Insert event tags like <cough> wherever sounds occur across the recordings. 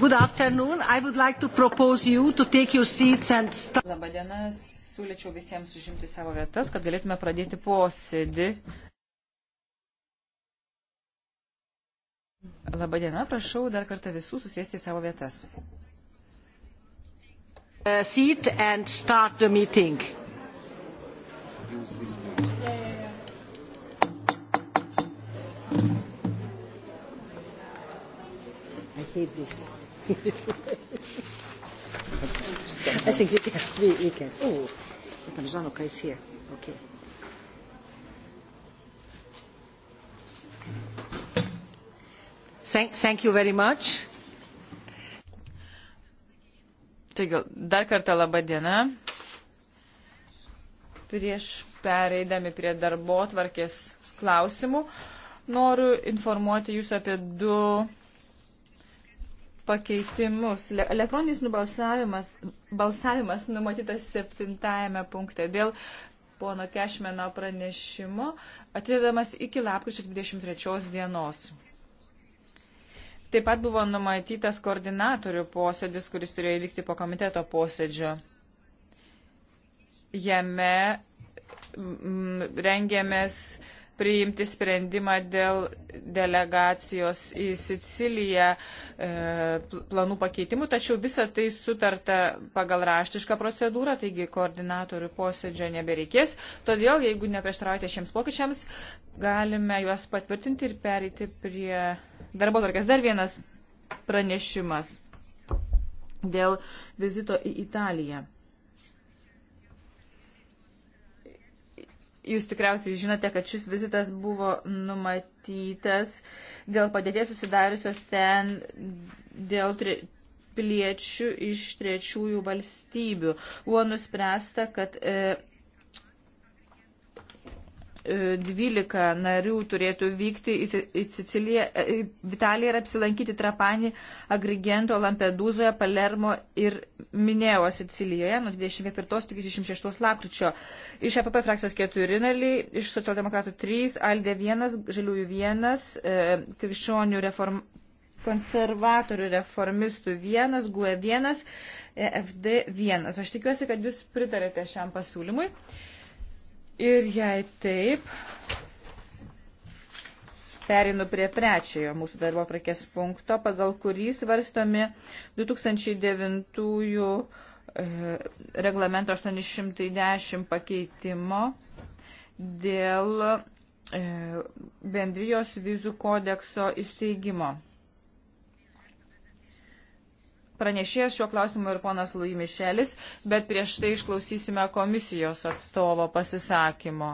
Good afternoon. I would like to propose you to take your seats and start. Labadiena, siūlyčiau visiems užimti savo vietas, kad galėtume pradėti posėdį. Labadiena, prašau dar kartą visų susėsti savo vietas. Uh, seat and start the meeting. Use this yeah, yeah, yeah. I hate this. I think you can. We, we can. Oh, Natanzano is here. Okay. Thank, thank you very much. Taigi, dar kartą laba diena. Prieš pereidami prie darbo tvarkės klausimų, noriu informuoti Jūs apie du pakeitimus. Elektroninis nubalsavimas balsavimas numatytas septintajame punkte dėl pono Kešmeno pranešimo atidedamas iki lapkričio 23 dienos. Taip pat buvo numatytas koordinatorių posėdis, kuris turėjo įvykti po komiteto posėdžio. Jame rengėmės priimti sprendimą dėl delegacijos į Siciliją e, planų pakeitimų, tačiau visa tai sutarta pagal raštišką procedūrą, taigi koordinatorių posėdžio nebereikės. Todėl, jeigu neprieštaraujate šiems pokyčiams, galime juos patvirtinti ir pereiti prie darbo tvarkės. Dar vienas pranešimas dėl vizito į Italiją. Jūs tikriausiai žinote, kad šis vizitas buvo numatytas dėl padėties susidariusios ten dėl tri, piliečių iš trečiųjų valstybių. Buvo nuspręsta, kad e, 12 narių turėtų vykti į Siciliją, e, į Italiją ir apsilankyti Trapanį, Agrigento, Lampedūzoje, Palermo ir Minėjo Sicilijoje nuo 24 iki 26 lapkričio. Iš APP frakcijos 4 nariai, iš socialdemokratų 3, Aldė 1, Žaliųjų 1, e, Krikščionių reform, konservatorių reformistų 1, GUE 1, EFD 1. Aš tikiuosi, kad jūs pritarėte šiam pasiūlymui. Uh, Ir jei taip, perinu prie trečiojo mūsų darbo prakės punkto, pagal kurį svarstomi 2009 e, reglamento 810 pakeitimo dėl e, bendrijos vizų kodekso įsteigimo pranešėjas šiuo klausimu ir ponas Lui Mišelis, bet prieš tai išklausysime komisijos atstovo pasisakymo.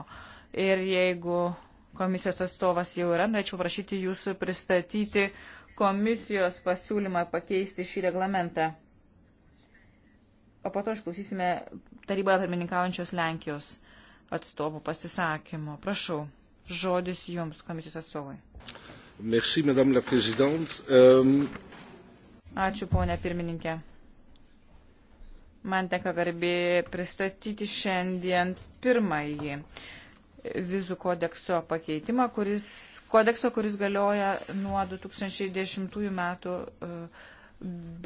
Ir jeigu komisijos atstovas jau yra, norėčiau prašyti jūsų pristatyti komisijos pasiūlymą pakeisti šį reglamentą. O po to išklausysime taryboje pirmininkaujančios Lenkijos atstovų pasisakymo. Prašau, žodis jums, komisijos atstovai. Merci, madame la présidente. Um... Ačiū, ponė pirmininkė. Man tenka garbė pristatyti šiandien pirmąjį vizų kodekso pakeitimą, kuris, kodekso, kuris galioja nuo 2010 metų e,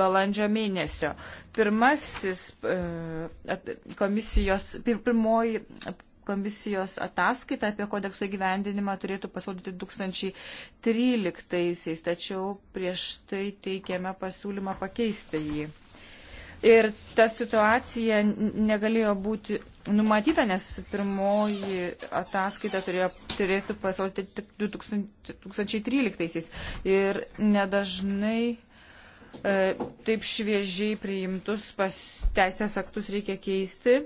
balandžio mėnesio. Pirmasis e, komisijos, pirmoji komisijos ataskaita apie kodekso įgyvendinimą turėtų pasirodyti 2013-aisiais, tačiau prieš tai teikėme pasiūlymą pakeisti jį. Ir ta situacija negalėjo būti numatyta, nes pirmoji ataskaita turėjo, turėtų pasirodyti tik 2013-aisiais. Ir nedažnai e, taip šviežiai priimtus pas teisės aktus reikia keisti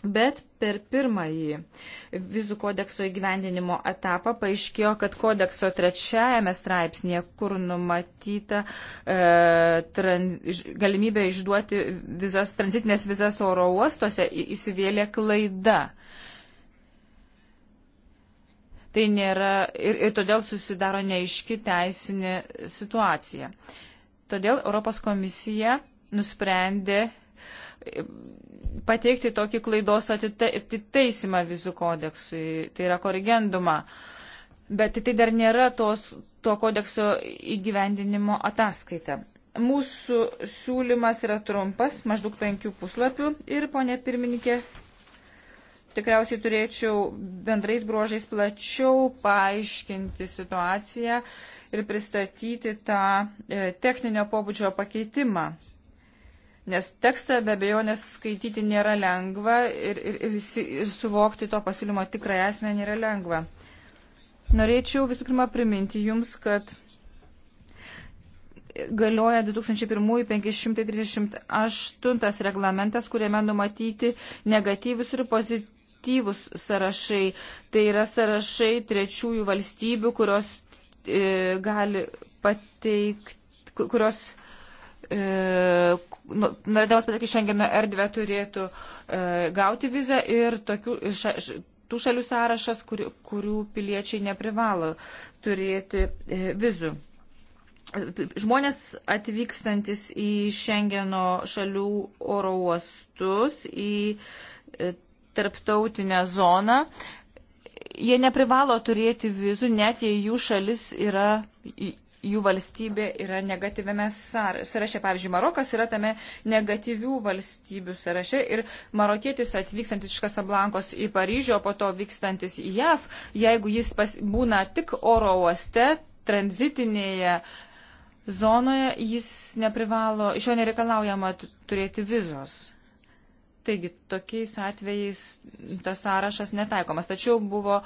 Bet per pirmąjį vizų kodekso įgyvendinimo etapą paaiškėjo, kad kodekso trečiajame straipsnėje, kur numatyta e, tran, galimybė išduoti vizas, tranzitinės vizas oro uostuose, įsivėlė klaida. Tai nėra ir, ir todėl susidaro neiški teisinė situacija. Todėl Europos komisija nusprendė pateikti tokį klaidos atitaisimą vizų kodeksui, tai yra korigendumą. Bet tai dar nėra tos, to kodekso įgyvendinimo ataskaita. Mūsų siūlymas yra trumpas, maždaug penkių puslapių ir, ponė pirmininkė, tikriausiai turėčiau bendrais bruožais plačiau paaiškinti situaciją ir pristatyti tą e, techninio pobūdžio pakeitimą. Nes tekstą be abejonės skaityti nėra lengva ir, ir, ir, ir suvokti to pasiūlymo tikrąją esmę nėra lengva. Norėčiau visų pirma priminti Jums, kad galioja 2001-538 reglamentas, kuriame numatyti negatyvus ir pozityvus sąrašai. Tai yra sąrašai trečiųjų valstybių, kurios e, gali pateikti, kurios E, nu, norėdamas patekti Šengeno erdvę, turėtų e, gauti vizą ir tokių, ša, tų šalių sąrašas, kur, kurių piliečiai neprivalo turėti e, vizų. Žmonės atvykstantis į Šengeno šalių oro uostus, į tarptautinę zoną, jie neprivalo turėti vizų, net jei jų šalis yra jų valstybė yra negatyviame sąraše. Pavyzdžiui, Marokas yra tame negatyvių valstybių sąraše ir marokietis atvykstantis iš Kasablankos į Paryžių, o po to vykstantis į JAV, jeigu jis pas, būna tik oro uoste, tranzitinėje zonoje, jis neprivalo, iš jo nereikalaujama turėti vizos. Taigi tokiais atvejais tas sąrašas netaikomas. Tačiau buvo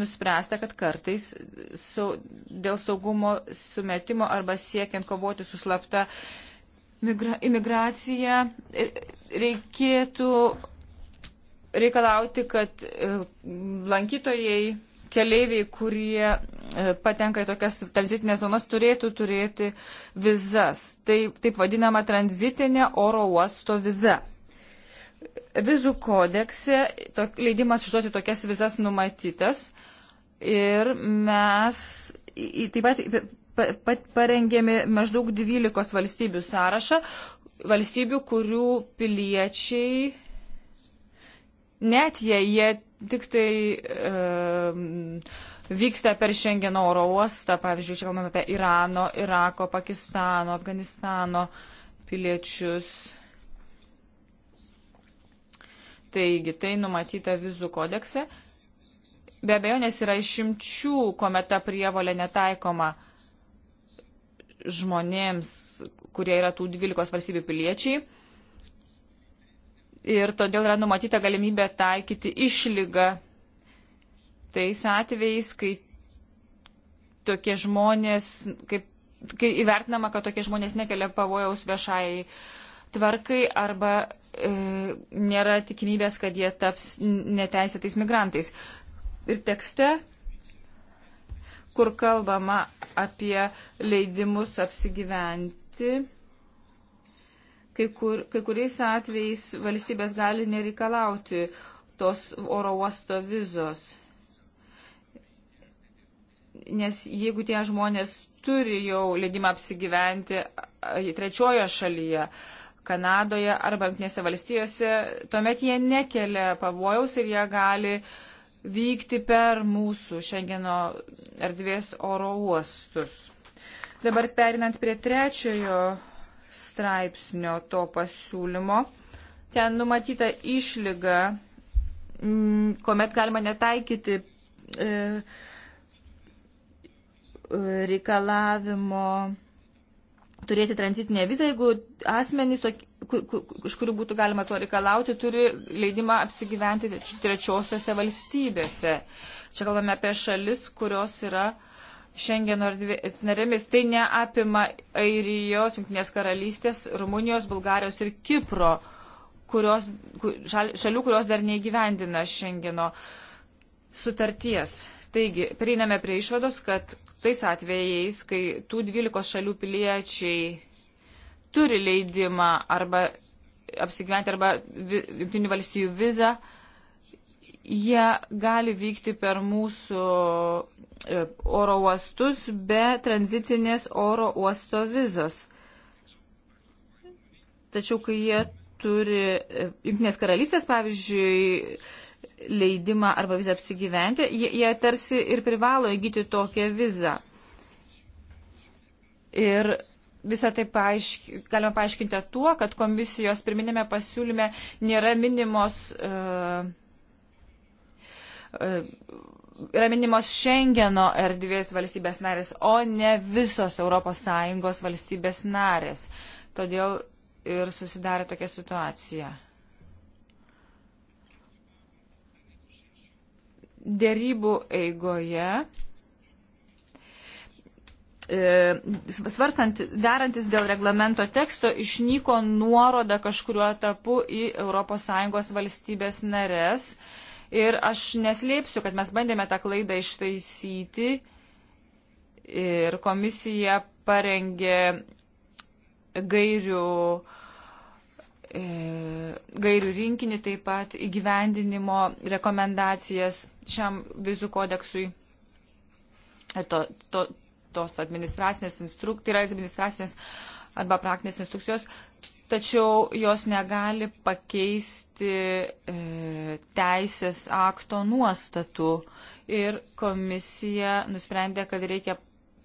nuspręsta, kad kartais sau, dėl saugumo sumetimo arba siekiant kovoti su slapta migra, imigracija e, reikėtų reikalauti, kad e, lankytojai, keleiviai, kurie e, patenka į tokias tranzitinės zonas, turėtų turėti vizas. Tai taip vadinama tranzitinė oro uosto viza. Vizų kodekse to, leidimas išduoti tokias vizas numatytas ir mes į, taip pat pa, pa, parengėme maždaug 12 valstybių sąrašą, valstybių, kurių piliečiai, net jei jie tik tai e, vyksta per Šengeno oro uostą, pavyzdžiui, čia kalbame apie Irano, Irako, Pakistano, Afganistano piliečius Taigi, tai numatyta vizų kodekse. Be abejo, nes yra išimčių, kuomet ta prievalė netaikoma žmonėms, kurie yra tų 12 valstybių piliečiai. Ir todėl yra numatyta galimybė taikyti išlygą tais atvejais, kai tokie žmonės, kaip, kai įvertinama, kad tokie žmonės nekelia pavojaus viešai uh, tvarkai arba e, nėra tikimybės, kad jie taps neteisėtais migrantais. Ir tekste, kur kalbama apie leidimus apsigyventi, kai, kur, kai kuriais atvejais valstybės gali nereikalauti tos oro uosto vizos. Nes jeigu tie žmonės turi jau leidimą apsigyventi trečiojo šalyje, uh, Kanadoje arba Junktinėse valstijose, tuomet jie nekelia pavojaus ir jie gali vykti per mūsų Šengeno erdvės oro uostus. Dabar perinant prie trečiojo straipsnio to pasiūlymo, ten numatyta išlyga, mm, kuomet galima netaikyti e, e, reikalavimo turėti tranzitinę vizą, jeigu asmenys, iš kurių būtų galima to reikalauti, turi leidimą apsigyventi trečiosiose valstybėse. Čia kalbame apie šalis, kurios yra Šengeno erdvės narėmis. Tai neapima Airijos, Junktinės karalystės, Rumunijos, Bulgarijos ir Kipro, kurios, šalių, kurios dar neįgyvendina Šengeno sutarties. Taigi, prieiname prie išvados, kad tais atvejais, kai tų 12 šalių piliečiai turi leidimą arba apsigyventi arba Junktinių valstybių vizą, jie gali vykti per mūsų e, oro uostus be tranzitinės oro uosto vizos. Tačiau, kai jie turi e, Junktinės karalystės, pavyzdžiui, leidimą arba vizą apsigyventi, jie, jie tarsi ir privalo įgyti tokią vizą. Ir visą tai paaišk, galima paaiškinti tuo, kad komisijos pirminėme pasiūlyme nėra minimos, uh, uh, yra minimos Šengeno erdvės valstybės narės, o ne visos ES valstybės narės. Todėl ir susidarė tokia situacija. dėrybų eigoje, e, svarstant, darantis dėl reglamento teksto, išnyko nuoroda kažkuriuo etapu į ES valstybės narės. Ir aš neslėpsiu, kad mes bandėme tą klaidą ištaisyti ir komisija parengė gairių, e, gairių rinkinį, taip pat įgyvendinimo rekomendacijas šiam vizų kodeksui. Ir to, to, tos administracinės instrukcijos, tai yra administracinės arba praktinės instrukcijos, tačiau jos negali pakeisti e, teisės akto nuostatų. Ir komisija nusprendė, kad reikia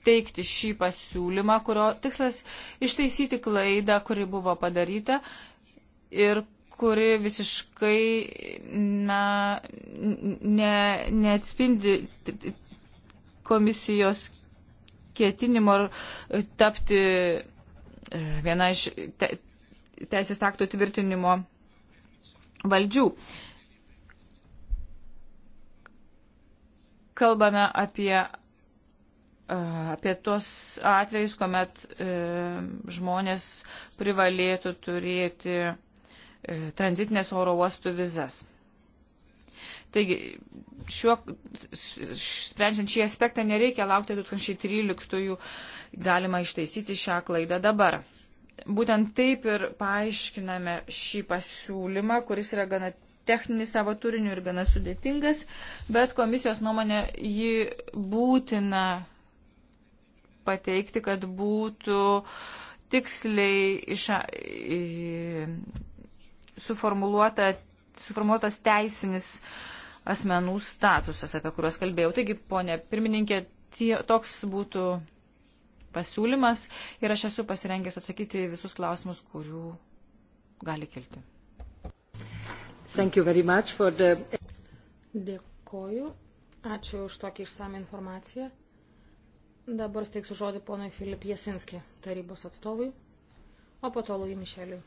teikti šį pasiūlymą, kurio tikslas ištaisyti klaidą, kuri buvo padaryta ir kuri visiškai na, ne, neatspindi komisijos ketinimo tapti e, viena iš te, teisės aktų tvirtinimo valdžių. Kalbame apie, e, apie tuos atvejus, kuomet e, žmonės privalėtų turėti E, tranzitinės oro uostų vizas. Taigi, šiuo, sprendžiant šį aspektą, nereikia laukti 2013-ųjų, galima ištaisyti šią klaidą dabar. Būtent taip ir paaiškiname šį pasiūlymą, kuris yra gana techninis savo turiniu ir gana sudėtingas, bet komisijos nuomonė jį būtina pateikti, kad būtų tiksliai iša, suformuluota, suformuotas teisinis asmenų statusas, apie kuriuos kalbėjau. Taigi, ponė pirmininkė, tie, toks būtų pasiūlymas ir aš esu pasirengęs atsakyti visus klausimus, kurių gali kilti. The... Dėkoju. Ačiū už tokį išsame informaciją. Dabar steiksiu žodį ponui Filip Jasinski, tarybos atstovui, o po to Lui Mišeliui.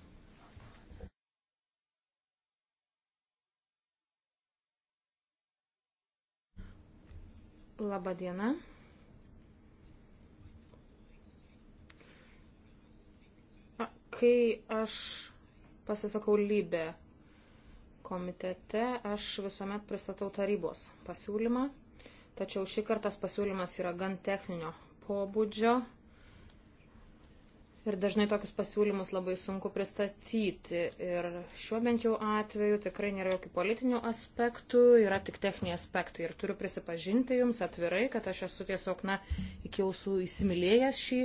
Labą dieną. Kai aš pasisakau lybę komitete, aš visuomet pristatau tarybos pasiūlymą, tačiau šį kartą pasiūlymas yra gan techninio pobūdžio Ir dažnai tokius pasiūlymus labai sunku pristatyti. Ir šiuo bent jau atveju tikrai nėra jokių politinių aspektų, yra tik techniniai aspektai. Ir turiu prisipažinti jums atvirai, kad aš esu tiesiog, na, iki ausų įsimylėjęs šį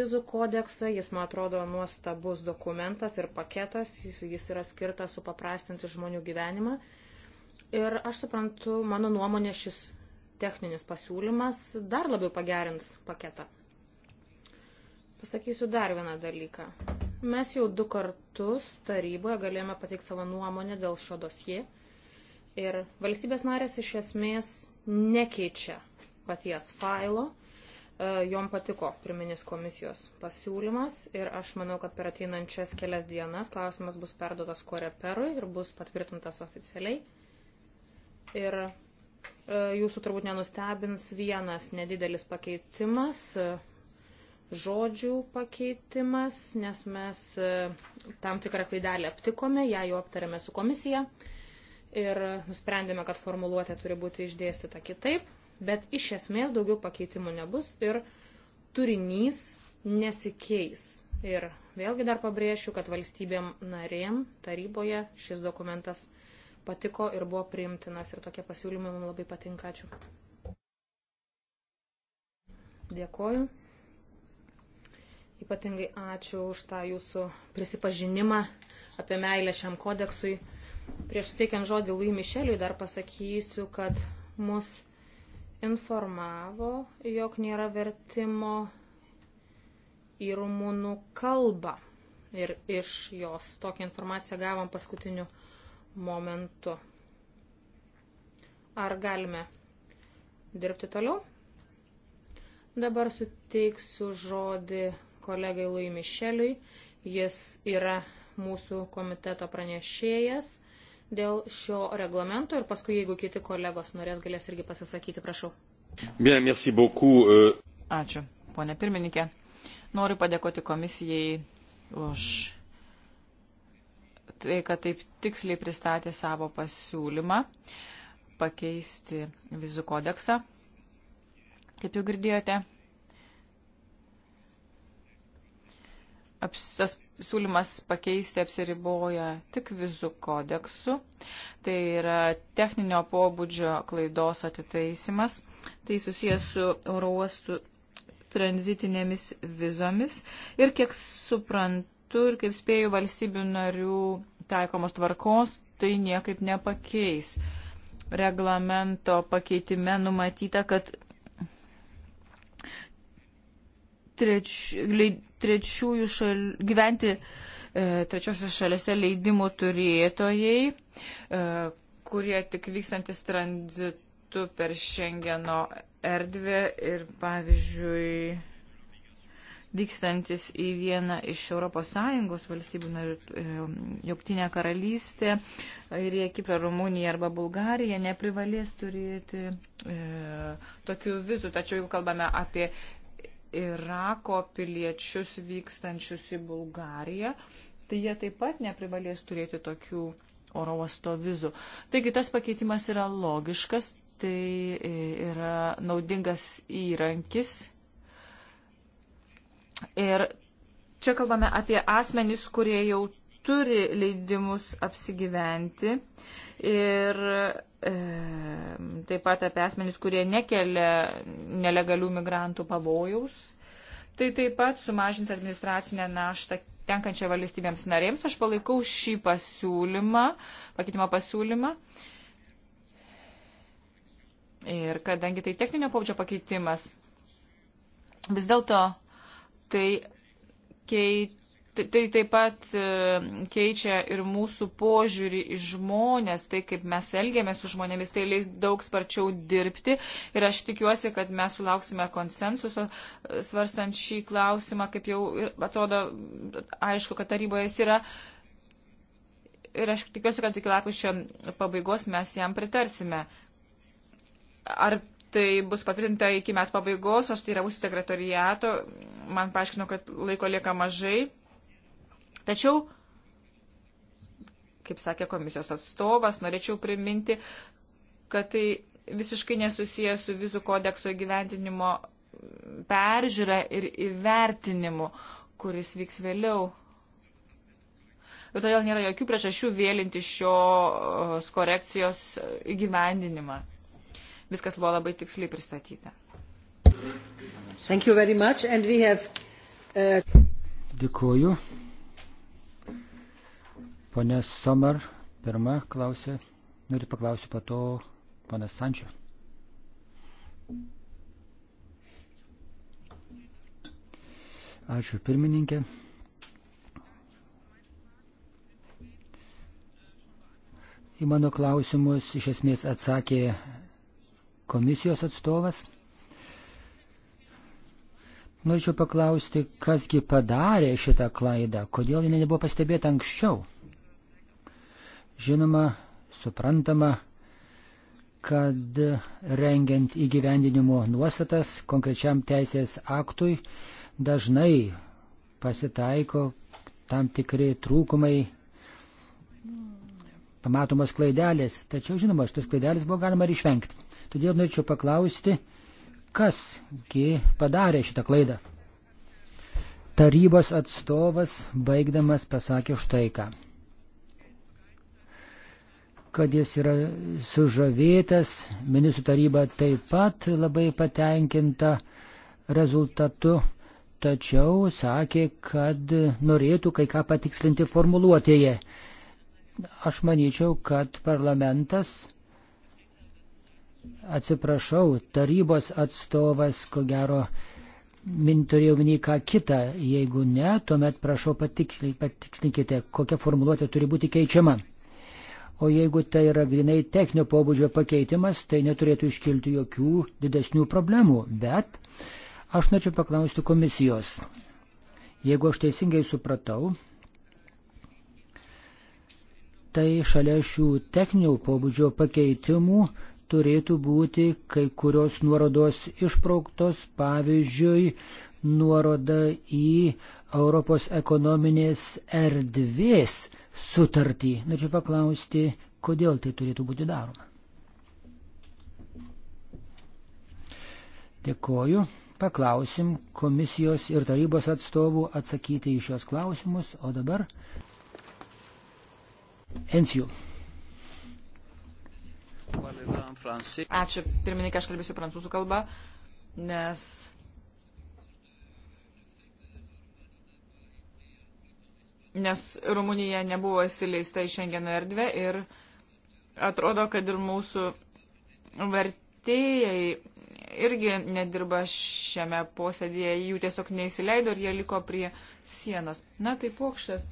vizų kodeksą. Jis, man atrodo, nuostabus dokumentas ir paketas. Jis, jis yra skirtas supaprastinti žmonių gyvenimą. Ir aš suprantu, mano nuomonė šis techninis pasiūlymas dar labiau pagerins paketą pasakysiu dar vieną dalyką. Mes jau du kartus taryboje galėjome pateikti savo nuomonę dėl šio dosie ir valstybės narės iš esmės nekeičia paties failo. E, jom patiko pirminis komisijos pasiūlymas ir aš manau, kad per ateinančias kelias dienas klausimas bus perdotas koreperui ir bus patvirtintas oficialiai. Ir e, jūsų turbūt nenustebins vienas nedidelis pakeitimas žodžių pakeitimas, nes mes e, tam tikrą klaidelę aptikome, ją jau aptarėme su komisija ir nusprendėme, kad formuluotė turi būti išdėstyta kitaip, bet iš esmės daugiau pakeitimų nebus ir turinys nesikeis. Ir vėlgi dar pabrėšiu, kad valstybėm narėm taryboje šis dokumentas patiko ir buvo priimtinas ir tokie pasiūlymai mums labai patinka. Ačiū. Dėkoju. Ypatingai ačiū už tą jūsų prisipažinimą apie meilę šiam kodeksui. Prieš suteikiant žodį Lui Mišeliui dar pasakysiu, kad mus informavo, jog nėra vertimo į rumunų kalbą. Ir iš jos tokią informaciją gavom paskutiniu momentu. Ar galime dirbti toliau? Dabar suteiksiu žodį kolegai Lui Mišeliui. Jis yra mūsų komiteto pranešėjas dėl šio reglamento ir paskui, jeigu kiti kolegos norės, galės irgi pasisakyti, prašau. Bien, merci beaucoup. Euh. Ačiū, ponė pirmininkė. Noriu padėkoti komisijai už tai, kad taip tiksliai pristatė savo pasiūlymą pakeisti vizų kodeksą. Kaip jau girdėjote, tas siūlymas pakeisti apsiriboja tik vizų kodeksu. Tai yra techninio pobūdžio klaidos atitaisimas. Tai susijęs su eurostų tranzitinėmis vizomis ir kiek suprantu ir kaip spėjau valstybių narių taikomos tvarkos, tai niekaip nepakeis. Reglamento pakeitime numatyta, kad treč, leid, trečiųjų šal, gyventi e, trečiosios šalise leidimų turėtojai, e, kurie tik vykstantis tranzitu per Šengeno erdvę ir, pavyzdžiui, vykstantis į vieną iš ES valstybių narių, e, Joktinė karalystė, Airija, Kipra, Rumunija arba Bulgarija neprivalės turėti e, tokių vizų. Tačiau jeigu kalbame apie Irako piliečius vykstančius į Bulgariją, tai jie taip pat neprivalės turėti tokių oro uosto vizų. Taigi tas pakeitimas yra logiškas, tai e, yra naudingas įrankis. Ir čia kalbame apie asmenys, kurie jau turi leidimus apsigyventi ir e, taip pat apie asmenys, kurie nekelia nelegalių migrantų pavojaus. Tai taip pat sumažins administracinę naštą tenkančią valstybėms narėms. Aš palaikau šį pasiūlymą, pakeitimo pasiūlymą. Ir kadangi tai techninio paudžio pakeitimas, vis dėlto tai keit, Tai, tai taip pat e, keičia ir mūsų požiūrį į žmonės, tai kaip mes elgiamės su žmonėmis, tai leis daug sparčiau dirbti. Ir aš tikiuosi, kad mes sulauksime konsensuso e, svarstant šį klausimą, kaip jau atrodo aišku, kad taryboje jis yra. Ir aš tikiuosi, kad iki lapkričio pabaigos mes jam pritarsime. Ar tai bus patvirtinta iki metų pabaigos, aš tai yra mūsų sekretoriato, man paaiškino, kad laiko lieka mažai Tačiau, kaip sakė komisijos atstovas, norėčiau priminti, kad tai visiškai nesusijęs su vizų kodekso įgyventinimo peržiūra ir įvertinimu, kuris vyks vėliau. Ir todėl nėra jokių priežasčių vėlinti šios korekcijos įgyvendinimą. Viskas buvo labai tiksliai pristatyta. Have, uh... Dėkuoju. Pone Somar, pirma klausė, noriu paklausyti po to panas Sančio. Ačiū pirmininkė. Į mano klausimus iš esmės atsakė komisijos atstovas. Norėčiau paklausti, kasgi padarė šitą klaidą, kodėl jinai nebuvo pastebėta anksčiau. Žinoma, suprantama, kad rengiant įgyvendinimo nuostatas konkrečiam teisės aktui dažnai pasitaiko tam tikri trūkumai, pamatomas klaidelės, tačiau žinoma, šitas klaidelės buvo galima ir išvengti. Todėl norėčiau paklausti, kasgi padarė šitą klaidą. Tarybos atstovas baigdamas pasakė štai ką kad jis yra sužavėtas, ministrų taryba taip pat labai patenkinta rezultatu, tačiau sakė, kad norėtų kai ką patikslinti formuluotėje. Aš manyčiau, kad parlamentas, atsiprašau, tarybos atstovas, ko gero, min, turėjau minį ką kitą, jeigu ne, tuomet prašau patikslinkite, kokia formuluotė turi būti keičiama. O jeigu tai yra grinai techninio pobūdžio pakeitimas, tai neturėtų iškilti jokių didesnių problemų. Bet aš norėčiau paklausti komisijos. Jeigu aš teisingai supratau, tai šalia šių techninio pobūdžio pakeitimų turėtų būti kai kurios nuorodos išbrauktos, pavyzdžiui, nuoroda į Europos ekonominės erdvės sutartį. Norėčiau paklausti, kodėl tai turėtų būti daroma. Dėkoju. Paklausim komisijos ir tarybos atstovų atsakyti į šios klausimus, o dabar Ensijų. Ačiū, pirmininkai, aš kalbėsiu prancūzų kalbą, nes nes Rumunija nebuvo įsileista į Šengeno erdvę ir atrodo, kad ir mūsų vertėjai irgi nedirba šiame posėdėje, jų tiesiog neįsileido ir jie liko prie sienos. Na tai pokštas.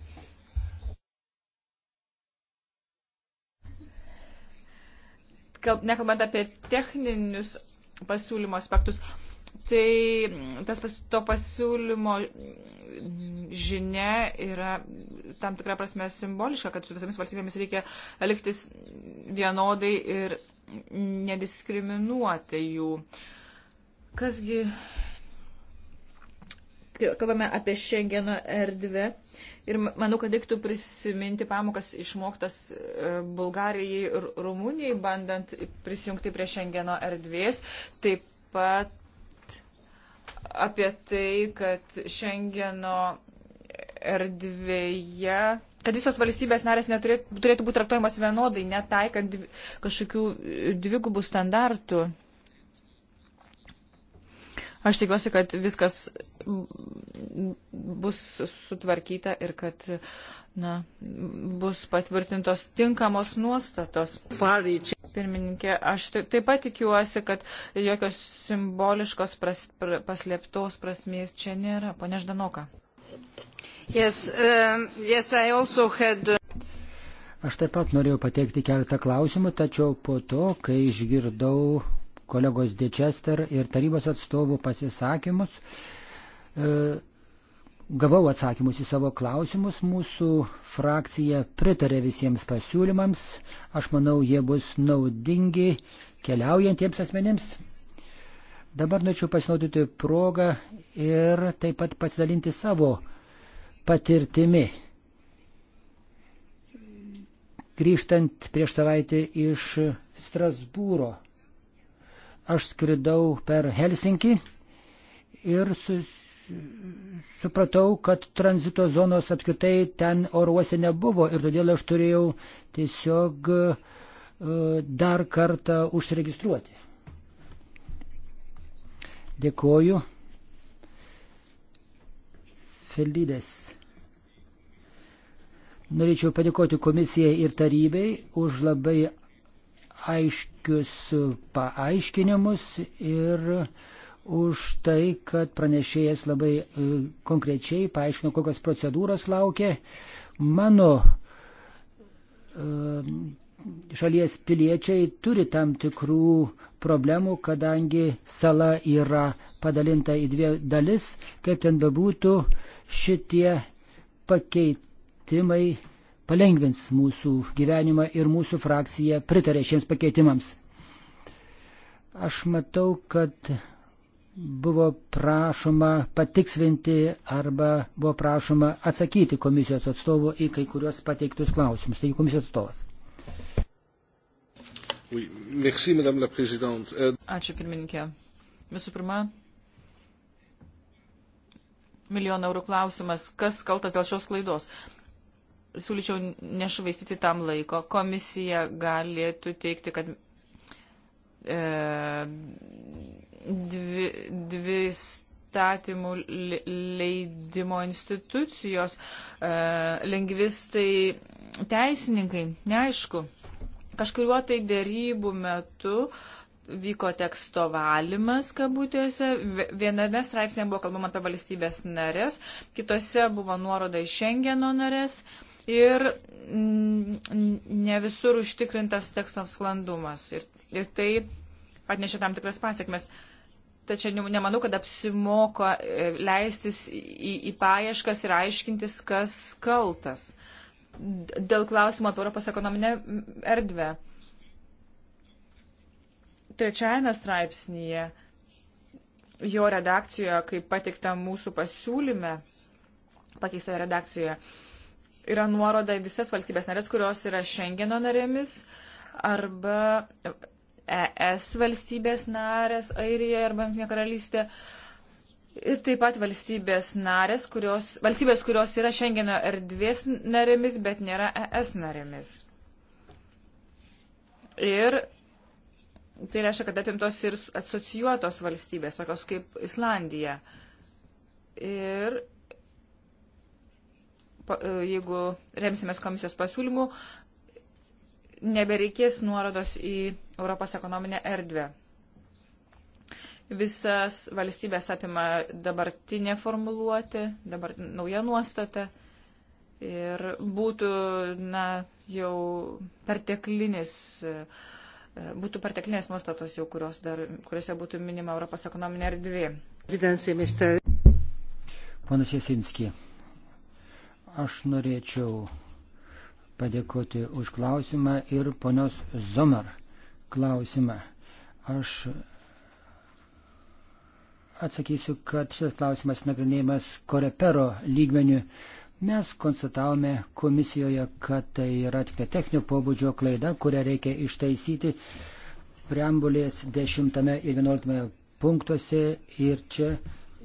Nekalbant apie techninius pasiūlymo aspektus, tai tas to pasiūlymo žinia yra tam tikrą prasme simboliška, kad su visomis valstybėmis reikia elgtis vienodai ir nediskriminuoti jų. Kasgi, kalbame apie Šengeno erdvę ir manau, kad reiktų prisiminti pamokas išmoktas e, Bulgarijai ir Rumunijai, bandant prisijungti prie Šengeno erdvės. Taip pat apie tai, kad Šengeno erdvėje, kad visos valstybės narės neturėtų, turėtų būti traktuojamos vienodai, netaikant dv, kažkokių dvigubų standartų. Aš tikiuosi, kad viskas bus sutvarkyta ir kad na, bus patvirtintos tinkamos nuostatos. Pirmininkė, aš taip pat tikiuosi, kad jokios simboliškos pras, pr, paslėptos prasmės čia nėra. Pone Ždanoka. Yes, um, yes, had... Uh, aš taip pat norėjau pateikti keletą klausimų, tačiau po to, kai išgirdau kolegos Dečester ir tarybos atstovų pasisakymus, e, Gavau atsakymus į savo klausimus, mūsų frakcija pritarė visiems pasiūlymams, aš manau, jie bus naudingi keliaujantiems asmenims. Dabar norėčiau pasinaudoti progą ir taip pat pasidalinti savo patirtimi. Grįžtant prieš savaitę iš Strasbūro, aš skridau per Helsinkį ir sus supratau, kad tranzito zonos apskritai ten oruose nebuvo ir todėl aš turėjau tiesiog e, dar kartą užsiregistruoti. Dėkoju. Feldydės. Norėčiau padėkoti komisijai ir tarybai už labai aiškius paaiškinimus ir uh, už tai, kad pranešėjas labai e, konkrečiai paaiškino, kokios procedūros laukia. Mano e, šalies piliečiai turi tam tikrų problemų, kadangi sala yra padalinta į dvi dalis, kaip ten bebūtų, šitie pakeitimai palengvins mūsų gyvenimą ir mūsų frakcija pritarė šiems pakeitimams. Aš matau, kad buvo prašoma patikslinti arba buvo prašoma atsakyti komisijos atstovų į kai kurios pateiktus klausimus. Taigi komisijos atstovas. Euh, Ačiū pirmininkė. Visų pirma, milijonų eurų klausimas, kas kaltas dėl šios klaidos. Siūlyčiau nešvaistyti tam laiko. Komisija galėtų teikti, kad e, dvi, dvi statymų leidimo institucijos, e, lingvistai, teisininkai, neaišku. Kažkuriuo tai dėrybų metu vyko teksto valymas, kabutėse. Viename straipsnėje buvo kalbama apie valstybės narės, kitose buvo nuoroda į Šengeno narės ir ne visur užtikrintas teksto sklandumas. Ir, ir tai atnešė tam tikras pasiekmes. Uh, Tačiau nemanau, kad apsimoka e, leistis į, į paieškas ir aiškintis, kas kaltas. Dėl klausimo apie Europos ekonominę erdvę. Trečiajame straipsnėje, jo redakcijoje, kaip patikta mūsų pasiūlyme, pakeistoje redakcijoje, yra nuoroda visas valstybės narės, kurios yra Šengeno narėmis arba ES valstybės narės, Airija arba Junktinė karalystė. Ir taip pat valstybės narės, kurios, valstybės, kurios yra Šengeno erdvės narėmis, bet nėra ES narėmis. Ir tai reiškia, kad apimtos ir asocijuotos valstybės, tokios kaip Islandija. Ir e, jeigu remsimės komisijos pasiūlymų, nebereikės nuorodos į Europos ekonominę erdvę. Visas valstybės apima dabartinė formuluoti, dabar nauja nuostata ir būtų na, jau perteklinis, būtų perteklinės nuostatos jau, kurios dar, kuriuose būtų minima Europos ekonominė erdvė. Ponas Jesinski, aš norėčiau padėkoti už klausimą ir ponios Zomar klausimą. Aš atsakysiu, kad šis klausimas nagrinėjimas korepero lygmenių. Mes konstatavome komisijoje, kad tai yra tik tai techninio pobūdžio klaida, kurią reikia ištaisyti preambulės 10 ir 11 punktuose ir čia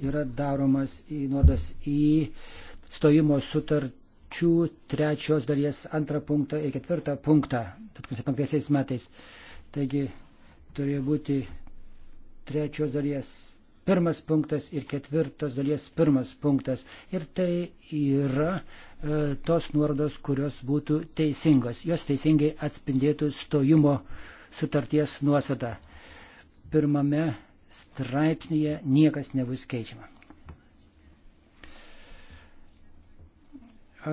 yra daromas įnuodas į stojimo sutarčių trečios dalies antrą punktą ir ketvirtą punktą 2005 metais. Taigi turėjo būti trečios dalies pirmas punktas ir ketvirtos dalies pirmas punktas. Ir tai yra e, tos nuorodos, kurios būtų teisingos. Jos teisingai atspindėtų stojimo sutarties nuostatą. Pirmame straipsnėje niekas nebus keičiama.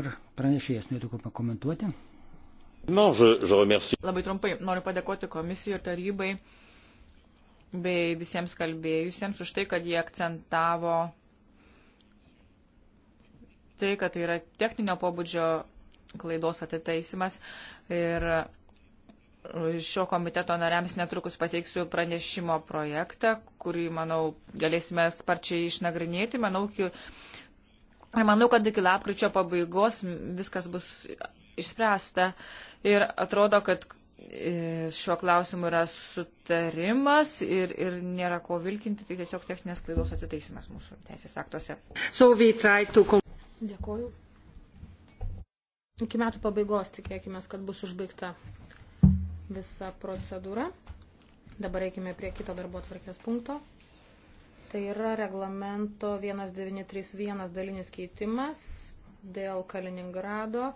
Ar pranešėjas norėtų pakomentuoti? No, je, je Labai trumpai noriu padėkoti komisijai ir tarybai bei visiems kalbėjusiems už tai, kad jie akcentavo tai, kad tai yra techninio pobūdžio klaidos atitaisimas ir šio komiteto nariams netrukus pateiksiu pranešimo projektą, kurį, manau, galėsime sparčiai išnagrinėti. Manau, manau kad iki lapkričio pabaigos viskas bus išspręsta ir atrodo, kad e, šiuo klausimu yra sutarimas ir, ir nėra ko vilkinti, tai tiesiog techninės klaidos atitaisimas mūsų teisės aktuose. So to... Dėkuoju. Iki metų pabaigos tikėkime, kad bus užbaigta visa procedūra. Dabar eikime prie kito darbo atvarkės punkto. Tai yra reglamento 1931 dalinis keitimas dėl Kaliningrado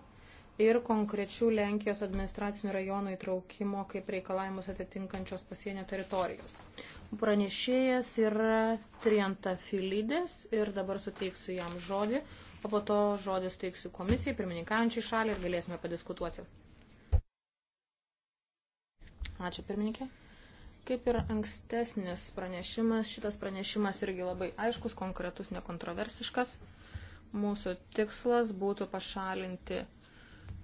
ir konkrečių Lenkijos administracinių rajonų įtraukimo kaip reikalavimus atitinkančios pasienio teritorijos. Pranešėjas yra Trienta Filidės ir dabar suteiksiu jam žodį, o po to žodį suteiksiu komisijai, pirmininkaujančiai šaliai ir galėsime padiskutuoti. Ačiū pirmininkė. Kaip ir ankstesnis pranešimas, šitas pranešimas irgi labai aiškus, konkretus, nekontroversiškas. Mūsų tikslas būtų pašalinti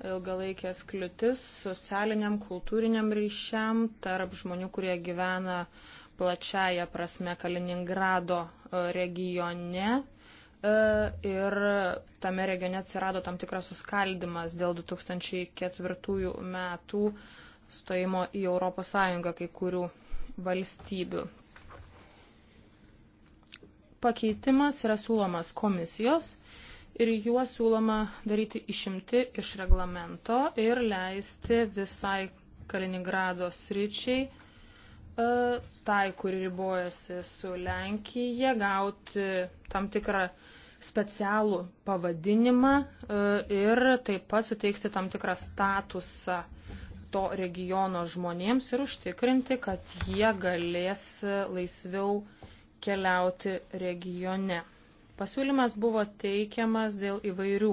ilgalaikės kliūtis socialiniam, kultūriniam ryšiam tarp žmonių, kurie gyvena plačiaja prasme Kaliningrado e, regione. E, ir tame regione atsirado tam tikras suskaldimas dėl 2004 metų stojimo į ES kai kurių valstybių. Pakeitimas yra siūlomas komisijos ir juo siūloma daryti išimti iš reglamento ir leisti visai Kaliningrado sričiai, e, tai, kuri ribojasi su Lenkija, gauti tam tikrą specialų pavadinimą e, ir taip pat suteikti tam tikrą statusą to regiono žmonėms ir užtikrinti, kad jie galės e, laisviau keliauti regione. Pasiūlymas buvo teikiamas dėl įvairių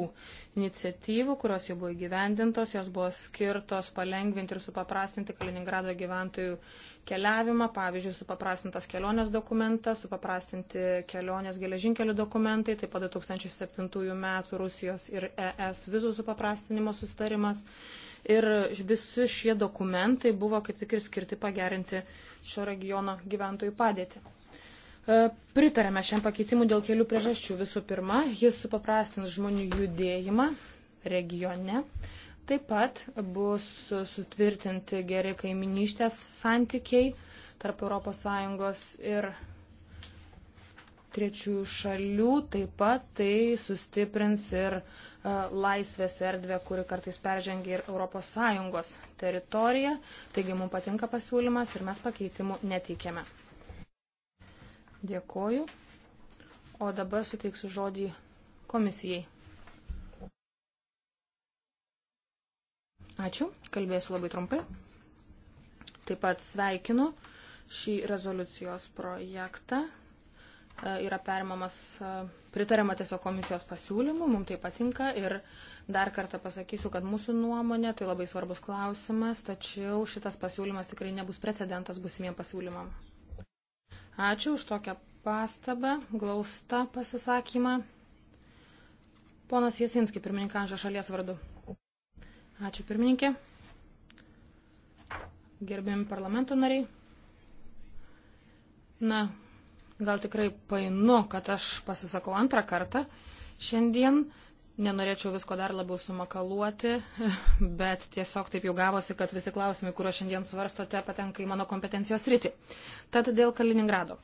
iniciatyvų, kurios jau buvo įgyvendintos, jos buvo skirtos palengvinti ir supaprastinti Kaliningrado gyventojų keliavimą, pavyzdžiui, supaprastintas kelionės dokumentas, supaprastinti kelionės geležinkelių dokumentai, taip pat 2007 metų Rusijos ir ES vizų supaprastinimo sustarimas. Ir visi šie dokumentai buvo kaip tik ir skirti pagerinti šio regiono gyventojų padėtį. E, pritarėme šiam pakeitimui dėl kelių priežasčių. Visų pirma, jis supaprastins žmonių judėjimą regione. Taip pat bus sutvirtinti geri kaiminyštės santykiai tarp ES ir trečiųjų šalių. Taip pat tai sustiprins ir e, laisvės erdvę, kuri kartais peržengia ir ES teritoriją. Taigi mums patinka pasiūlymas ir mes pakeitimų neteikėme. Dėkoju. O dabar suteiksiu žodį komisijai. Ačiū, kalbėsiu labai trumpai. Taip pat sveikinu šį rezoliucijos projektą. E, yra perimamas, e, pritariama tiesiog komisijos pasiūlymų, mums tai patinka ir dar kartą pasakysiu, kad mūsų nuomonė tai labai svarbus klausimas, tačiau šitas pasiūlymas tikrai nebus precedentas busimiem pasiūlymam. Ačiū už tokią pastabą, glaustą pasisakymą. Ponas Jasinski, pirmininkančio šalies vardu. Ačiū pirmininkė. Gerbiami parlamento nariai. Na, gal tikrai painu, kad aš pasisakau antrą kartą šiandien Nenorėčiau visko dar labiau sumakaluoti, <laughs> bet tiesiog taip jau gavosi, kad visi klausimai, kuriuos šiandien svarstote, patenka į mano kompetencijos rytį. Tad dėl Kaliningrado.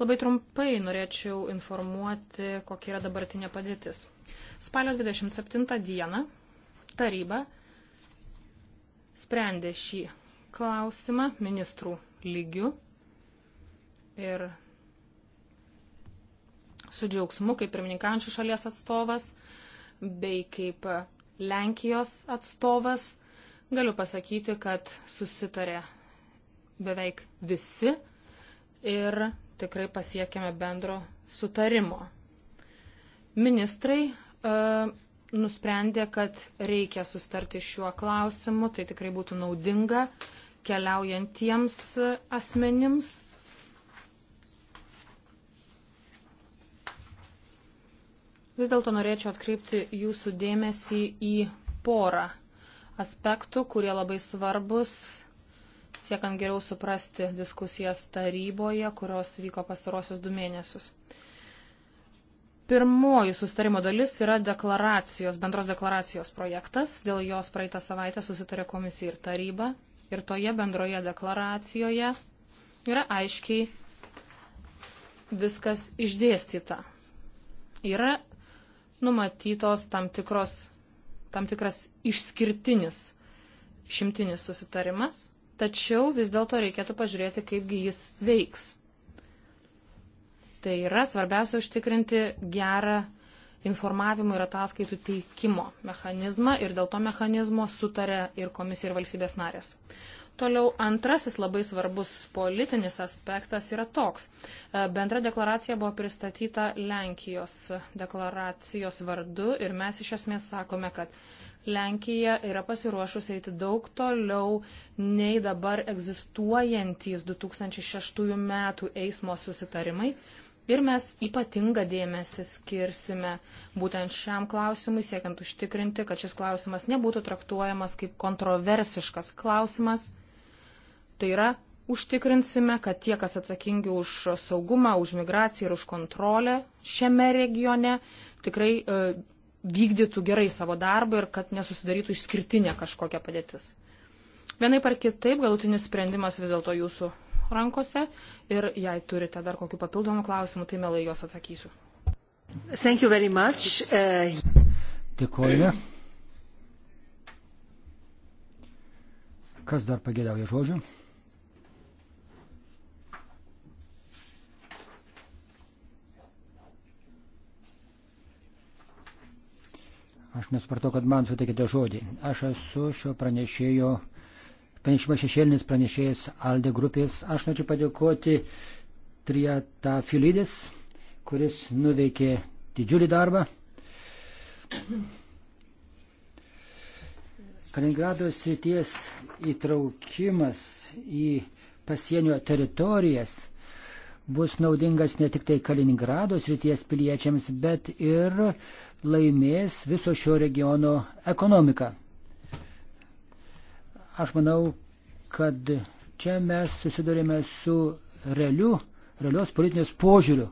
Labai trumpai norėčiau informuoti, kokia yra dabartinė padėtis. Spalio 27 dieną taryba sprendė šį klausimą ministrų lygių ir su džiaugsmu, kaip pirmininkančių šalies atstovas, bei kaip Lenkijos atstovas galiu pasakyti, kad susitarė beveik visi ir tikrai pasiekėme bendro sutarimo. Ministrai e, nusprendė, kad reikia sustarti šiuo klausimu, tai tikrai būtų naudinga keliaujantiems asmenims Vis dėlto norėčiau atkreipti jūsų dėmesį į porą aspektų, kurie labai svarbus, siekiant geriau suprasti diskusijas taryboje, kurios vyko pastarosius du mėnesius. Pirmoji sustarimo dalis yra deklaracijos, bendros deklaracijos projektas, dėl jos praeitą savaitę susitarė komisija ir taryba. Ir toje bendroje deklaracijoje yra aiškiai viskas išdėstyta. Yra numatytos tam, tikros, tam tikras išskirtinis šimtinis susitarimas, tačiau vis dėlto reikėtų pažiūrėti, kaipgi jis veiks. Tai yra svarbiausia užtikrinti gerą informavimo ir ataskaitų teikimo mechanizmą ir dėl to mechanizmo sutarė ir komisija ir valstybės narės. Toliau antrasis labai svarbus politinis aspektas yra toks. E, bendra deklaracija buvo pristatyta Lenkijos deklaracijos vardu ir mes iš esmės sakome, kad Lenkija yra pasiruošusi eiti daug toliau nei dabar egzistuojantys 2006 metų eismo susitarimai. Ir mes ypatingą dėmesį skirsime būtent šiam klausimui, siekiant užtikrinti, kad šis klausimas nebūtų traktuojamas kaip kontroversiškas klausimas Tai yra, užtikrinsime, kad tie, kas atsakingi už saugumą, už migraciją ir už kontrolę šiame regione, tikrai e, vykdytų gerai savo darbą ir kad nesusidarytų išskirtinė kažkokia padėtis. Vienai par kitaip, galutinis sprendimas vis dėlto jūsų rankose ir jei turite dar kokių papildomų klausimų, tai melai juos atsakysiu. Uh... Dėkojame. Kas dar pagėdauja žodžių? Aš nesupratau, kad man suteikite žodį. Aš esu šio pranešėjo, pranešimo šešėlinis pranešėjas Alde grupės. Aš norėčiau padėkoti Triata Filidis, kuris nuveikė didžiulį darbą. Kaliningrado srities įtraukimas į pasienio teritorijas bus naudingas ne tik tai Kaliningrado srities piliečiams, bet ir laimės viso šio regiono ekonomika. Aš manau, kad čia mes susidurėme su realiu, realios politinės požiūriu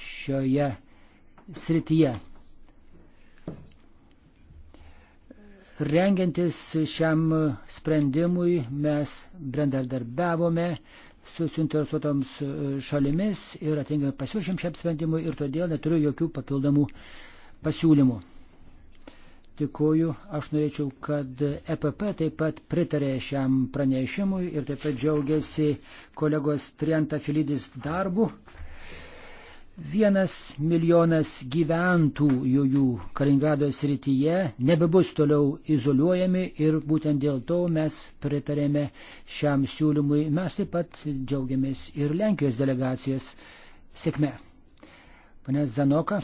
šioje srityje. Rengiantis šiam sprendimui mes bendradarbiavome su suinteresuotoms šalimis ir atitinkamai pasiūšėm šiam sprendimui ir todėl neturiu jokių papildomų uh, pasiūlymų. Tikuoju, aš norėčiau, kad EPP taip pat pritarė šiam pranešimui ir taip pat džiaugiasi kolegos Trienta Filidis darbu. Vienas milijonas gyventojų jų Kaliningrados rytyje nebebus toliau izoliuojami ir būtent dėl to mes pritarėme šiam siūlymui. Mes taip pat džiaugiamės ir Lenkijos delegacijos sėkme. Pane Zanoka.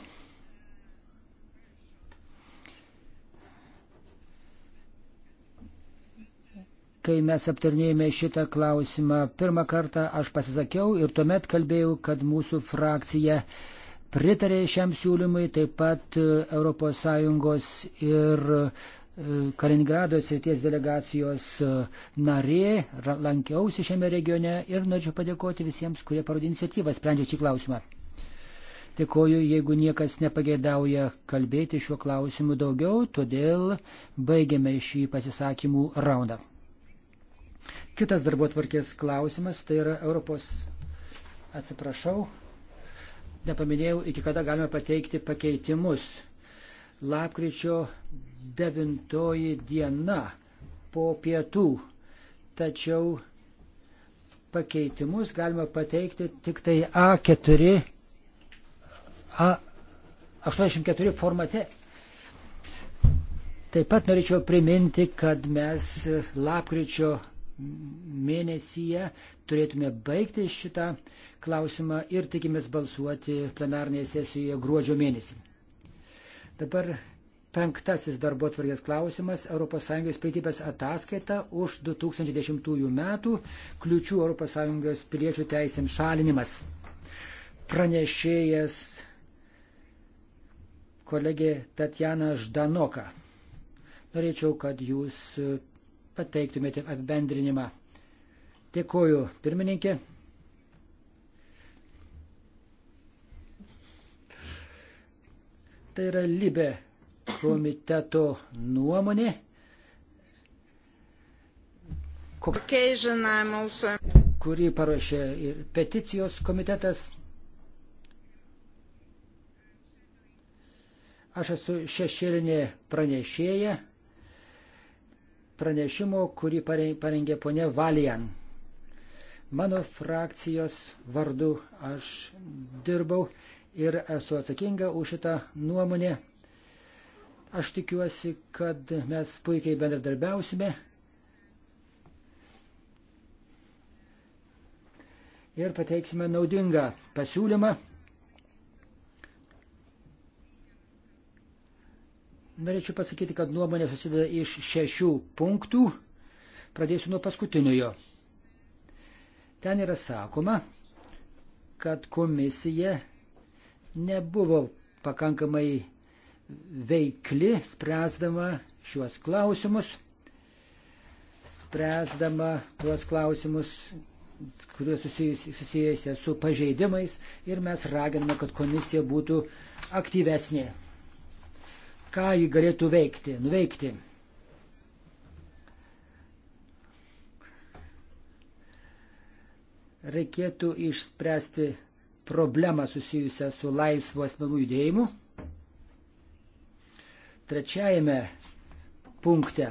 kai mes aptarnėjome šitą klausimą. Pirmą kartą aš pasisakiau ir tuomet kalbėjau, kad mūsų frakcija pritarė šiam siūlymui, taip pat ES ir e, Kaliningrado srities delegacijos e, narė, lankiausi šiame regione ir norėčiau padėkoti visiems, kurie parodė iniciatyvą sprendžia šį klausimą. Dėkoju, jeigu niekas nepageidauja kalbėti šiuo klausimu daugiau, todėl baigiame šį pasisakymų raundą. Kitas darbo tvarkės klausimas tai yra Europos, atsiprašau, nepaminėjau, iki kada galime pateikti pakeitimus. Lapkričio 9 diena po pietų, tačiau pakeitimus galima pateikti tik tai A4, A84 formate. Taip pat norėčiau priminti, kad mes lapkričio mėnesyje turėtume baigti šitą klausimą ir tikimės balsuoti plenarnėje sesijoje gruodžio mėnesį. Dabar penktasis darbo atvarkės klausimas - ES pilietybės ataskaita už 2010 metų kliučių ES piliečių teisėms šalinimas. Pranešėjas kolegė Tatjana Ždanoka norėčiau, kad jūs pateiktumėte apibendrinimą. Dėkuoju, pirmininkė. Tai yra Libė komiteto nuomonė. Kurį parašė ir peticijos komitetas. Aš esu šešėlinė pranešėja pranešimo, kurį parengė ponė Valian. Mano frakcijos vardu aš dirbau ir esu atsakinga už šitą nuomonę. Aš tikiuosi, kad mes puikiai bendradarbiausime. Ir pateiksime naudingą pasiūlymą. Norėčiau pasakyti, kad nuomonė susideda iš šešių punktų. Pradėsiu nuo paskutiniojo. Ten yra sakoma, kad komisija nebuvo pakankamai veikli spręsdama šiuos klausimus, spręsdama tuos klausimus, kuriuos susijęsia su pažeidimais ir mes raginame, kad komisija būtų aktyvesnė ką ji galėtų veikti, nuveikti. Reikėtų išspręsti problemą susijusią su laisvu asmenų judėjimu. Trečiajame punkte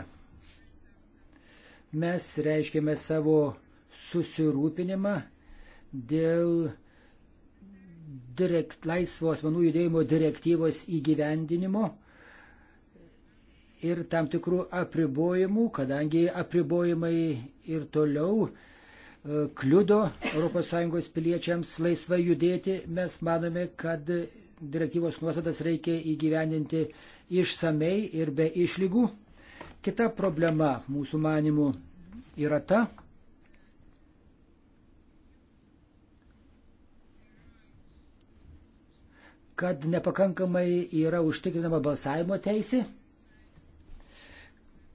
mes reiškiame savo susirūpinimą dėl direkt, laisvo asmenų judėjimo direktyvos įgyvendinimo ir tam tikrų apribojimų, kadangi apribojimai ir toliau e, kliudo ES piliečiams laisvai judėti, mes manome, kad direktyvos nuostatas reikia įgyveninti išsamei ir be išlygų. Kita problema mūsų manimų yra ta, kad nepakankamai yra užtikrinama balsavimo teisė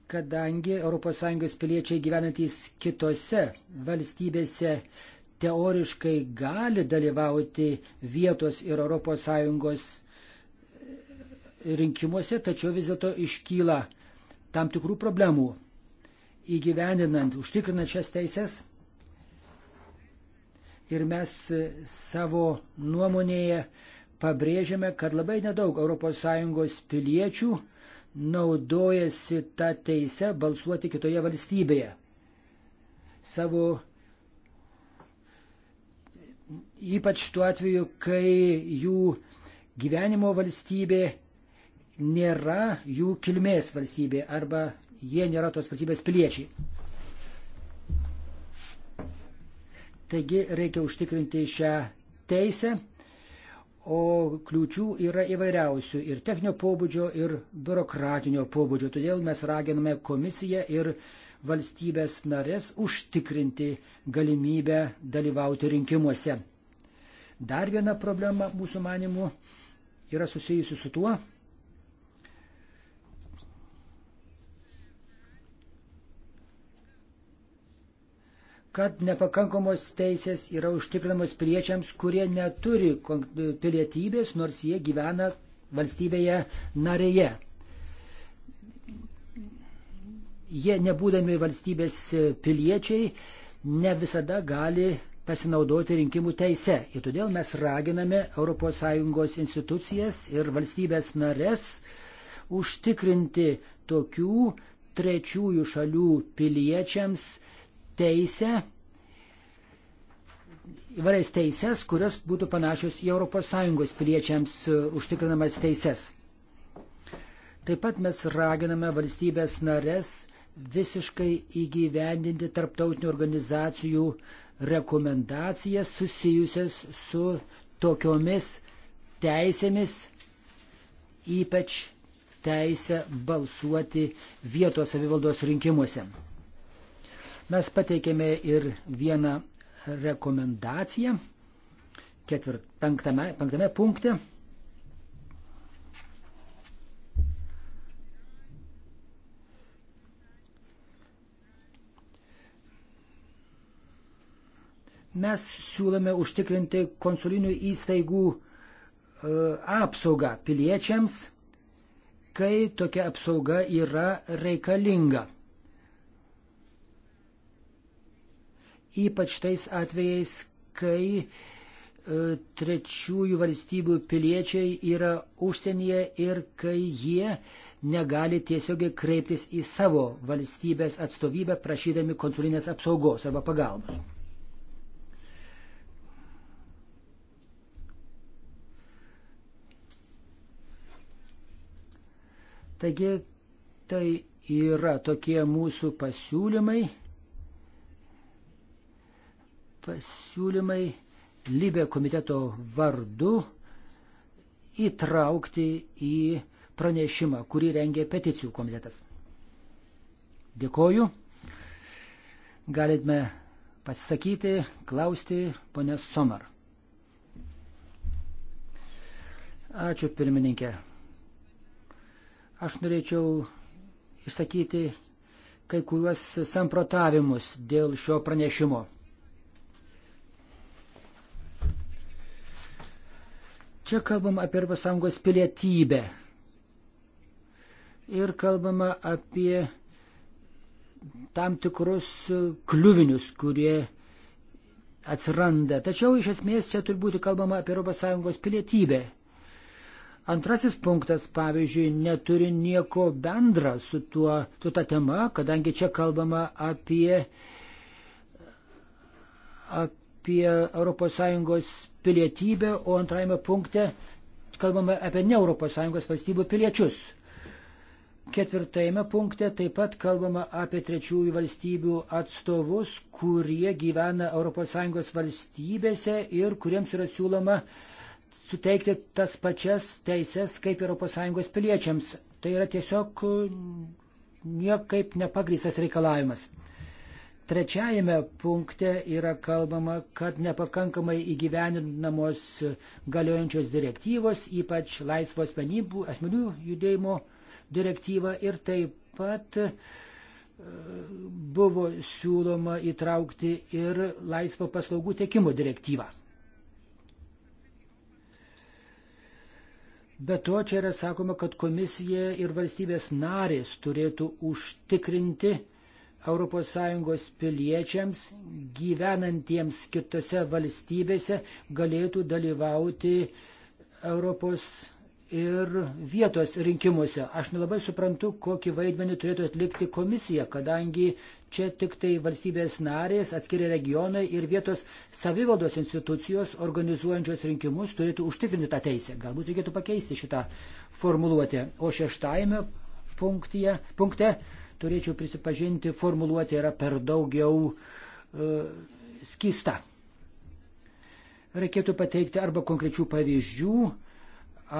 kadangi ES piliečiai gyvenantys kitose valstybėse teoriškai gali dalyvauti vietos ir ES rinkimuose, tačiau vis dėlto iškyla tam tikrų problemų įgyvendinant, užtikrinant šias teises. Ir mes savo nuomonėje pabrėžiame, kad labai nedaug ES piliečių naudojasi tą teisę balsuoti kitoje valstybėje. Savo ypač tuo atveju, kai jų gyvenimo valstybė nėra jų kilmės valstybė arba jie nėra tos valstybės piliečiai. Taigi reikia užtikrinti šią teisę o kliūčių yra įvairiausių ir techninio pobūdžio, ir biurokratinio pobūdžio. Todėl mes raginame komisiją ir valstybės narės užtikrinti galimybę dalyvauti rinkimuose. Dar viena problema mūsų manimų yra susijusi su tuo, kad nepakankamos teisės yra užtikrinamos piliečiams, kurie neturi pilietybės, nors jie gyvena valstybėje narėje. Jie nebūdami valstybės piliečiai ne visada gali pasinaudoti rinkimų teise. Ir todėl mes raginame ES institucijas ir valstybės narės užtikrinti tokių trečiųjų šalių piliečiams, teisę, įvairias teises, kurios būtų panašios į ES piliečiams e, užtikrinamas teises. Taip pat mes raginame valstybės narės visiškai įgyvendinti tarptautinių organizacijų rekomendacijas susijusias su tokiomis teisėmis, ypač teisę balsuoti vietos savivaldos rinkimuose. Mes pateikėme ir vieną rekomendaciją ketvirt, penktame, penktame punkte. Mes siūlome užtikrinti konsulinių įstaigų e, apsaugą piliečiams, kai tokia apsauga yra reikalinga. ypač tais atvejais, kai e, trečiųjų valstybių piliečiai yra užsienyje ir kai jie negali tiesiogiai kreiptis į savo valstybės atstovybę prašydami konsulinės apsaugos arba pagalbos. Taigi tai yra tokie mūsų pasiūlymai pasiūlymai Libė komiteto vardu įtraukti į pranešimą, kurį rengė peticijų komitetas. Dėkoju. Galime pasisakyti, klausti ponės Somar. Ačiū pirmininkė. Aš norėčiau išsakyti kai kuriuos samprotavimus dėl šio pranešimo. Čia kalbam apie ES pilietybę. Ir kalbama apie tam tikrus kliuvinius, kurie atsiranda. Tačiau iš esmės čia turi būti kalbama apie ES pilietybę. Antrasis punktas, pavyzdžiui, neturi nieko bendra su, tuo, su ta tema, kadangi čia kalbama apie, apie apie ES pilietybę, o antrajame punkte kalbame apie ne ES valstybių piliečius. Ketvirtajame punkte taip pat kalbama apie trečiųjų valstybių atstovus, kurie gyvena ES valstybėse ir kuriems yra siūloma suteikti tas pačias teises kaip ES piliečiams. Tai yra tiesiog niekaip nepagristas reikalavimas. Trečiajame punkte yra kalbama, kad nepakankamai įgyveninamos galiojančios direktyvos, ypač laisvo asmenybų, asmenių judėjimo direktyva ir taip pat e, buvo siūloma įtraukti ir laisvo paslaugų tiekimo direktyvą. Be to čia yra sakoma, kad komisija ir valstybės narės turėtų užtikrinti, ES piliečiams gyvenantiems kitose valstybėse galėtų dalyvauti Europos ir vietos rinkimuose. Aš nelabai suprantu, kokį vaidmenį turėtų atlikti komisija, kadangi čia tik tai valstybės narės, atskiri regionai ir vietos savivaldos institucijos organizuojančios rinkimus turėtų užtikrinti tą teisę. Galbūt reikėtų pakeisti šitą formuluotę. O šeštajame punktyje, punkte turėčiau prisipažinti, formuluoti yra per daugiau uh, e, skista. Reikėtų pateikti arba konkrečių pavyzdžių,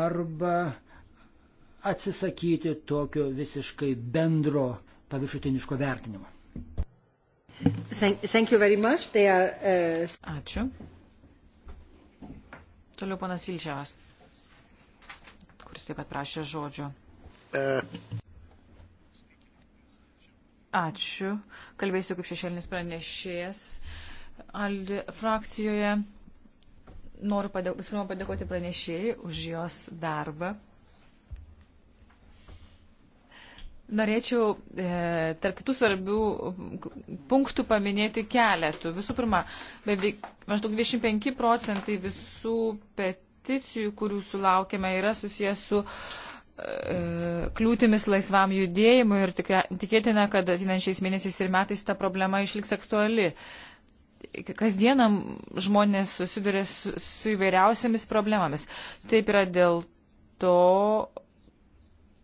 arba atsisakyti tokio visiškai bendro paviršutiniško vertinimo. Thank you very much. They are, uh... Ačiū. Toliau panas Ilčiavas, kuris taip pat prašė žodžio. Uh. Ačiū. Kalbėsiu kaip šešėlinis pranešėjas Aldi frakcijoje. Noriu padėk, visų pirma padėkoti pranešėjai už jos darbą. Norėčiau e, tarp kitų svarbių punktų paminėti keletų. Visų pirma, beveik maždaug 25 procentai visų peticijų, kurių sulaukėme, yra susijęs su e, kliūtimis laisvam judėjimui ir tikėtina, kad atinančiais mėnesiais ir metais ta problema išliks aktuali. Kasdieną žmonės susiduria su, su įvairiausiamis problemomis. Taip yra dėl to,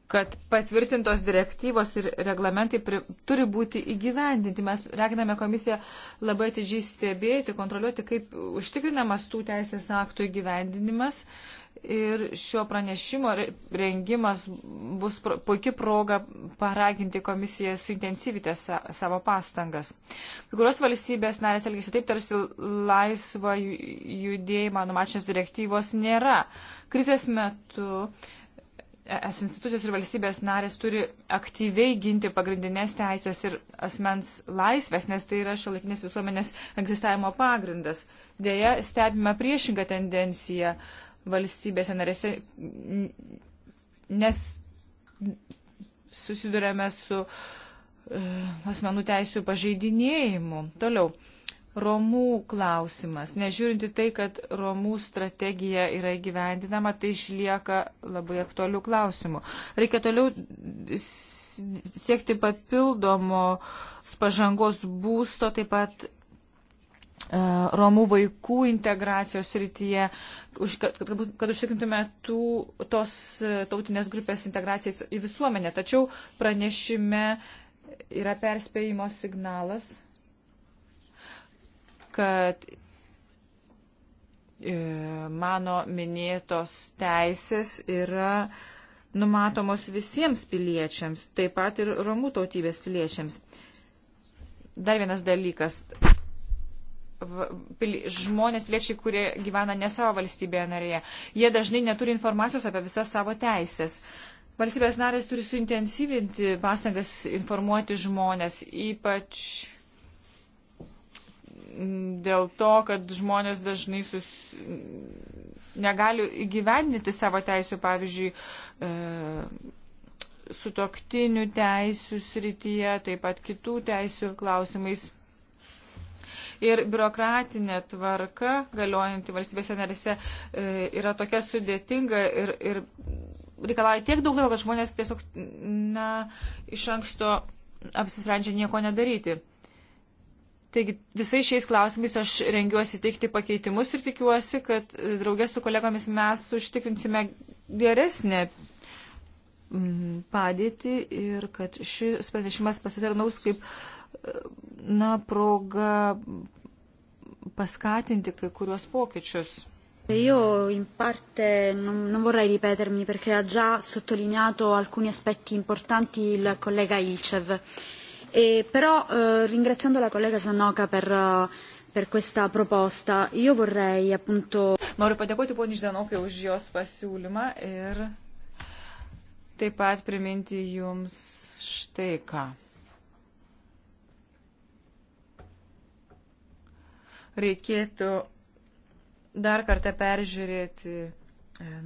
kad patvirtintos direktyvos ir reglamentai pri, turi būti įgyvendinti. Mes reginame komisiją labai atidžiai stebėti, kontroliuoti, kaip užtikrinamas tų teisės aktų įgyvendinimas. Ir šio pranešimo rengimas bus puikia proga paraginti komisiją suintensyvyti savo pastangas. Kai kurios valstybės narės elgesi taip, tarsi laisvą judėjimą numačios direktyvos nėra. Krizės metu uh, es institucijos ir valstybės narės turi aktyviai ginti pagrindinės teisės ir asmens laisvės, nes tai yra šiolaikinės visuomenės egzistavimo pagrindas. Deja, stebime priešingą tendenciją valstybėse narėse, nes susidurėme su uh, asmenų teisų pažeidinėjimu. Toliau. Uh, Romų klausimas. Nežiūrinti tai, kad Romų strategija yra įgyvendinama, tai išlieka labai aktualių klausimų. Reikia toliau siekti papildomos pažangos būsto, taip pat e, Romų vaikų integracijos rytyje, kad, kad, kad užtikrintume tų, tos e, tautinės grupės integracijas į visuomenę. Tačiau pranešime yra perspėjimo signalas kad e, mano minėtos teisės yra numatomos visiems piliečiams, taip pat ir romų tautybės piliečiams. Dar vienas dalykas. Žmonės, piliečiai, kurie gyvena ne savo valstybėje narėje, jie dažnai neturi informacijos apie visas savo teisės. Valstybės narės turi suintensyvinti pastangas informuoti žmonės, ypač dėl to, kad žmonės dažnai sus... negali įgyvendinti savo teisų, pavyzdžiui, e, sutoktinių teisų srityje, taip pat kitų teisų klausimais. Ir biurokratinė tvarka galiojanti valstybėse narise e, yra tokia sudėtinga ir, ir reikalauja tiek daug laiko, kad žmonės tiesiog na, iš anksto apsisprendžia nieko nedaryti. Taigi visais šiais klausimais aš rengiuosi teikti pakeitimus ir tikiuosi, kad draugės su kolegomis mes užtikrinsime geresnę mm, padėtį ir kad šis pranešimas pasitarnaus kaip na, proga paskatinti kai kuriuos pokyčius. Io in parte non, non vorrei ripetermi perché ha già sottolineato alcuni aspetti importanti il collega Ilcev. Eh, E, però eh, ringraziando la collega Sanoka per, eh, per questa proposta, io vorrei appunto. Noriu padėkoti poniai Ždanokai už jos pasiūlymą ir taip pat priminti jums štai ką. Reikėtų dar kartą peržiūrėti e,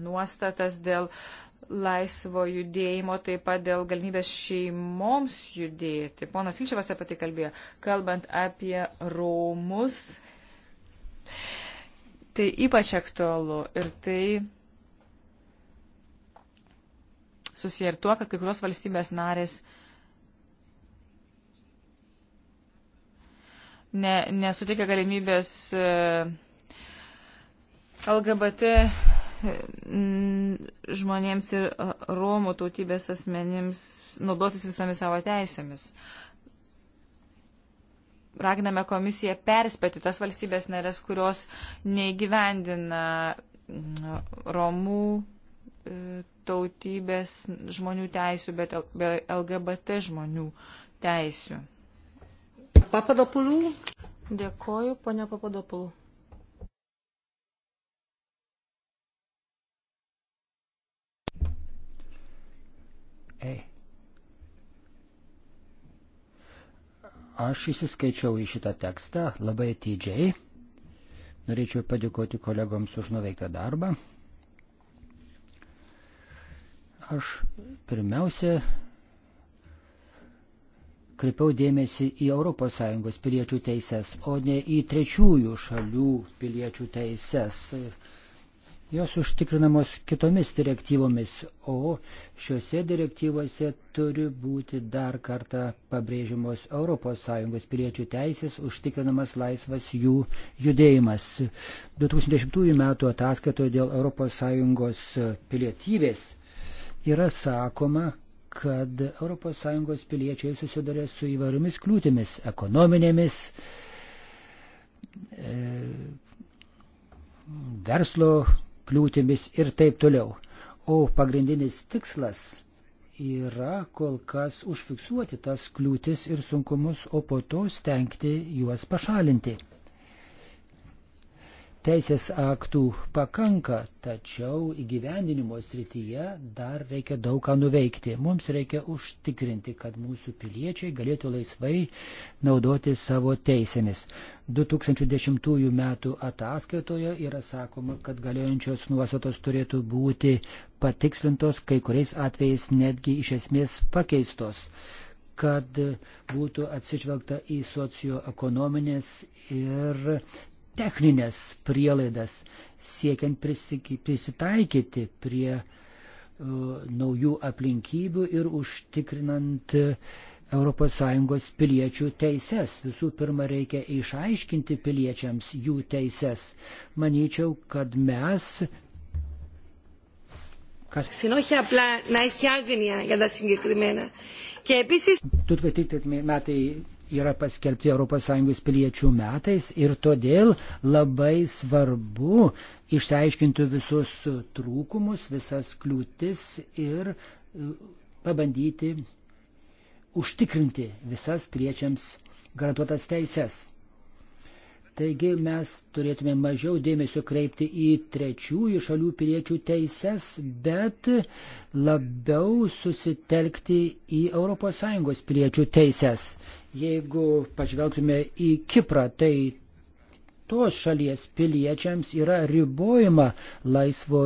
nuostatas dėl uh, laisvo judėjimo, taip pat dėl galimybės šeimoms judėti. Ponas Ilčiavas apie tai kalbėjo, kalbant apie Romus. Tai ypač aktualu ir tai susiję ir tuo, kad kai kurios valstybės narės ne, nesuteikia galimybės e, LGBT žmonėms ir Romų tautybės asmenims naudotis visomis savo teisėmis. Raginame komisiją perspėti tas valstybės narės, kurios neįgyvendina Romų e, tautybės žmonių teisų, bet LGBT žmonių teisų. Papadopulų. Dėkoju, ponia Papadopulų. Ei. Aš įsiskaičiau į šitą tekstą labai atidžiai. Norėčiau padėkoti kolegoms už nuveiktą darbą. Aš pirmiausia kreipiau dėmesį į ES piliečių teises, o ne į trečiųjų šalių piliečių teises jos užtikrinamos kitomis direktyvomis, o šiuose direktyvose turi būti dar kartą pabrėžimos ES piliečių teisės užtikrinamas laisvas jų judėjimas. 2010 m. ataskaitoje dėl ES pilietybės yra sakoma, kad ES piliečiai susiduria su įvairiomis kliūtimis - ekonominėmis, e, verslo kliūtimis ir taip toliau. O pagrindinis tikslas yra kol kas užfiksuoti tas kliūtis ir sunkumus, o po to stengti juos pašalinti teisės aktų pakanka, tačiau įgyvendinimo srityje dar reikia daug ką nuveikti. Mums reikia užtikrinti, kad mūsų piliečiai galėtų laisvai naudoti savo teisėmis. 2010 m. ataskaitoje yra sakoma, kad galiojančios nuostatos turėtų būti patikslintos, kai kuriais atvejais netgi iš esmės pakeistos kad būtų atsižvelgta į socioekonominės ir techninės prielaidas, siekiant prisitaikyti prie uh, naujų aplinkybių ir užtikrinant uh, ES piliečių teises. Visų pirma, reikia išaiškinti piliečiams jų teises. Manyčiau, kad mes. Kas... Συνόχι απλά να έχει άγνοια για τα συγκεκριμένα. Και επίσης... Τούτο μετρήτε με, yra paskelbti ES piliečių metais ir todėl labai svarbu išsiaiškinti visus trūkumus, visas kliūtis ir e, pabandyti užtikrinti visas piliečiams garantuotas teises. Taigi mes turėtume mažiau dėmesio kreipti į trečiųjų šalių piliečių teises, bet labiau susitelkti į ES piliečių teises. Jeigu pažvelgtume į Kiprą, tai tos šalies piliečiams yra ribojama laisvo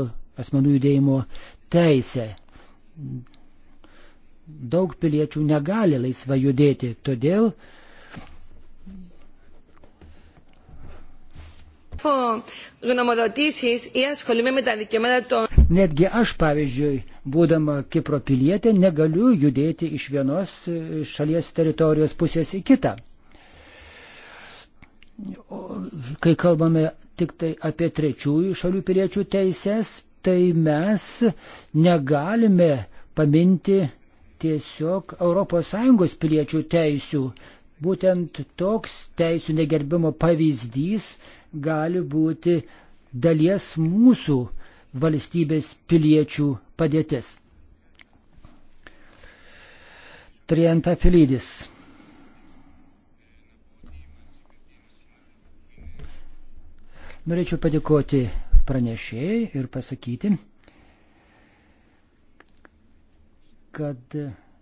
asmenų judėjimo teisė. Daug piliečių negali laisvai judėti, todėl Netgi aš, pavyzdžiui, būdama Kipro pilietė, negaliu judėti iš vienos e, šalies teritorijos pusės į kitą. Kai kalbame tik tai apie trečiųjų šalių piliečių teises, tai mes negalime paminti tiesiog ES piliečių teisių. Būtent toks teisų negerbimo pavyzdys gali būti dalies mūsų valstybės piliečių padėtis. Trienta Filidis. Norėčiau padėkoti pranešėjai ir pasakyti, kad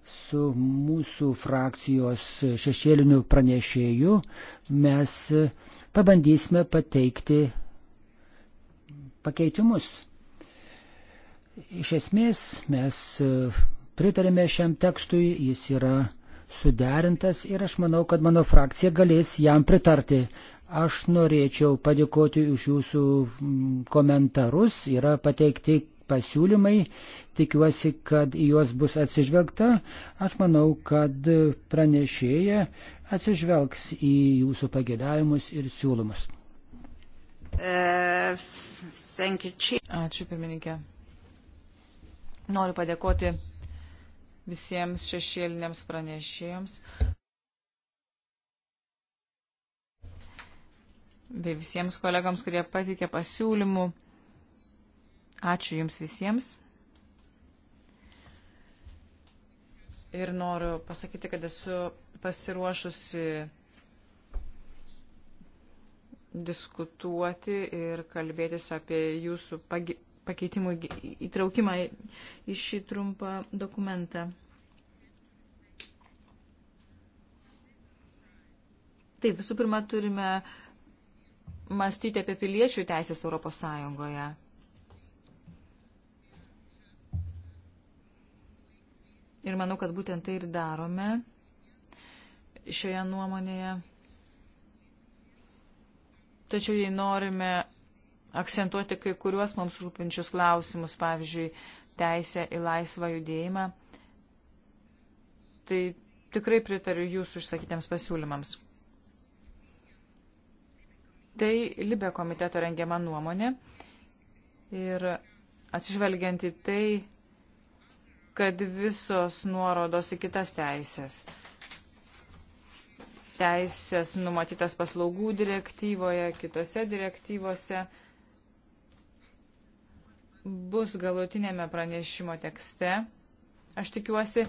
su mūsų frakcijos šešėliniu pranešėju mes uh, pabandysime pateikti pakeitimus. Iš esmės mes e, pritarėme šiam tekstui, jis yra suderintas ir aš manau, kad mano frakcija galės jam pritarti. Aš norėčiau padėkoti už jūsų komentarus, yra pateikti pasiūlymai, tikiuosi, kad į juos bus atsižvelgta. Aš manau, kad pranešėja atsižvelgs į jūsų pagėdavimus ir siūlymus. Uh, Ačiū, pirmininkė. Noriu padėkoti visiems šešėliniams pranešėjams bei visiems kolegams, kurie patikė pasiūlymų. Ačiū Jums visiems. ir noriu pasakyti, kad esu pasiruošusi diskutuoti ir kalbėtis apie jūsų pakeitimų įtraukimą į šį trumpą dokumentą. Taip, visų pirma, turime mąstyti apie piliečių teisės Europos Sąjungoje. Ir manau, kad būtent tai ir darome šioje nuomonėje. Tačiau jei norime akcentuoti kai kuriuos mums rūpinčius klausimus, pavyzdžiui, teisę į laisvą judėjimą, tai tikrai pritariu jūsų išsakytiems pasiūlymams. Tai Libė komiteto rengiama nuomonė ir atsižvelgiant į tai, kad visos nuorodos į kitas teisės. Teisės numatytas paslaugų direktyvoje, kitose direktyvose bus galutinėme pranešimo tekste. Aš tikiuosi,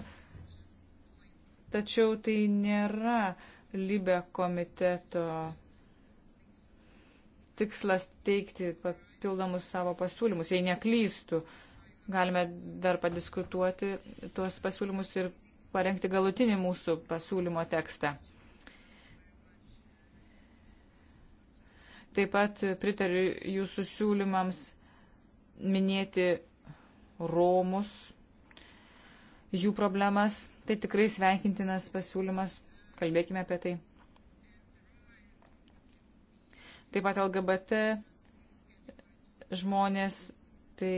tačiau tai nėra Libe komiteto tikslas teikti papildomus savo pasiūlymus, jei neklystų. Uh, Galime dar padiskutuoti tuos pasiūlymus ir parengti galutinį mūsų pasiūlymo tekstą. Taip pat pritariu jūsų siūlymams minėti Romus, jų problemas. Tai tikrai sveikintinas pasiūlymas. Kalbėkime apie tai. Taip pat LGBT žmonės, tai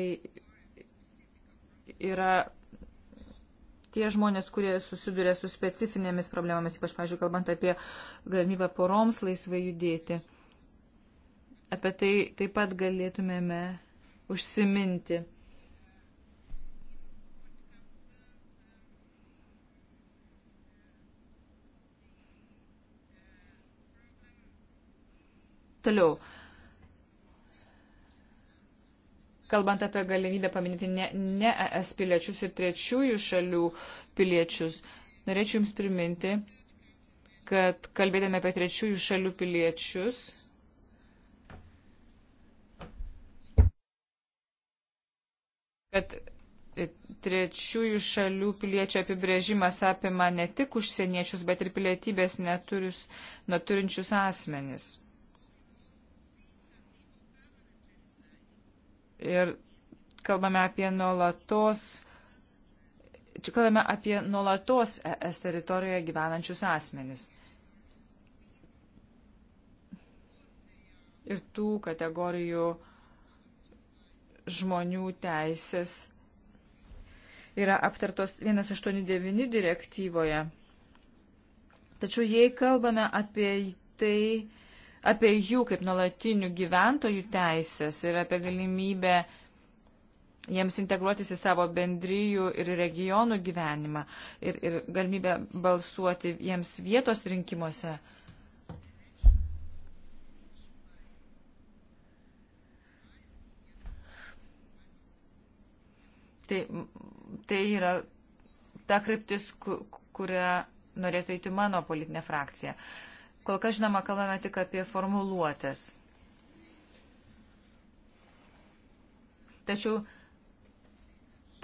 yra tie žmonės, kurie susiduria su specifinėmis problemomis, ypač, pažiūrėjau, kalbant apie galimybę poroms laisvai judėti. Apie tai taip pat galėtumėme užsiminti. Toliau, kalbant apie galimybę paminėti ne, ne ES piliečius ir trečiųjų šalių piliečius, norėčiau Jums priminti, kad kalbėdami apie trečiųjų šalių piliečius. kad trečiųjų šalių piliečio apibrėžimas apima ne tik užsieniečius, bet ir pilietybės neturius, neturinčius asmenis. Ir kalbame apie nuolatos, čia kalbame apie nuolatos ES teritorijoje gyvenančius asmenis. Ir tų kategorijų žmonių teisės yra aptartos 189 direktyvoje. Tačiau jei kalbame apie tai, apie jų kaip nuolatinių gyventojų teisės ir apie galimybę jiems integruotis į savo bendryjų ir regionų gyvenimą ir, ir galimybę balsuoti jiems vietos rinkimuose. Tai, tai yra ta kryptis, kurią norėtų eiti mano politinė frakcija. Uh, Kol kas, žinoma, kalbame tik apie formuluotės. Tačiau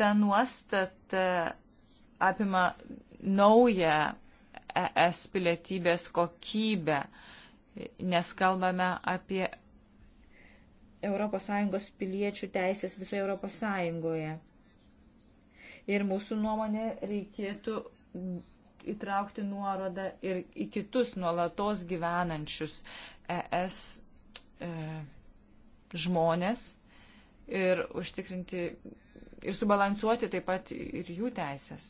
ta nuostata apima naują ES pilietybės kokybę, nes kalbame apie ES piliečių teisės visoje ES. Ir mūsų nuomonė reikėtų įtraukti nuorodą ir į kitus nuolatos gyvenančius ES e, žmonės ir užtikrinti ir subalansuoti taip pat ir jų teisės.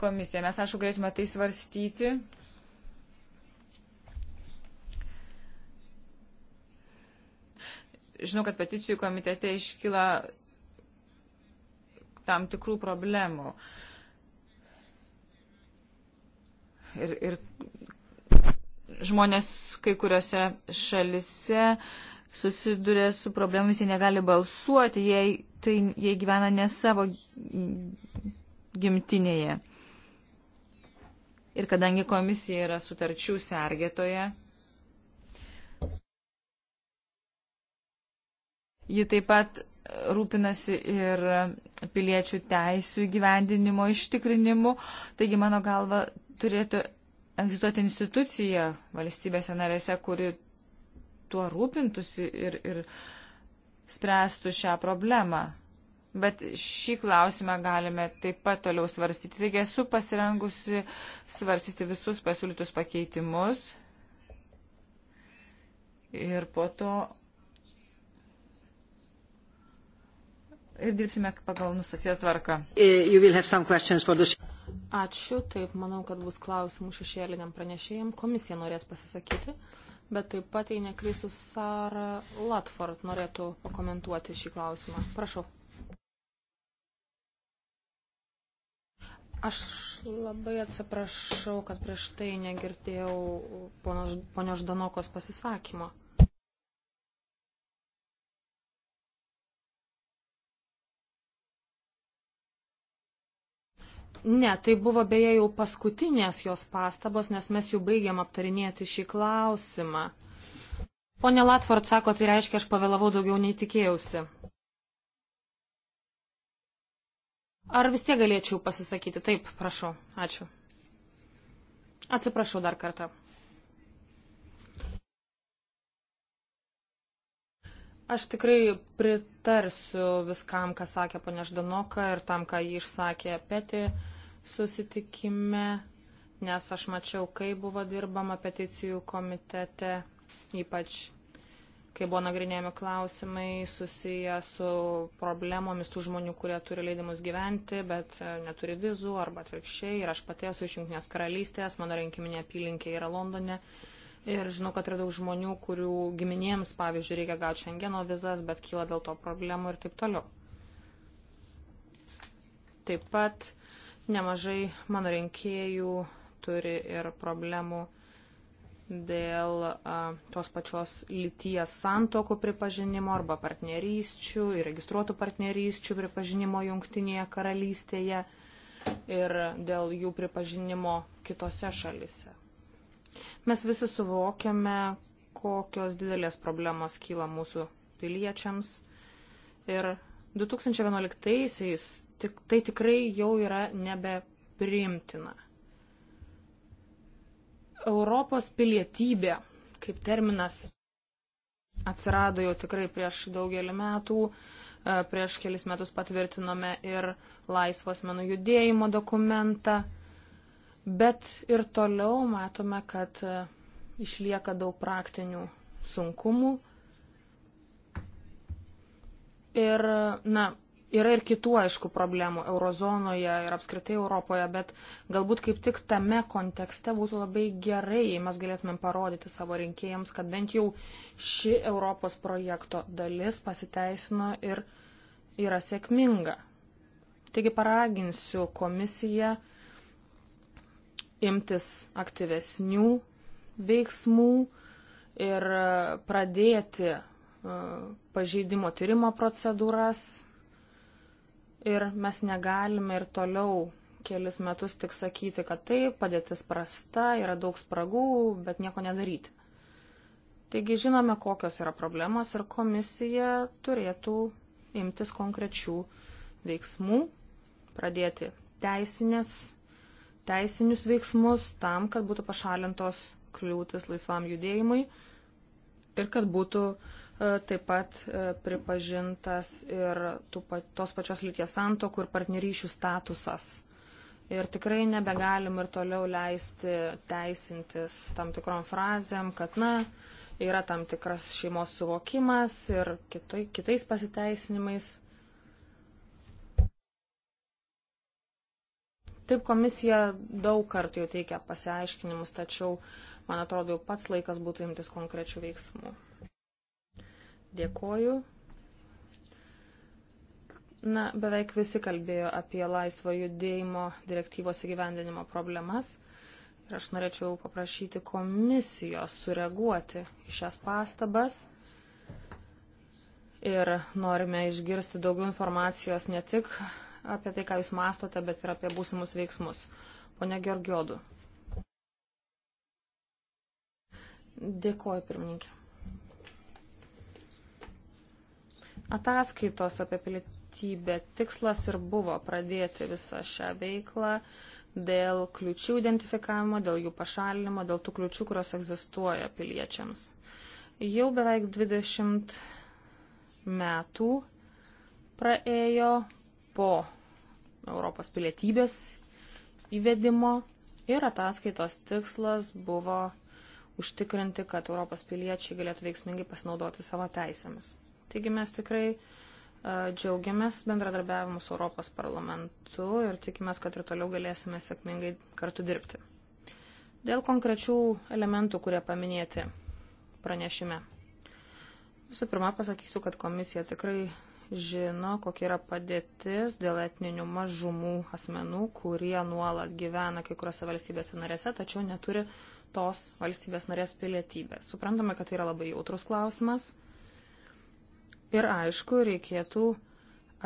Komisija. Mes, aišku, galėtume tai svarstyti, žinau, kad peticijų komitete iškyla tam tikrų problemų. Ir, ir žmonės kai kuriuose šalise susiduria su problemais, jie negali balsuoti, jei, tai, jie gyvena ne savo gimtinėje. Ir kadangi komisija yra sutarčių sergėtoje, ji taip pat rūpinasi ir piliečių teisų įgyvendinimo ištikrinimu. Taigi, mano galva, turėtų egzistuoti institucija valstybėse narėse, kuri tuo rūpintųsi ir, ir spręstų šią problemą. Bet šį klausimą galime taip pat toliau svarstyti. Taigi esu pasirengusi svarstyti visus pasiūlytus pakeitimus. Ir po to ir dirbsime pagal nustatytą tvarką. E, Ačiū, taip, manau, kad bus klausimų šešėliniam pranešėjim. Komisija norės pasisakyti, bet taip pat, jei neklystų, Sara Latford norėtų pakomentuoti šį klausimą. Prašau. Aš labai atsiprašau, kad prieš tai negirdėjau ponios Ždanokos pasisakymo. Ne, tai buvo beje jau paskutinės jos pastabos, nes mes jau baigiam aptarinėti šį klausimą. Pone Latvart sako, tai reiškia, aš pavėlavau daugiau nei tikėjausi. Ar vis tiek galėčiau pasisakyti? Taip, prašau. Ačiū. Atsiprašau dar kartą. Aš tikrai pritarsiu viskam, ką sakė ponia Ždanoka ir tam, ką jį išsakė Peti susitikime, nes aš mačiau, kai buvo dirbama peticijų komitete, ypač kai buvo nagrinėjami klausimai susiję su problemomis tų žmonių, kurie turi leidimus gyventi, bet e, neturi vizų arba atvirkščiai. Ir aš pati esu iš Junktinės karalystės, mano rinkiminė apylinkė yra Londone. Ir žinau, kad yra daug žmonių, kurių giminėms, pavyzdžiui, reikia gauti šengeno vizas, bet kyla dėl to problemų ir taip toliau. Taip pat Nemažai mano rinkėjų turi ir problemų dėl a, tos pačios lyties santokų pripažinimo arba partnerysčių, įregistruotų partnerysčių pripažinimo jungtinėje karalystėje ir dėl jų pripažinimo kitose šalise. Mes visi suvokiame, kokios didelės problemos kyla mūsų piliečiams ir 2011-aisiais tik, tai tikrai jau yra nebepriimtina. Europos pilietybė kaip terminas atsirado jau tikrai prieš daugelį metų. E, prieš kelis metus patvirtinome ir laisvos menų judėjimo dokumentą. Bet ir toliau matome, kad e, išlieka daug praktinių sunkumų. Ir, na, Yra ir kitų, aišku, problemų eurozonoje ir apskritai Europoje, bet galbūt kaip tik tame kontekste būtų labai gerai, jei mes galėtumėm parodyti savo rinkėjams, kad bent jau ši Europos projekto dalis pasiteisino ir yra sėkminga. Taigi paraginsiu komisiją imtis aktyvesnių veiksmų ir e, pradėti e, pažeidimo tyrimo procedūras ir mes negalime ir toliau kelis metus tik sakyti, kad taip, padėtis prasta, yra daug spragų, bet nieko nedaryti. Taigi žinome, kokios yra problemos ir komisija turėtų imtis konkrečių veiksmų, pradėti teisinės, teisinius veiksmus tam, kad būtų pašalintos kliūtis laisvam judėjimui ir kad būtų uh, E, taip pat e, pripažintas ir tos pačios lyties santokų ir partnerysčių statusas. Ir tikrai nebegalim ir toliau leisti teisintis tam tikrom frazėm, kad, na, yra tam tikras šeimos suvokimas ir kitai, kitais pasiteisinimais. Taip komisija daug kartų jau teikia pasiaiškinimus, tačiau, man atrodo, jau pats laikas būtų imtis konkrečių veiksmų. Dėkoju. Na, beveik visi kalbėjo apie laisvo judėjimo direktyvos įgyvendinimo problemas. Ir aš norėčiau paprašyti komisijos sureaguoti į šias pastabas. Ir norime išgirsti daugiau informacijos ne tik apie tai, ką jūs mastote, bet ir apie būsimus veiksmus. Pone Georgiodų. Dėkoju, pirmininkė. ataskaitos apie pilietybę tikslas ir buvo pradėti visą šią veiklą dėl kliučių identifikavimo, dėl jų pašalinimo, dėl tų kliučių, kurios egzistuoja piliečiams. Jau beveik 20 metų praėjo po Europos pilietybės įvedimo ir ataskaitos tikslas buvo užtikrinti, kad Europos piliečiai galėtų veiksmingai pasinaudoti savo teisėmis. Taigi mes tikrai džiaugiamės bendradarbiavimu su Europos parlamentu ir tikimės, kad ir toliau galėsime sėkmingai kartu dirbti. Dėl konkrečių elementų, kurie paminėti pranešime. Visų pirma, pasakysiu, kad komisija tikrai žino, kokia yra padėtis dėl etninių mažumų asmenų, kurie nuolat gyvena kai kuriuose valstybėse narėse, tačiau neturi tos valstybės narės pilietybės. Suprantame, kad tai yra labai jautrus klausimas Ir aišku, reikėtų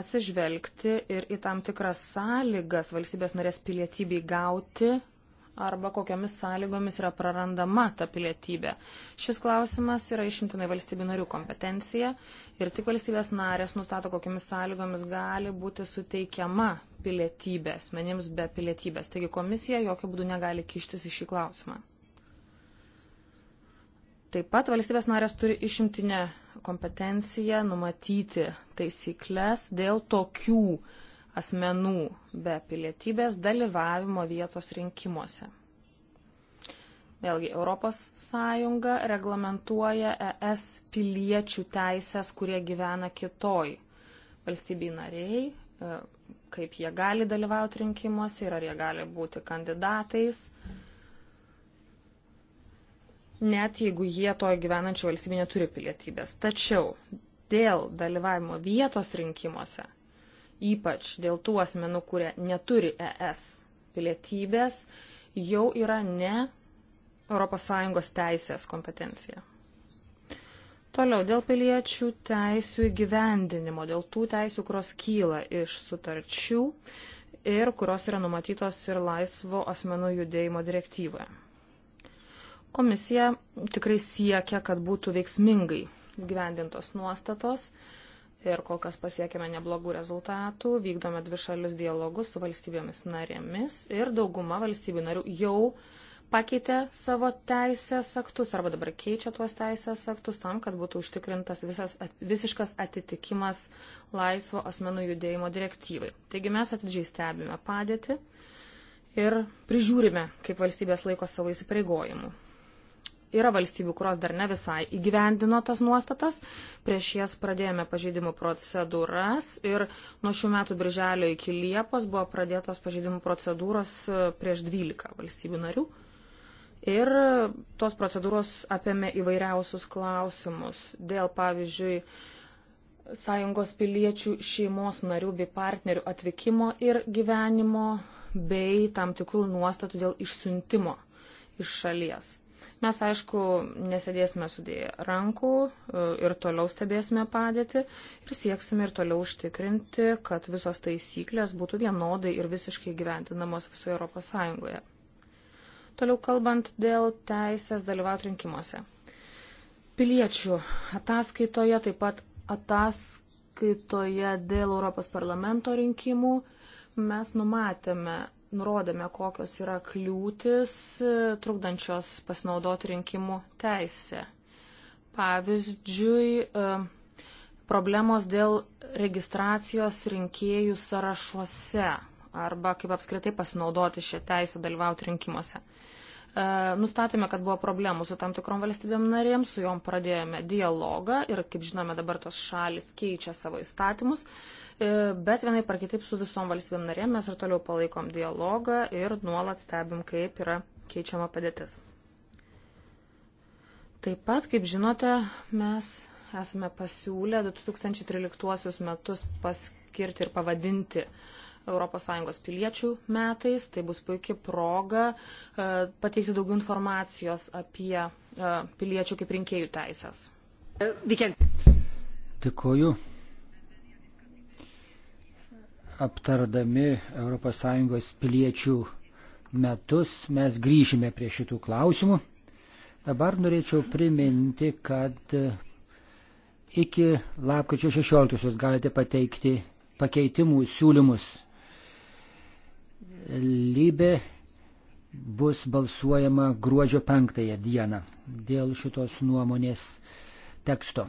atsižvelgti ir į tam tikras sąlygas valstybės norės pilietybei gauti arba kokiamis sąlygomis yra prarandama ta pilietybė. Šis klausimas yra išimtinai valstybių narių kompetencija ir tik valstybės narės nustato, kokiamis sąlygomis gali būti suteikiama pilietybė asmenims be pilietybės. Taigi komisija jokių būdų negali kištis į šį klausimą. Taip pat valstybės narės turi išimtinę kompetenciją numatyti taisyklės dėl tokių asmenų be pilietybės dalyvavimo vietos rinkimuose. Vėlgi, ES reglamentuoja ES piliečių teisės, kurie gyvena kitoj valstybei nariai, e, kaip jie gali dalyvauti rinkimuose ir ar jie gali būti kandidatais. Mm net jeigu jie toje gyvenančio valstybėje neturi pilietybės. Tačiau dėl dalyvavimo vietos rinkimuose, ypač dėl tų asmenų, kurie neturi ES pilietybės, jau yra ne ES teisės kompetencija. Toliau dėl piliečių teisų įgyvendinimo, dėl tų teisų, kurios kyla iš sutarčių ir kurios yra numatytos ir laisvo asmenų judėjimo direktyvoje. Komisija tikrai siekia, kad būtų veiksmingai gyvendintos nuostatos ir kol kas pasiekėme neblogų rezultatų, vykdome dvišalius dialogus su valstybėmis narėmis ir dauguma valstybių narių jau pakeitė savo teisės aktus arba dabar keičia tuos teisės aktus tam, kad būtų užtikrintas visas, visiškas atitikimas laisvo asmenų judėjimo direktyvai. Taigi mes atidžiai stebime padėtį ir prižiūrime, kaip valstybės laiko savo įsipareigojimų. Yra valstybių, kurios dar ne visai įgyvendino tas nuostatas. Prieš jas pradėjome pažeidimų procedūras ir nuo šių metų birželio iki Liepos buvo pradėtos pažeidimų procedūros e, prieš 12 valstybių narių. Ir tos procedūros apėmė įvairiausius klausimus. Dėl, pavyzdžiui, sąjungos piliečių šeimos narių bei partnerių atvykimo ir gyvenimo bei tam tikrų nuostatų dėl išsiuntimo iš šalies. Mes, aišku, nesėdėsime sudėję rankų e, ir toliau stebėsime padėtį ir sieksime ir toliau užtikrinti, kad visos taisyklės būtų vienodai ir visiškai gyventinamos visoje Europos Sąjungoje. Toliau kalbant dėl teisės dalyvauti rinkimuose. Piliečių ataskaitoje, taip pat ataskaitoje dėl Europos parlamento rinkimų mes numatėme nurodėme, kokios yra kliūtis e, trukdančios pasinaudoti rinkimų teisę. Pavyzdžiui, e, problemos dėl registracijos rinkėjų sąrašuose arba kaip apskritai pasinaudoti šią teisę dalyvauti rinkimuose. E, nustatėme, kad buvo problemų su tam tikrom valstybėm narėm, su juom pradėjome dialogą ir, kaip žinome, dabar tos šalis keičia savo įstatymus, e, bet vienai par kitaip su visom valstybėm narėm mes ir toliau palaikom dialogą ir nuolat stebim, kaip yra keičiama padėtis. Taip pat, kaip žinote, mes esame pasiūlę 2013 metus paskirti ir pavadinti uh, ES piliečių metais. Tai bus puikia proga e, pateikti daugiau informacijos apie e, piliečių kaip rinkėjų teisės. Dėkuoju. Aptardami ES piliečių metus mes grįžime prie šitų klausimų. Dabar norėčiau priminti, kad e, iki lapkričio 16 galite pateikti pakeitimų siūlymus Lybė bus balsuojama gruodžio penktąją dieną dėl šitos nuomonės teksto.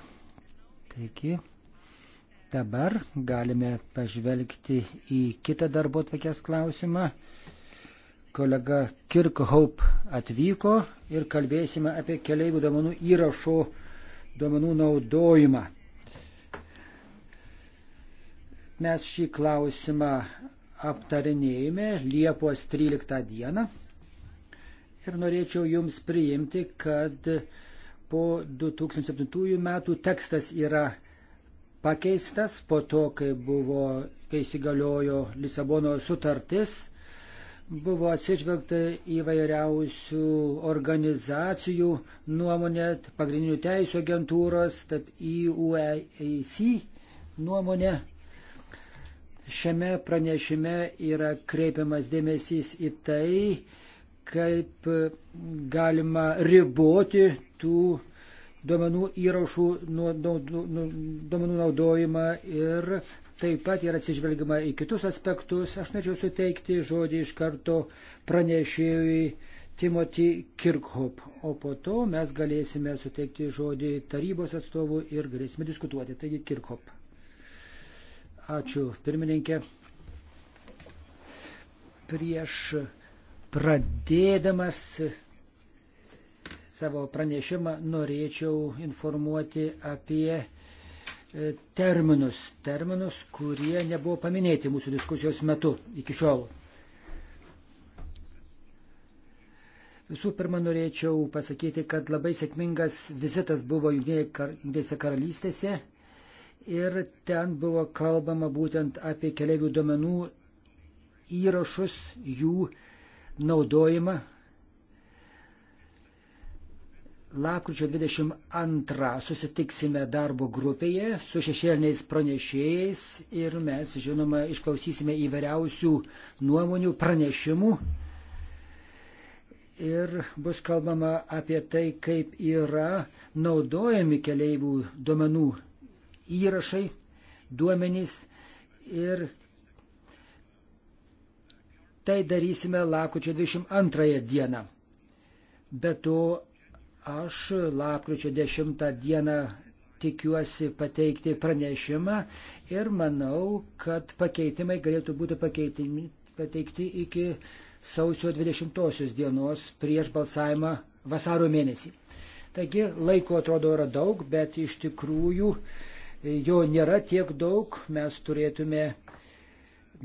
Taigi, dabar galime pažvelgti į kitą darbo atvekės klausimą. Kolega Kirkhope atvyko ir kalbėsime apie keliaivių duomenų įrašo duomenų naudojimą. Mes šį klausimą aptarinėjame Liepos 13 dieną. Ir norėčiau Jums priimti, kad po 2007 metų tekstas yra pakeistas po to, kai buvo, kai įsigaliojo Lisabono sutartis buvo atsižvelgta įvairiausių organizacijų nuomonė, pagrindinių teisų agentūros, taip IUEC nuomonė. Šiame pranešime yra kreipiamas dėmesys į tai, kaip galima riboti tų duomenų įrašų, duomenų naudojimą ir taip pat yra atsižvelgiama į kitus aspektus. Aš norėčiau suteikti žodį iš karto pranešėjui Timothy Kirkhop, o po to mes galėsime suteikti žodį tarybos atstovų ir galėsime diskutuoti. Taigi Kirkhop. Ačiū pirmininkė. Prieš pradėdamas savo pranešimą norėčiau informuoti apie e, terminus, terminus, kurie nebuvo paminėti mūsų diskusijos metu iki šiol. Visų pirma, norėčiau pasakyti, kad labai sėkmingas vizitas buvo Jungtinėse karalystėse ir ten buvo kalbama būtent apie keliaivių duomenų įrašus, jų naudojimą. Lapkričio 22 susitiksime darbo grupėje su šešėliniais pranešėjais ir mes, žinoma, išklausysime įvairiausių nuomonių, pranešimų. Ir bus kalbama apie tai, kaip yra naudojami keliaivių duomenų įrašai, duomenys ir tai darysime lakučio 22 dieną. Be to, aš lapkričio 10 dieną tikiuosi pateikti pranešimą ir manau, kad pakeitimai galėtų būti pateikti iki sausio 20 dienos prieš balsavimą vasaro mėnesį. Taigi laiko atrodo yra daug, bet iš tikrųjų jo nėra tiek daug, mes turėtume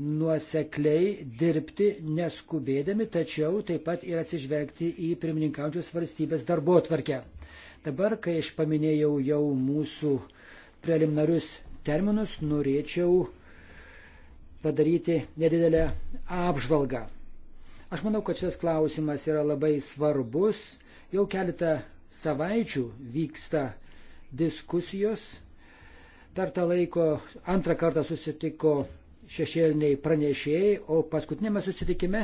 nuosekliai dirbti, neskubėdami, tačiau taip pat ir atsižvelgti į pirmininkaujančios valstybės darbo tvarkę. Dabar, kai aš paminėjau jau mūsų preliminarius terminus, norėčiau padaryti nedidelę apžvalgą. Aš manau, kad šis klausimas yra labai svarbus. Jau keletą savaičių vyksta diskusijos Per tą laiko antrą kartą susitiko šešėliniai pranešėjai, o paskutinėme susitikime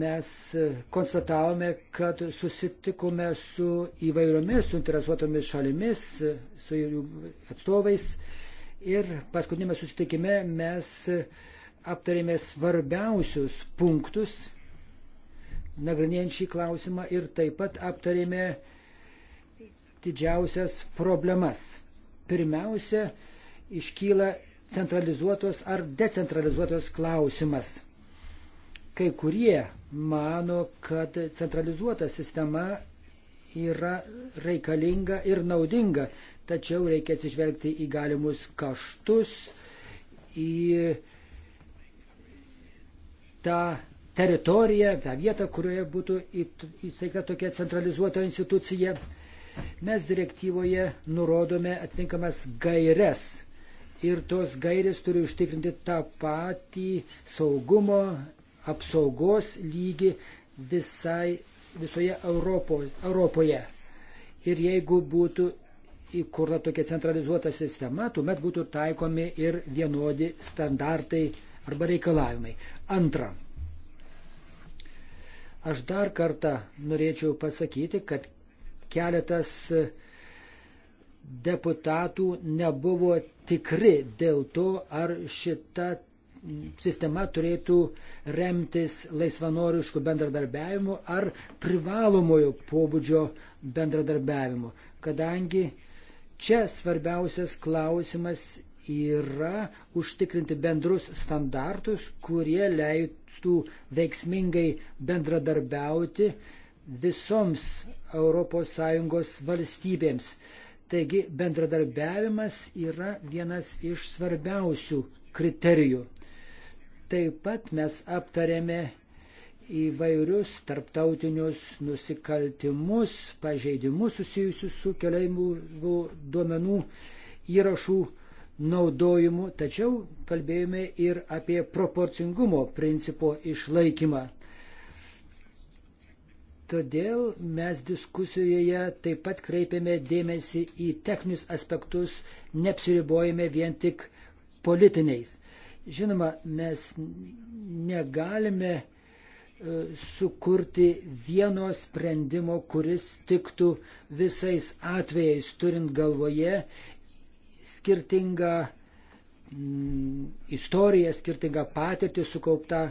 mes konstatavome, kad susitikome su įvairiomis suinteresuotomis šalimis, su jų atstovais ir paskutinėme susitikime mes aptarėme svarbiausius punktus, nagrinėjant šį klausimą ir taip pat aptarėme didžiausias problemas. Pirmiausia, iškyla centralizuotos ar decentralizuotos klausimas. Kai kurie mano, kad centralizuota sistema yra reikalinga ir naudinga, tačiau reikia atsižvelgti į galimus kaštus, į tą teritoriją, tą vietą, kurioje būtų įsteigta tokia centralizuota institucija. Mes direktyvoje nurodome atitinkamas gairias ir tos gairės turi užtikrinti tą patį saugumo, apsaugos lygį visai, visoje Europo, Europoje. Ir jeigu būtų įkurta tokia centralizuota sistema, tuomet būtų taikomi ir vienodi standartai arba reikalavimai. Antra. Aš dar kartą norėčiau pasakyti, kad keletas e, deputatų nebuvo tikri dėl to, ar šita sistema turėtų remtis laisvanoriškų bendradarbiavimų ar privalomojo pobūdžio bendradarbiavimų, kadangi čia svarbiausias klausimas yra užtikrinti bendrus standartus, kurie leistų veiksmingai bendradarbiauti visoms ES valstybėms. Taigi bendradarbiavimas yra vienas iš svarbiausių kriterijų. Taip pat mes aptarėme įvairius tarptautinius nusikaltimus, pažeidimus susijusius su keliaimų duomenų įrašų naudojimu, tačiau kalbėjome ir apie proporcingumo principo išlaikymą. Todėl mes diskusijoje taip pat kreipėme dėmesį į techninius aspektus, neapsiribojame vien tik politiniais. Žinoma, mes negalime e, sukurti vieno sprendimo, kuris tiktų visais atvejais, turint galvoje skirtingą mm, istoriją, skirtingą patirtį sukauptą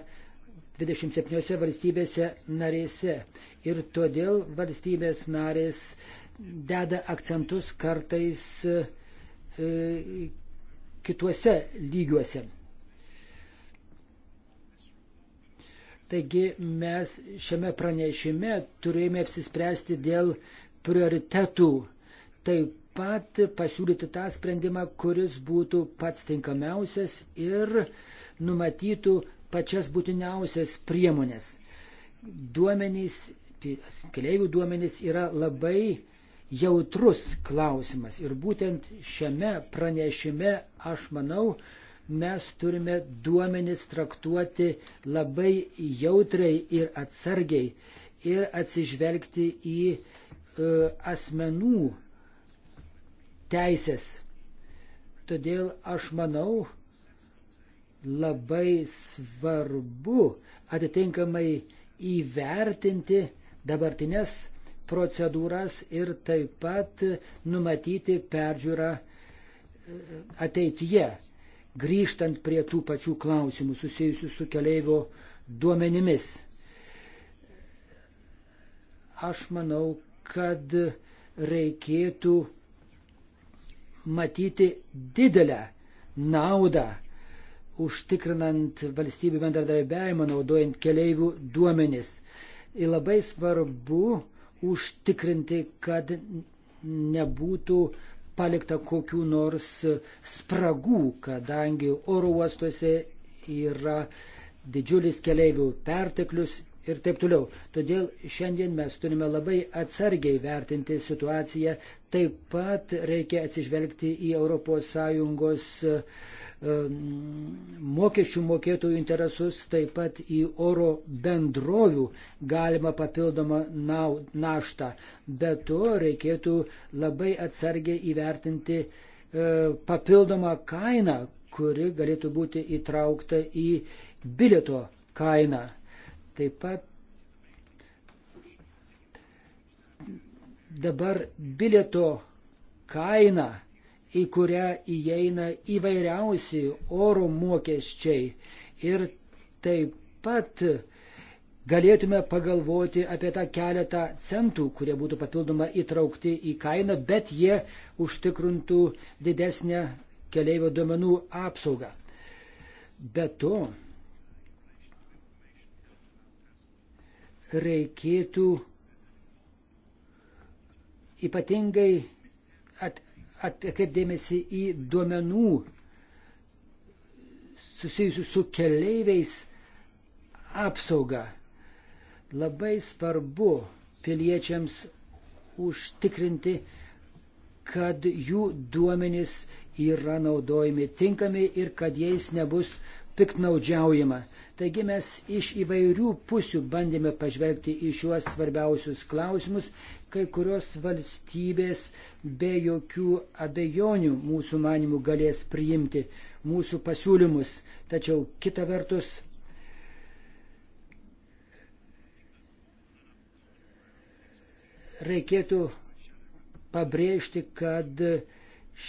27 valstybėse narėse. Ir todėl valstybės narės deda akcentus kartais e, kituose lygiuose. Taigi mes šiame pranešime turėjome apsispręsti dėl prioritetų. Taip pat pasiūlyti tą sprendimą, kuris būtų pats tinkamiausias ir numatytų pačias būtiniausias priemonės. Duomenys, keliaivių duomenys yra labai jautrus klausimas ir būtent šiame pranešime, aš manau, mes turime duomenis traktuoti labai jautriai ir atsargiai ir atsižvelgti į e, asmenų teisės. Todėl aš manau, labai svarbu atitinkamai įvertinti dabartinės procedūras ir taip pat numatyti peržiūrą e, ateityje, grįžtant prie tų pačių klausimų susijusių su keleivo duomenimis. Aš manau, kad reikėtų matyti didelę naudą užtikrinant valstybių bendradarbiavimą, naudojant keleivių duomenis. Ir labai svarbu užtikrinti, kad nebūtų palikta kokių nors spragų, kadangi oro uostuose yra didžiulis keleivių perteklius ir taip toliau. Todėl šiandien mes turime labai atsargiai vertinti situaciją. Taip pat reikia atsižvelgti į ES mokesčių mokėtojų interesus, taip pat į oro bendrovių galima papildomą naštą. Be to reikėtų labai atsargiai įvertinti e, papildomą kainą, kuri galėtų būti įtraukta į bilieto kainą. Taip pat dabar bilieto kaina į kurią įeina įvairiausi oro mokesčiai. Ir taip pat galėtume pagalvoti apie tą keletą centų, kurie būtų papildomai įtraukti į kainą, bet jie užtikrintų didesnę keliaivio duomenų apsaugą. Be to, reikėtų ypatingai atkreipdėmėsi į duomenų susijusių su keleiviais apsaugą. Labai svarbu piliečiams užtikrinti, kad jų duomenys yra naudojami tinkami ir kad jais nebus piknaudžiaujama. Taigi mes iš įvairių pusių bandėme pažvelgti į šiuos svarbiausius klausimus, kai kurios valstybės uh, be jokių abejonių mūsų manimų galės priimti mūsų pasiūlymus. Tačiau kita vertus, reikėtų pabrėžti, kad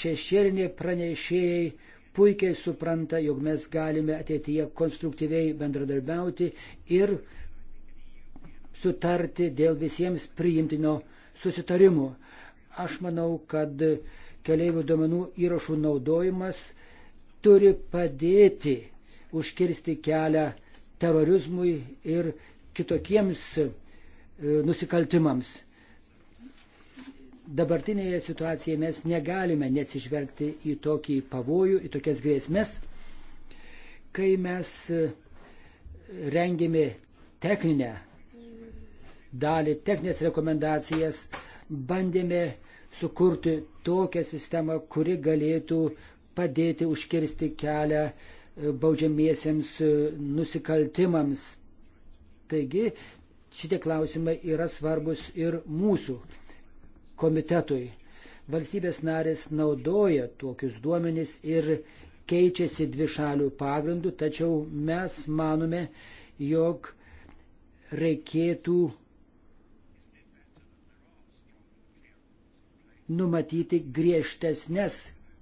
šešėlinė pranešėjai puikiai supranta, jog mes galime ateityje konstruktyviai bendradarbiauti ir sutarti dėl visiems priimtino susitarimo. Aš manau, kad keliaivių duomenų įrašų naudojimas turi padėti užkirsti kelią terorizmui ir kitokiems e, nusikaltimams. Dabartinėje situacijoje mes negalime neatsižvelgti į tokį pavojų, į tokias grėsmės. Kai mes e, rengėme techninę dalį, techninės rekomendacijas, bandėme sukurti tokią sistemą, kuri galėtų padėti užkirsti kelią e, baudžiamiesiems e, nusikaltimams. Taigi šitie klausimai yra svarbus ir mūsų komitetui. Valstybės narės naudoja tokius duomenys ir keičiasi dvišalių pagrindų, tačiau mes manome, jog reikėtų numatyti griežtesnės,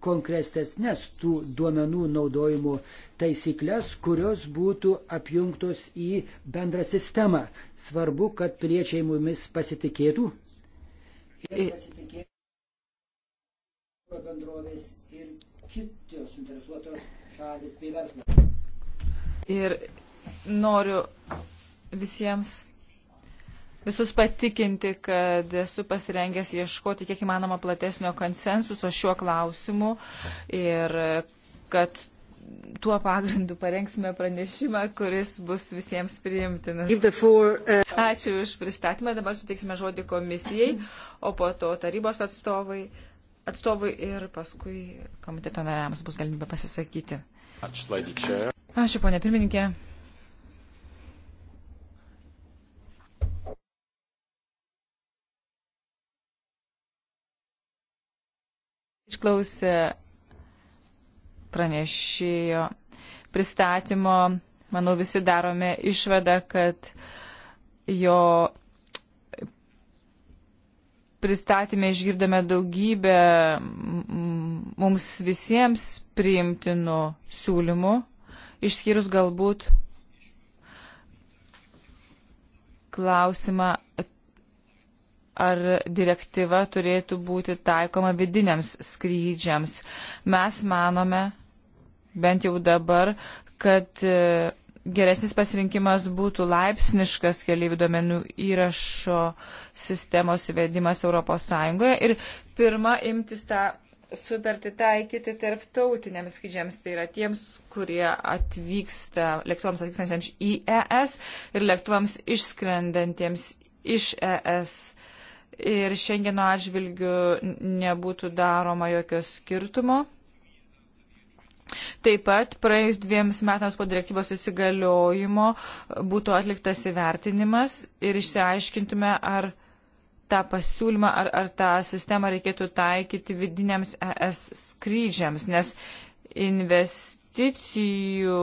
konkrestesnės tų duomenų naudojimo taisyklės, kurios būtų apjungtos į bendrą sistemą. Svarbu, kad piliečiai mumis pasitikėtų. Ir pasitikėtų bendrovės ir kitos interesuotos šalis bei verslas. Ir noriu visiems visus patikinti, kad esu pasirengęs ieškoti kiek įmanoma platesnio konsensuso šiuo klausimu ir kad tuo pagrindu parengsime pranešimą, kuris bus visiems priimtinas. Uh, Ačiū už pristatymą, dabar suteiksime žodį komisijai, o po to tarybos atstovai, atstovai ir paskui komiteto nariams bus galimybė pasisakyti. Ačiū, ponė pirmininkė. Išklausė pranešėjo pristatymo, manau, visi darome išvadą, kad jo pristatymė išgirdome daugybę mums visiems priimtinų siūlymų, išskyrus galbūt klausimą ar direktyva turėtų būti taikoma vidiniams skrydžiams. Mes manome, bent jau dabar, kad e, geresnis pasirinkimas būtų laipsniškas keliaivių duomenų įrašo sistemos įvedimas ES ir pirma imtis tą sutartį taikyti tarptautiniams skrydžiams, tai yra tiems, kurie atvyksta lėktuvams atvykstantiems į ES ir lėktuvams išskrendantiems iš ES ir šiandieno atžvilgių nebūtų daroma jokio skirtumo. Taip pat praėjus dviems metams po direktyvos įsigaliojimo būtų atliktas įvertinimas ir išsiaiškintume, ar tą pasiūlymą, ar, ar tą sistemą reikėtų taikyti vidiniams ES skrydžiams, nes investicijų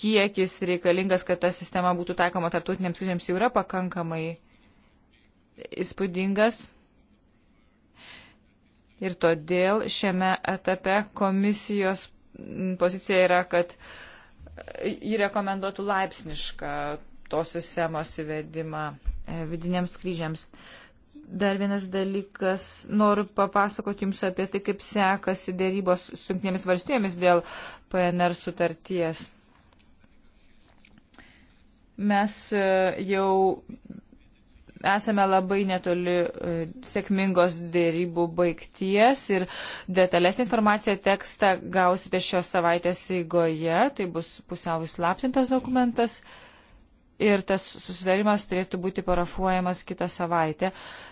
kiekis reikalingas, kad ta sistema būtų taikoma tarptautiniams skrydžiams jau yra pakankamai įspūdingas. Ir todėl šiame etape komisijos pozicija yra, kad jį rekomenduotų laipsnišką tos sistemos įvedimą e, vidiniams skrydžiams. Dar vienas dalykas, noriu papasakoti Jums apie tai, kaip sekasi dėrybos su jungtinėmis valstybėmis dėl PNR sutarties. Mes e, jau esame labai netoli e, sėkmingos dėrybų baigties ir detalesnį informaciją tekstą gausite šios savaitės eigoje, tai bus pusiau įslaptintas dokumentas. Ir tas susidarimas turėtų būti parafuojamas kitą savaitę.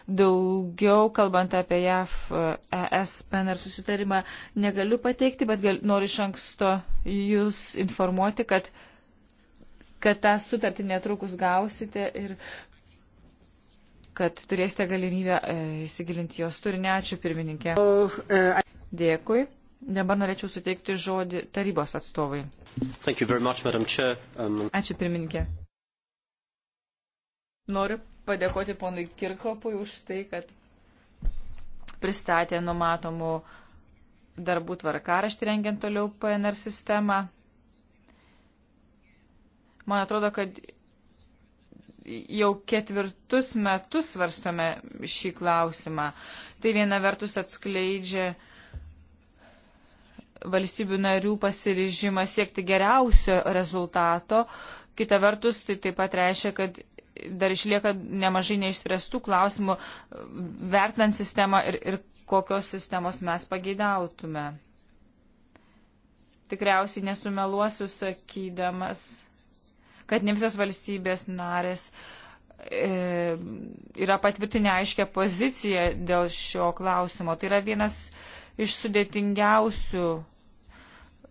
Daugiau, kalbant apie JAF ES e PNR susitarimą, negaliu pateikti, bet gal, noriu iš anksto jūs informuoti, kad kad tą sutartį netrukus gausite ir kad turėsite galimybę e, įsigilinti jos turinį. Ačiū pirmininkė. E, Dėkui. Dabar norėčiau suteikti žodį tarybos atstovai. Much, um... Ačiū pirmininkė. Noriu padėkoti ponui Kirchopui už tai, kad pristatė numatomų darbų tvarkaraštį rengiant toliau PNR sistemą. Man atrodo, kad jau ketvirtus metus svarstome šį klausimą. Tai viena vertus atskleidžia valstybių narių pasirižimą siekti geriausio rezultato, kita vertus tai taip pat reiškia, kad dar išlieka nemažai neišspręstų klausimų, vertinant sistemą ir, ir kokios sistemos mes pageidautume. Tikriausiai nesumeluosiu sakydamas kad ne visas valstybės narės e, yra patvirtinę aiškę poziciją dėl šio klausimo. Tai yra vienas iš sudėtingiausių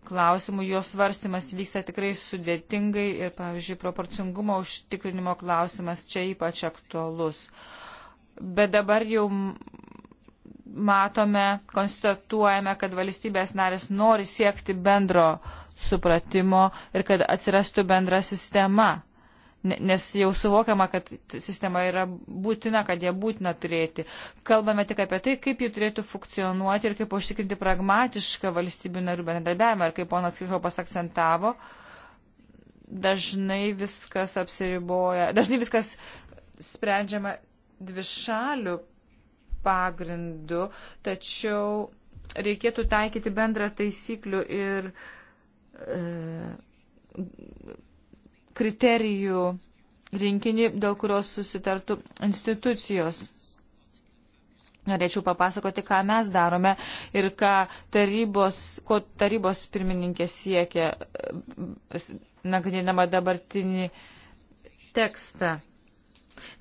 klausimų, jos svarstymas vyksta tikrai sudėtingai ir, pavyzdžiui, proporcingumo užtikrinimo klausimas čia ypač aktuolus. Bet dabar jau matome, konstatuojame, kad valstybės narės nori siekti bendro supratimo ir kad atsirastų bendra sistema. Nes jau suvokiama, kad sistema yra būtina, kad ją būtina turėti. Kalbame tik apie tai, kaip ji turėtų funkcionuoti ir kaip užtikrinti pragmatišką valstybių narių bendradarbiavimą. Ir kaip ponas Kirchopas akcentavo, dažnai viskas apsiriboja, dažnai viskas sprendžiama dvišalių pagrindų, tačiau reikėtų taikyti bendrą taisyklių ir uh, E, kriterijų rinkinį, dėl kurios susitartų institucijos. Norėčiau papasakoti, ką mes darome ir ką tarybos, ko tarybos pirmininkė siekia, e, nagrinėdama dabartinį tekstą.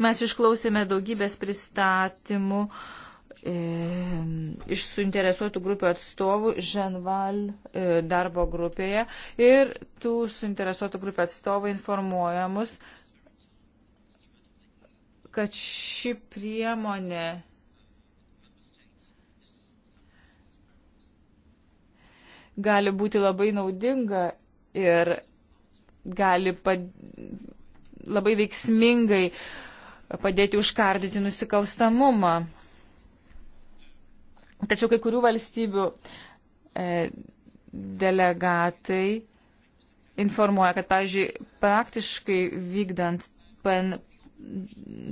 Mes išklausėme daugybės pristatymų, uh, E, iš suinteresuotų grupių atstovų Ženval e, darbo grupėje ir tų suinteresuotų grupių atstovų informuojamus, kad ši priemonė gali būti labai naudinga ir gali pad... labai veiksmingai padėti užkardyti nusikalstamumą. Tačiau kai kurių valstybių e, delegatai informuoja, kad, pavyzdžiui, praktiškai vykdant PN,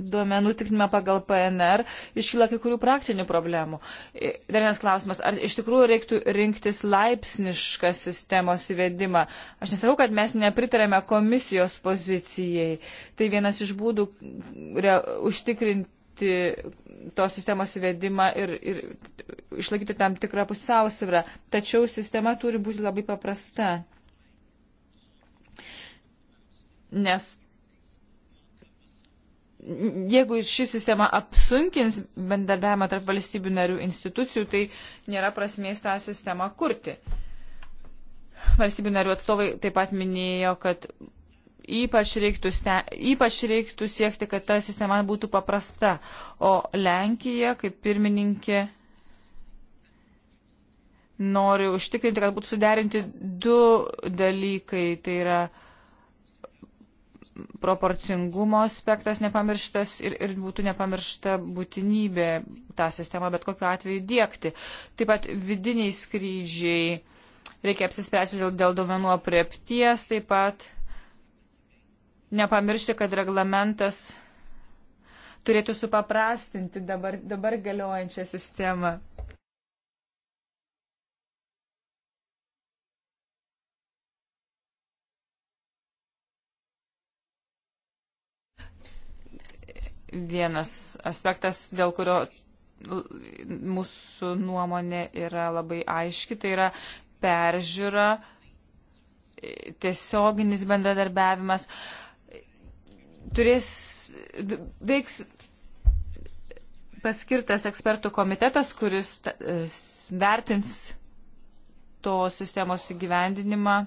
duomenų tikrinimą pagal PNR iškyla kai kurių praktinių problemų. E, dar vienas klausimas, ar iš tikrųjų reiktų rinktis laipsnišką sistemos įvedimą? Aš nesakau, kad mes nepritarėme komisijos pozicijai. Tai vienas iš būdų re, užtikrinti paremti tos sistemos įvedimą ir, ir išlaikyti tam tikrą pusiausvyrą. Tačiau sistema turi būti labai paprasta. Nes jeigu ši sistema apsunkins bendarbiavimą tarp valstybių narių institucijų, tai nėra prasmės tą sistemą kurti. Valstybių narių atstovai taip pat minėjo, kad Ypač reiktų, ste, ypač reiktų siekti, kad ta sistema būtų paprasta. O Lenkija, kaip pirmininkė, nori užtikrinti, kad būtų suderinti du dalykai. Tai yra proporcingumo aspektas nepamirštas ir, ir būtų nepamiršta būtinybė tą sistemą bet kokiu atveju dėkti. Taip pat vidiniai skrydžiai reikia apsispręsti dėl, dėl duomenų apriepties, taip pat nepamiršti, kad reglamentas turėtų supaprastinti dabar, dabar galiojančią sistemą. Vienas aspektas, dėl kurio mūsų nuomonė yra labai aiški, tai yra peržiūra, tiesioginis bendradarbiavimas. Uh, turės, veiks paskirtas ekspertų komitetas, kuris e, vertins to sistemos įgyvendinimą.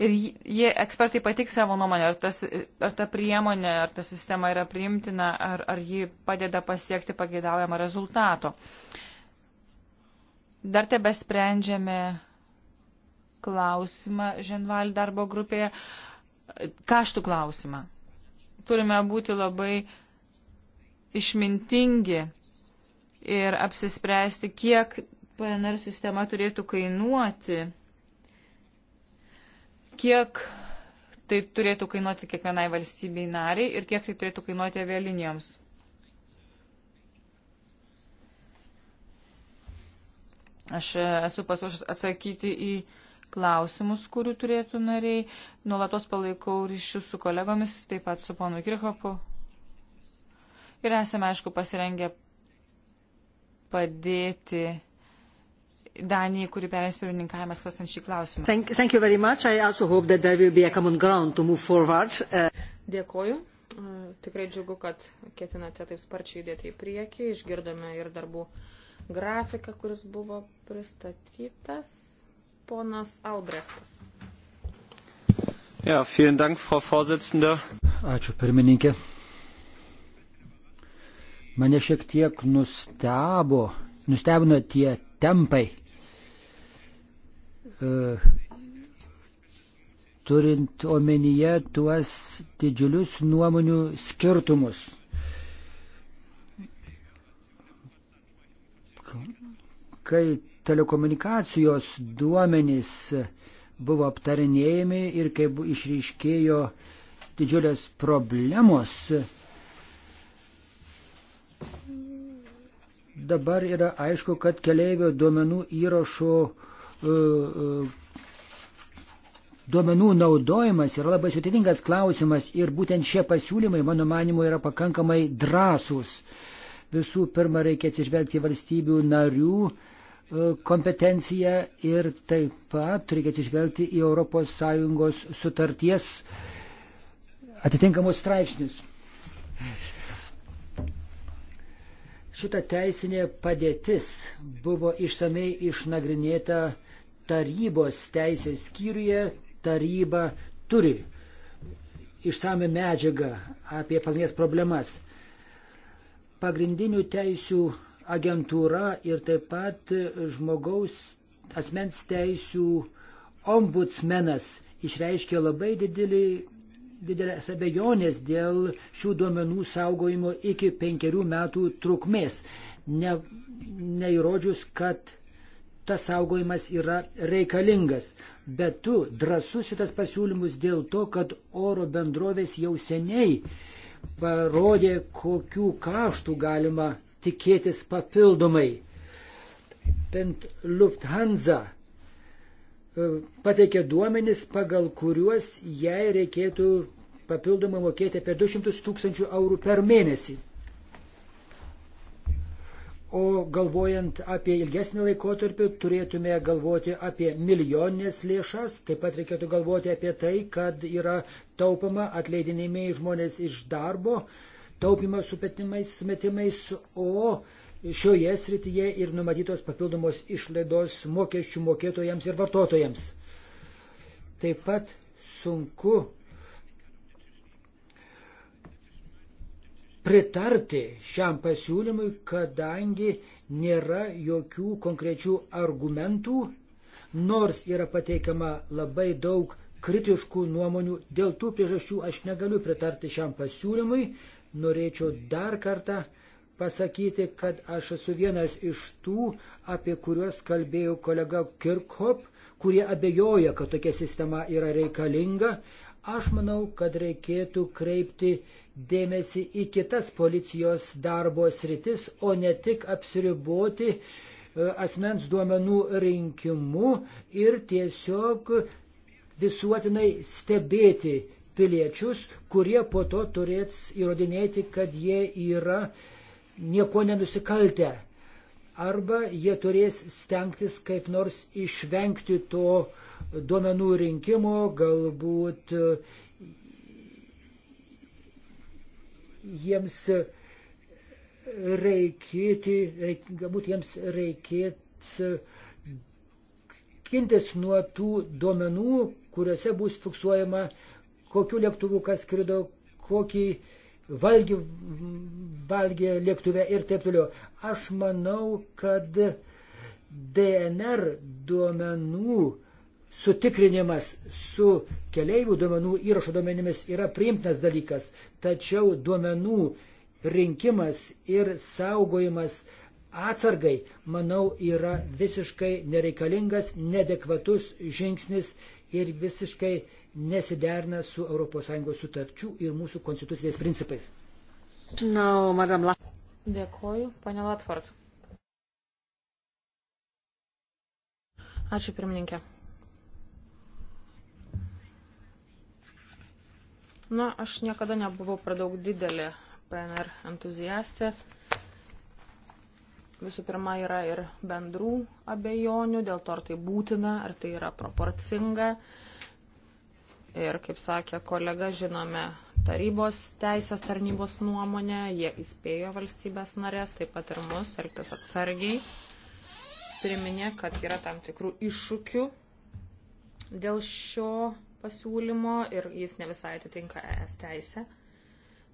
Ir jie ekspertai patik savo nuomonę, ar, tas, ar ta priemonė, ar ta sistema yra priimtina, ar, ar ji padeda pasiekti pageidaujamą rezultato. Dar tebe sprendžiame klausimą Ženval darbo grupėje, kaštų klausimą. Turime būti labai išmintingi ir apsispręsti, kiek PNR sistema turėtų kainuoti, kiek tai turėtų kainuoti kiekvienai valstybei nariai ir kiek tai turėtų kainuoti avialinijoms. Aš esu pasiruošęs atsakyti į klausimus, kurių turėtų nariai. Nulatos palaikau ryšius su kolegomis, taip pat su ponu Kirchopu. Ir esame, aišku, pasirengę padėti Danijai, kuri perės pirmininkavimą svarstant šį klausimą. Thank, thank you very much. I also hope that there will be a common ground to move forward. Uh... Dėkoju. Uh, tikrai džiugu, kad ketinate taip sparčiai judėti į priekį. Išgirdome ir darbų grafiką, kuris buvo pristatytas ponas Albrechtas. Ja, vielen Dank, Frau Vorsitzende. Ačiū, pirmininkė. Mane šiek tiek nustebo, nustebino tie tempai. E, turint omenyje tuos didžiulius nuomonių skirtumus. Kai telekomunikacijos duomenys buvo aptarinėjami ir kaip išryškėjo didžiulės problemos, dabar yra aišku, kad keleivio duomenų įrašo e, e, duomenų naudojimas yra labai sudėtingas klausimas ir būtent šie pasiūlymai, mano manimu, yra pakankamai drąsūs. Visų pirma, reikia atsižvelgti valstybių narių E, kompetenciją ir taip pat reikia atsižvelgti į ES sutarties atitinkamus straipsnius. Šita teisinė padėtis buvo išsamei išnagrinėta tarybos teisės skyriuje. Taryba turi išsame medžiagą apie pagrindinės problemas. Pagrindinių teisių agentūra ir taip pat žmogaus asmens teisų ombudsmenas išreiškė labai didelį, didelės abejonės dėl šių duomenų saugojimo iki penkerių metų trukmės, ne, neįrodžius, kad tas saugojimas yra reikalingas. Bet tu drasus šitas pasiūlymus dėl to, kad oro bendrovės jau seniai parodė, kokių kaštų galima tikėtis papildomai. Bent Lufthansa e, pateikė duomenis, pagal kuriuos jai reikėtų papildomai mokėti apie 200 tūkstančių eurų per mėnesį. O galvojant apie ilgesnį laikotarpį, turėtume galvoti apie milijoninės lėšas, taip pat reikėtų galvoti apie tai, kad yra taupama atleidinimiai žmonės iš darbo, uh, taupimo sumetimais, o šioje srityje ir numatytos papildomos išlaidos mokesčių mokėtojams ir vartotojams. Taip pat sunku pritarti šiam pasiūlymui, kadangi nėra jokių konkrečių argumentų, nors yra pateikiama labai daug kritiškų nuomonių. Dėl tų priežasčių aš negaliu pritarti šiam pasiūlymui, norėčiau dar kartą pasakyti, kad aš esu vienas iš tų, apie kuriuos kalbėjo kolega Kirkhop, kurie abejoja, kad tokia sistema yra reikalinga. Aš manau, kad reikėtų kreipti dėmesį į kitas policijos darbo sritis, o ne tik apsiriboti e, asmens duomenų rinkimu ir tiesiog visuotinai stebėti piliečius, kurie po to turės įrodinėti, kad jie yra nieko nenusikaltę. Arba jie turės stengtis kaip nors išvengti to duomenų rinkimo, galbūt jiems reikėti, reik, galbūt jiems reikės gintis nuo tų duomenų, kuriuose bus fiksuojama uh, kokiu lėktuvu kas skrido, kokį valgį valgė lėktuve ir taip toliau. Aš manau, kad DNR duomenų sutikrinimas su keliaivių duomenų įrašo duomenimis yra priimtinas dalykas, tačiau duomenų rinkimas ir saugojimas atsargai, manau, yra visiškai nereikalingas, nedekvatus žingsnis ir visiškai nesiderina su ES sutarčių ir mūsų konstitucijos principais. No, madam La. Dėkoju, ponia Latford. Ačiū, pirmininkė. Na, aš niekada nebuvau per daug didelė PNR entuziastė. Visų pirma, yra ir bendrų abejonių dėl to, ar tai būtina, ar tai yra proporcinga. Uh, ir, kaip sakė kolega, žinome tarybos teisės tarnybos nuomonę, jie įspėjo valstybės narės, taip pat ir mus, elgtis atsargiai, priminė, kad yra tam tikrų iššūkių dėl šio pasiūlymo ir jis ne visai atitinka ES teisę.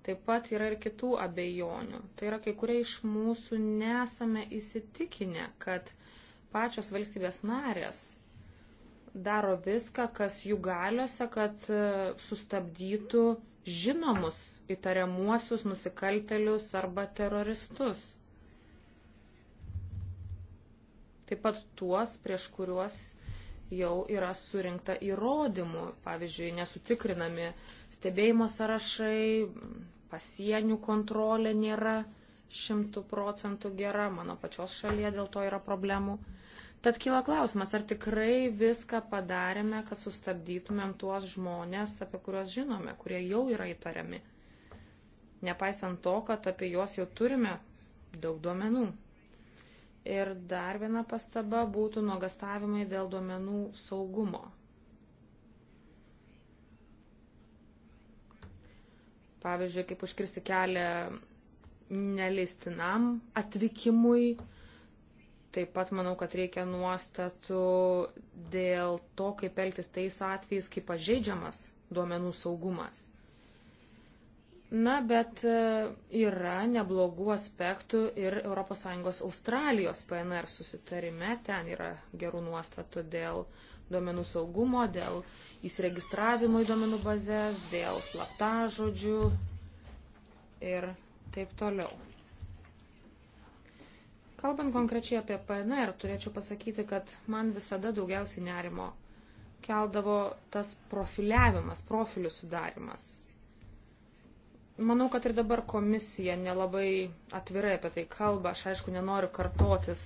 Taip pat yra ir kitų abejonių. Tai yra, kai kurie iš mūsų nesame įsitikinę, kad pačios valstybės narės daro viską, kas jų galiuose, kad e, sustabdytų žinomus įtariamuosius nusikaltelius arba teroristus. Taip pat tuos, prieš kuriuos jau yra surinkta įrodymų, pavyzdžiui, nesutikrinami stebėjimo sąrašai, pasienių kontrolė nėra šimtų procentų gera, mano pačios šalyje dėl to yra problemų. Tad kyla klausimas, ar tikrai viską padarėme, kad sustabdytumėm tuos žmonės, apie kuriuos žinome, kurie jau yra įtariami. Nepaisant to, kad apie juos jau turime daug duomenų. Ir dar viena pastaba būtų nuogastavimai dėl duomenų saugumo. Pavyzdžiui, kaip užkirsti kelią neleistinam atvykimui Taip pat manau, kad reikia nuostatų dėl to, kaip elgtis tais atvejais, kai pažeidžiamas duomenų saugumas. Na, bet e, yra neblogų aspektų ir ES Australijos PNR susitarime. Ten yra gerų nuostatų dėl duomenų saugumo, dėl įsiregistravimo į duomenų bazės, dėl slaptažodžių ir taip toliau. Kalbant konkrečiai apie PNR, turėčiau pasakyti, kad man visada daugiausiai nerimo keldavo tas profiliavimas, profilių sudarimas. Manau, kad ir dabar komisija nelabai atvirai apie tai kalba. Aš aišku nenoriu kartotis,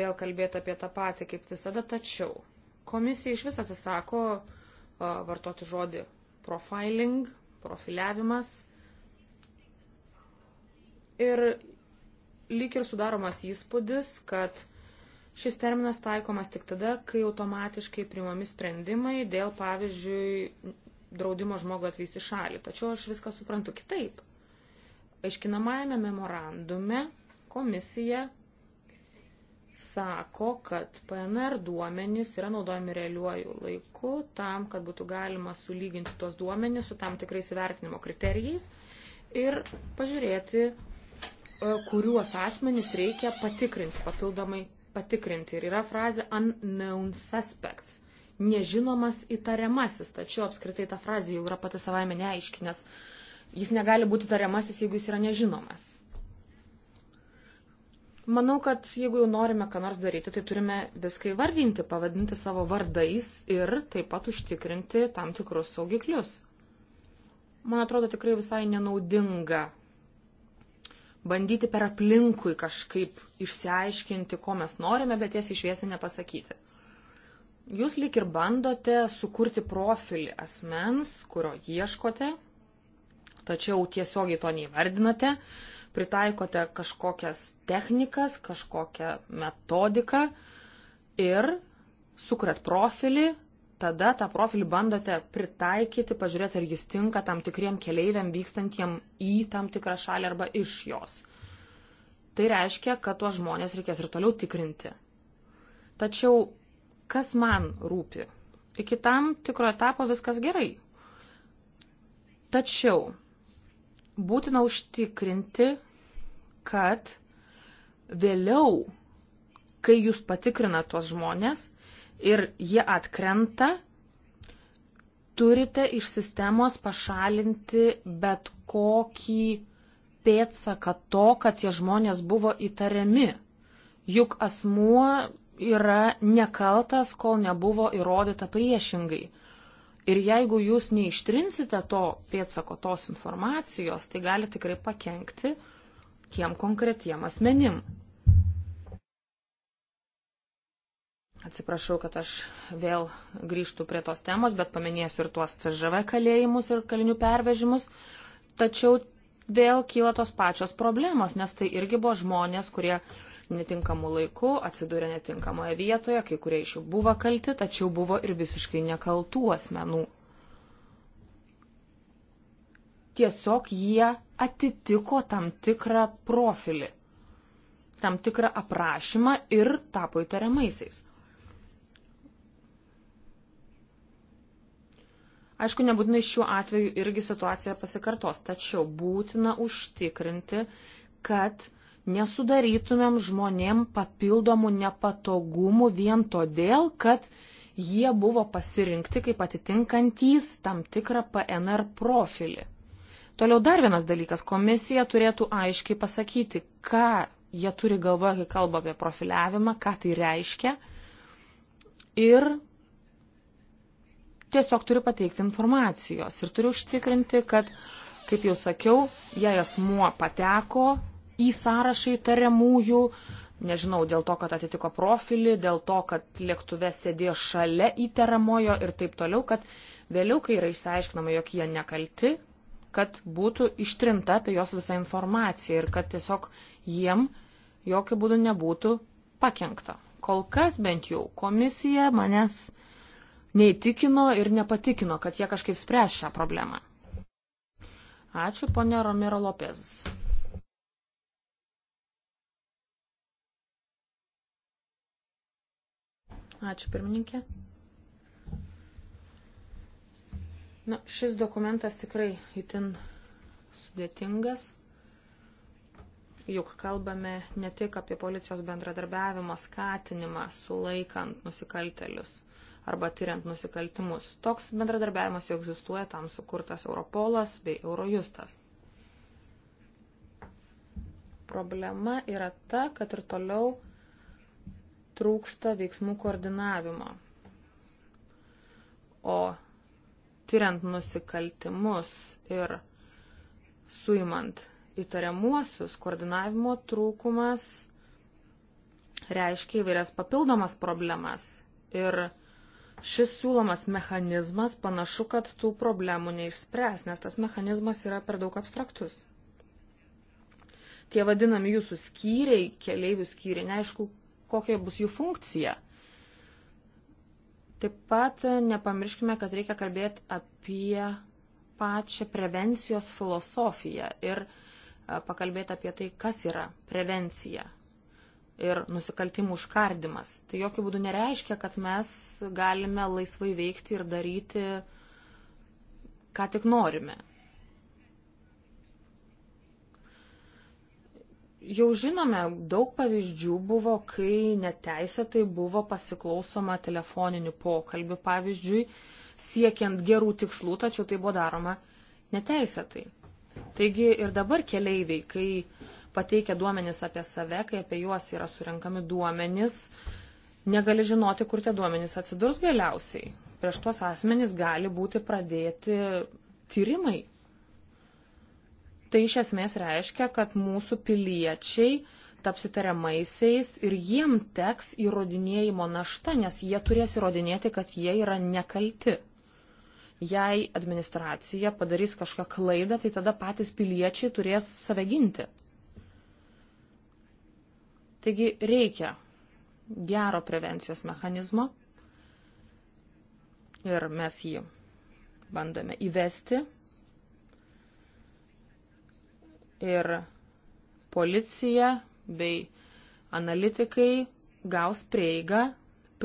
vėl kalbėti apie tą patį kaip visada, tačiau komisija iš vis atsisako vartoti žodį profiling, profiliavimas. Ir lyg ir sudaromas įspūdis, kad šis terminas taikomas tik tada, kai automatiškai primami sprendimai dėl, pavyzdžiui, draudimo žmogų atvysti šalį. Tačiau aš viską suprantu kitaip. Aiškinamajame memorandume komisija sako, kad PNR duomenys yra naudojami realiuoju laiku tam, kad būtų galima sulyginti tuos duomenys su tam tikrais įvertinimo kriterijais ir pažiūrėti, E, kuriuos asmenys reikia patikrinti, papildomai patikrinti. Ir yra frazė unknown suspects nežinomas įtariamasis, tačiau apskritai ta frazė jau yra pati savaime neaiški, nes jis negali būti įtariamasis, jeigu jis yra nežinomas. Manau, kad jeigu jau norime ką nors daryti, tai turime viską įvardinti, pavadinti savo vardais ir taip pat užtikrinti tam tikrus saugiklius. Man atrodo tikrai visai nenaudinga bandyti per aplinkui kažkaip išsiaiškinti, ko mes norime, bet tiesiai išviesi nepasakyti. Jūs lik ir bandote sukurti profilį asmens, kurio ieškote, tačiau tiesiogiai to neįvardinate, pritaikote kažkokias technikas, kažkokią metodiką ir sukret profilį, tada tą profilį bandote pritaikyti, pažiūrėti, ar jis tinka tam tikriem keleiviam vykstantiem į tam tikrą šalį arba iš jos. Tai reiškia, kad tuos žmonės reikės ir toliau tikrinti. Tačiau kas man rūpi? Iki tam tikro etapo viskas gerai. Tačiau būtina užtikrinti, kad vėliau, kai jūs patikrinat tuos žmonės, ir jie atkrenta, turite iš sistemos pašalinti bet kokį pėtsaką to, kad tie žmonės buvo įtariami. Juk asmuo yra nekaltas, kol nebuvo įrodyta priešingai. Ir jeigu jūs neištrinsite to pėtsako, tos informacijos, tai gali tikrai pakengti tiem konkretiem asmenim. Atsiprašau, kad aš vėl grįžtų prie tos temos, bet paminėsiu ir tuos CŽV kalėjimus ir kalinių pervežimus. Tačiau vėl kyla tos pačios problemos, nes tai irgi buvo žmonės, kurie netinkamų laikų atsidūrė netinkamoje vietoje, kai kurie iš jų buvo kalti, tačiau buvo ir visiškai nekaltų asmenų. Tiesiog jie atitiko tam tikrą profilį, tam tikrą aprašymą ir tapo įtariamaisiais. Aišku, nebūtinai šiuo atveju irgi situacija pasikartos, tačiau būtina užtikrinti, kad nesudarytumėm žmonėm papildomų nepatogumų vien todėl, kad jie buvo pasirinkti kaip atitinkantys tam tikrą PNR profilį. Toliau dar vienas dalykas. Komisija turėtų aiškiai pasakyti, ką jie turi galvoje, kai kalba apie profiliavimą, ką tai reiškia. Ir tiesiog turiu pateikti informacijos ir turiu užtikrinti, kad, kaip jau sakiau, jei asmuo pateko į sąrašą įtariamųjų, nežinau, dėl to, kad atitiko profilį, dėl to, kad lėktuve sėdėjo šalia įtariamojo ir taip toliau, kad vėliau, kai yra išsiaiškinama, jog jie nekalti, kad būtų ištrinta apie jos visa informacija ir kad tiesiog jiem jokių būdų nebūtų pakengta. Kol kas bent jau komisija manęs neįtikino ir nepatikino, kad jie kažkaip spręs šią problemą. Ačiū, ponė Romero Lopez. Ačiū, pirmininkė. Na, šis dokumentas tikrai itin sudėtingas juk kalbame ne tik apie policijos bendradarbiavimo skatinimą sulaikant nusikaltelius arba tyriant nusikaltimus. Toks bendradarbiavimas jau egzistuoja, tam sukurtas Europolas bei Eurojustas. Problema yra ta, kad ir toliau trūksta veiksmų koordinavimo. O tyriant nusikaltimus ir suimant įtariamuosius, koordinavimo trūkumas reiškia įvairias papildomas problemas ir šis siūlomas mechanizmas panašu, kad tų problemų neišspręs, nes tas mechanizmas yra per daug abstraktus. Tie vadinami jūsų skyriai, keliaivių skyriai, neaišku, kokia bus jų funkcija. Taip pat nepamirškime, kad reikia kalbėti apie pačią prevencijos filosofiją ir e, pakalbėti apie tai, kas yra prevencija, ir nusikaltimų užkardimas. Tai jokių būdų nereiškia, kad mes galime laisvai veikti ir daryti, ką tik norime. Jau žinome, daug pavyzdžių buvo, kai neteisėtai buvo pasiklausoma telefoninių pokalbių, pavyzdžiui, siekiant gerų tikslų, tačiau tai buvo daroma neteisėtai. Taigi ir dabar keleiviai, kai pateikia duomenis apie save, kai apie juos yra surinkami duomenis, negali žinoti, kur tie duomenys atsidurs galiausiai. Prieš tuos asmenys gali būti pradėti tyrimai. Tai iš esmės reiškia, kad mūsų piliečiai taps įtariamaisiais ir jiem teks įrodinėjimo našta, nes jie turės įrodinėti, kad jie yra nekalti. Jei administracija padarys kažką klaidą, tai tada patys piliečiai turės save ginti. Taigi reikia gero prevencijos mechanizmo ir mes jį bandome įvesti. Ir policija bei analitikai gaus prieigą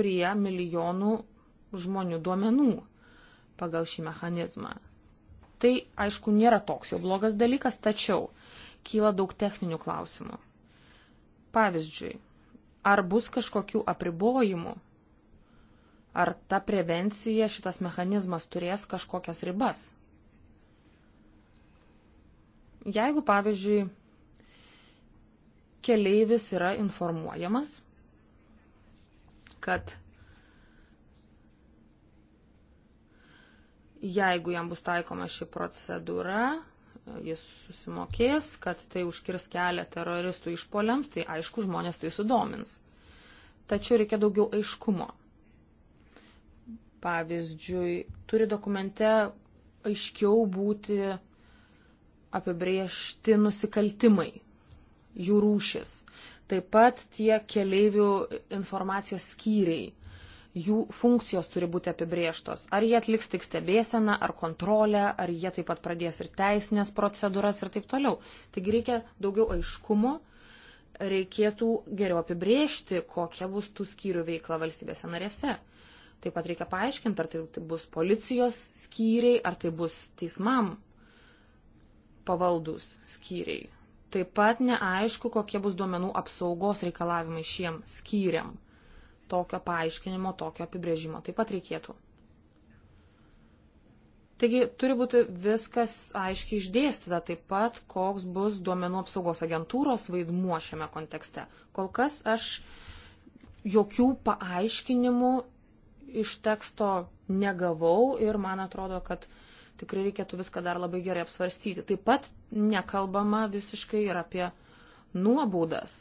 prie milijonų žmonių duomenų pagal šį mechanizmą. Tai, aišku, nėra toks jau blogas dalykas, tačiau kyla daug techninių klausimų. Pavyzdžiui, ar bus kažkokių apribojimų? Ar ta prevencija, šitas mechanizmas turės kažkokias ribas? Jeigu, pavyzdžiui, keleivis yra informuojamas, kad jeigu jam bus taikoma ši procedūra, jis susimokės, kad tai užkirs kelią teroristų išpoliams, tai aišku, žmonės tai sudomins. Tačiau reikia daugiau aiškumo. Pavyzdžiui, turi dokumente aiškiau būti apibriežti nusikaltimai, jų rūšis. Taip pat tie keleivių informacijos skyriai jų funkcijos turi būti apibrieštos. Ar jie atliks tik stebėseną, ar kontrolę, ar jie taip pat pradės ir teisinės procedūras ir taip toliau. Taigi reikia daugiau aiškumo, reikėtų geriau apibriežti, kokia bus tų skyrių veikla valstybėse narėse. Taip pat reikia paaiškinti, ar tai bus policijos skyriai, ar tai bus teismam pavaldus skyriai. Taip pat neaišku, kokie bus duomenų apsaugos reikalavimai šiem skyriam tokio paaiškinimo, tokio apibrėžimo taip pat reikėtų. Taigi turi būti viskas aiškiai išdėstyta taip pat, koks bus duomenų apsaugos agentūros vaidmuo šiame kontekste. Kol kas aš jokių paaiškinimų iš teksto negavau ir man atrodo, kad tikrai reikėtų viską dar labai gerai apsvarstyti. Taip pat nekalbama visiškai ir apie nuobaudas.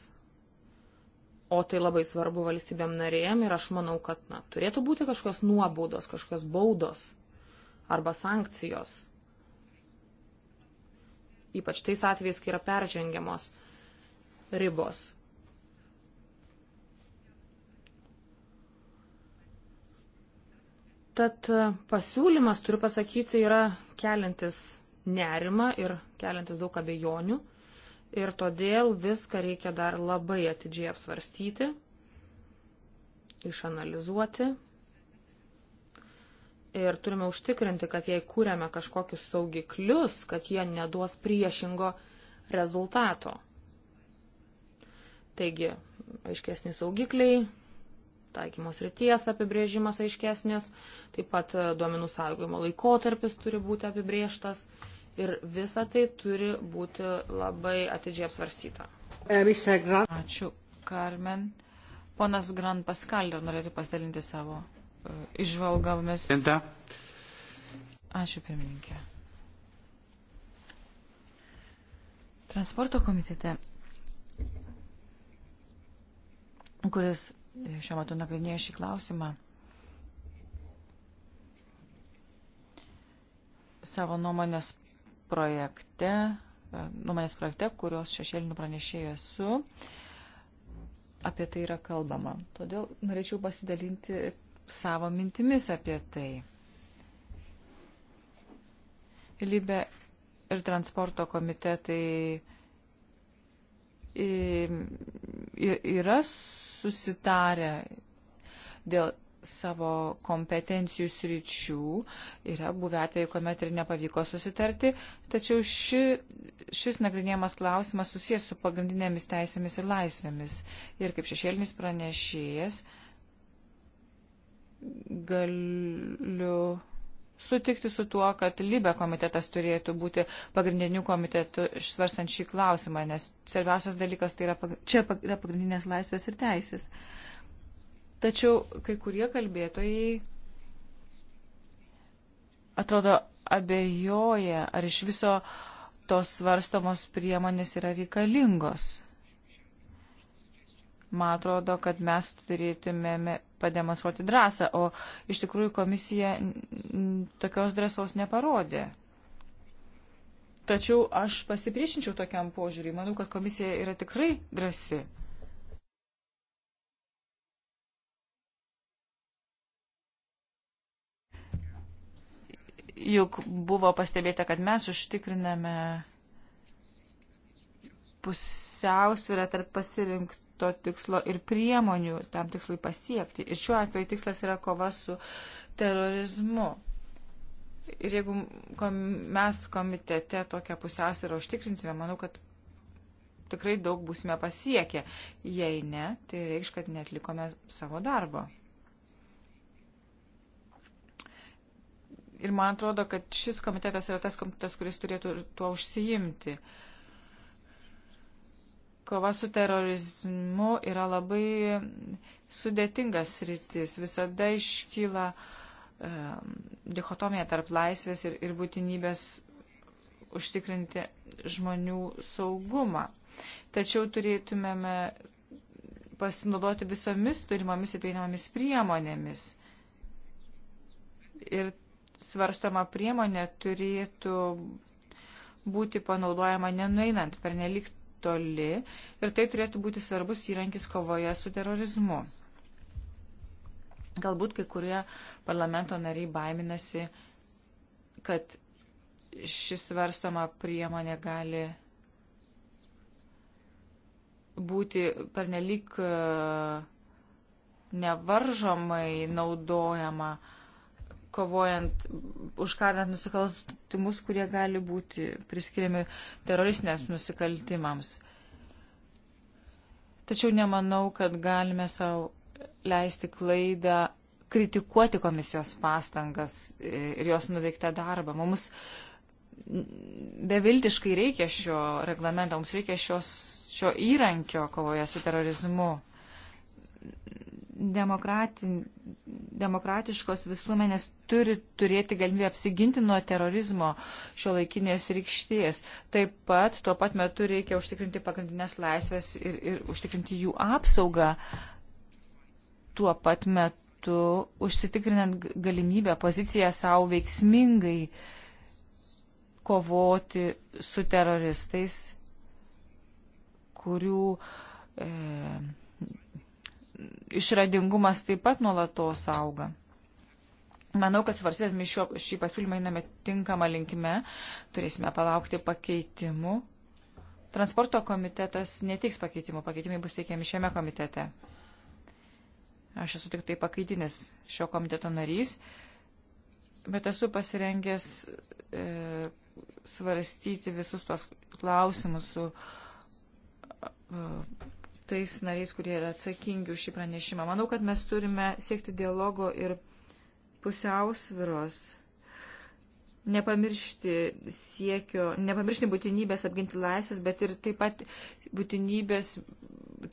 O tai labai svarbu valstybėm narėjim ir aš manau, kad na, turėtų būti kažkokios nuobaudos, kažkokios baudos arba sankcijos. Ypač tais atvejais, kai yra peržengiamos ribos. Tad e, pasiūlymas, turiu pasakyti, yra kelintis nerima ir kelintis daug abejonių ir todėl viską reikia dar labai atidžiai apsvarstyti, išanalizuoti. Ir turime užtikrinti, kad jei kūrėme kažkokius saugiklius, kad jie neduos priešingo rezultato. Taigi, aiškesni saugikliai, taikymos ryties apibrėžimas aiškesnis, taip pat duomenų saugojimo laikotarpis turi būti apibrėžtas ir visa tai turi būti labai atidžiai apsvarstyta. Uh, Ačiū, Karmen. Ponas Gran Paskal dar norėtų pasidalinti savo uh, išvalgomis. Ačiū, pirmininkė. Transporto komitete, kuris šiuo metu nagrinėja šį klausimą, savo nuomonės projekte, e, nuomonės projekte, kurios šešėlinių pranešėjų esu, apie tai yra kalbama. Todėl norėčiau pasidalinti savo mintimis apie tai. Lybė ir transporto komitetai yra susitarę dėl savo kompetencijų sričių. Yra buvę atveju, kuomet ir nepavyko susitarti, tačiau ši, šis nagrinėjamas klausimas susijęs su pagrindinėmis teisėmis ir laisvėmis. Ir kaip šešėlinis pranešėjas galiu sutikti su tuo, kad Libe komitetas turėtų būti pagrindiniu komitetu svarstant šį klausimą, nes svarbiausias dalykas tai yra, čia yra pagrindinės laisvės ir teisės. Uh, Tačiau kai kurie kalbėtojai atrodo abejoja, ar iš viso tos svarstomos priemonės yra reikalingos. Man atrodo, kad mes turėtumėme pademonstruoti drąsą, o iš tikrųjų komisija tokios drąsos neparodė. Tačiau aš pasipriešinčiau tokiam požiūriui. Manau, kad komisija yra tikrai drasi. juk buvo pastebėta, kad mes užtikriname pusiausvyrą tarp pasirinkto tikslo ir priemonių tam tikslui pasiekti. Ir šiuo atveju tikslas yra kova su terorizmu. Ir jeigu kom, mes komitete tokią pusiausvyrą užtikrinsime, manau, kad tikrai daug būsime pasiekę. Jei ne, tai reikš, kad netlikome savo darbo. Ir man atrodo, kad šis komitetas yra tas komitetas, kuris turėtų tuo užsiimti. Kova su terorizmu yra labai sudėtingas rytis. Visada iškyla e, dichotomija tarp laisvės ir, ir būtinybės užtikrinti žmonių saugumą. Tačiau turėtumėme pasinaudoti visomis turimomis ir prieinamomis priemonėmis. Ir svarstama priemonė turėtų būti panaudojama nenuinant per nelik toli ir tai turėtų būti svarbus įrankis kovoje su terorizmu. Galbūt kai kurie parlamento nariai baiminasi, kad ši svarstama priemonė gali būti pernelyg e, nevaržomai naudojama uh, kovojant, užkardant nusikaltimus, kurie gali būti priskiriami teroristiniams nusikaltimams. Tačiau nemanau, kad galime savo leisti klaidą kritikuoti komisijos pastangas e, ir jos nuveiktą darbą. Mums beviltiškai reikia šio reglamento, mums reikia šios, šio įrankio kovoje su terorizmu demokratiškos visuomenės turi turėti galimybę apsiginti nuo terorizmo šio laikinės rykšties. Taip pat tuo pat metu reikia užtikrinti pagrindinės laisvės ir, ir užtikrinti jų apsaugą. Tuo pat metu užsitikrinant galimybę poziciją savo veiksmingai kovoti su teroristais, kurių e, išradingumas taip pat nuolatos auga. Manau, kad svarstydami šį pasiūlymą einame tinkamą linkme, turėsime palaukti pakeitimų. Transporto komitetas neteiks pakeitimų, pakeitimai bus teikiami šiame komitete. Aš esu tik tai pakaitinis šio komiteto narys, bet esu pasirengęs e, svarstyti visus tuos klausimus su e, tais nariais, kurie yra atsakingi už šį pranešimą. Manau, kad mes turime siekti dialogo ir pusiausviros nepamiršti siekio, nepamiršti būtinybės apginti laisvės, bet ir taip pat būtinybės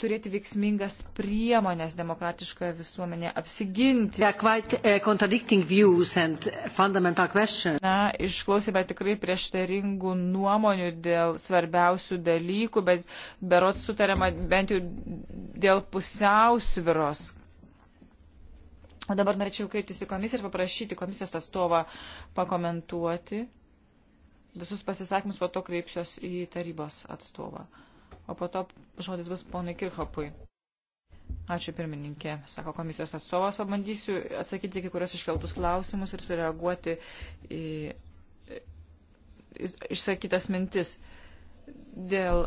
turėti veiksmingas priemonės demokratiškoje visuomenėje apsiginti. Uh, Na, išklausėme tikrai prieštaringų nuomonių dėl svarbiausių dalykų, bet berot sutarėma bent jau dėl pusiausviros. O dabar norėčiau kreiptis į komisiją ir paprašyti komisijos atstovą pakomentuoti visus pasisakymus, po to kreipsiuos į tarybos atstovą o po to žodis bus ponui Kirchopui. Ačiū pirmininkė, sako komisijos atstovas, pabandysiu atsakyti kai kurios iškeltus klausimus ir sureaguoti į išsakytas mintis dėl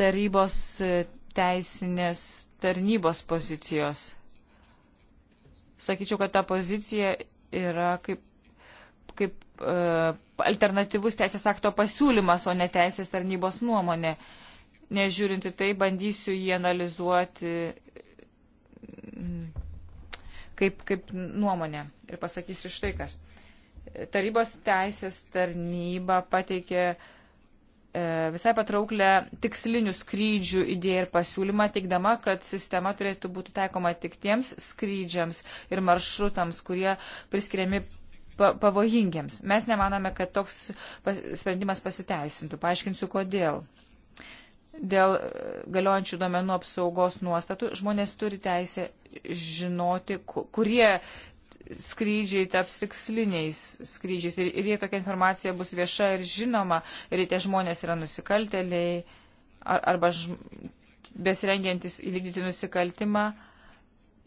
tarybos teisinės tarnybos pozicijos. Sakyčiau, kad ta pozicija yra kaip, kaip e, alternatyvus teisės akto pasiūlymas, o ne teisės tarnybos nuomonė. E, Nežiūrinti tai, bandysiu jį analizuoti kaip, kaip nuomonę ir pasakysiu štai kas. Tarybos teisės tarnyba pateikė e, visai patrauklę tikslinių skrydžių idėją ir pasiūlymą, teikdama, kad sistema turėtų būti taikoma tik tiems skrydžiams ir maršrutams, kurie priskiriami pavojingiems. Mes nemanome, kad toks sprendimas pasiteisintų. Paaiškinsiu, kodėl dėl e, galiojančių domenų apsaugos nuostatų žmonės turi teisę žinoti, kurie skrydžiai taps tiksliniais skrydžiais ir, ir jei tokia informacija bus vieša ir žinoma, ir tie žmonės yra nusikalteliai ar, arba ž, besirengiantis įvykdyti nusikaltimą,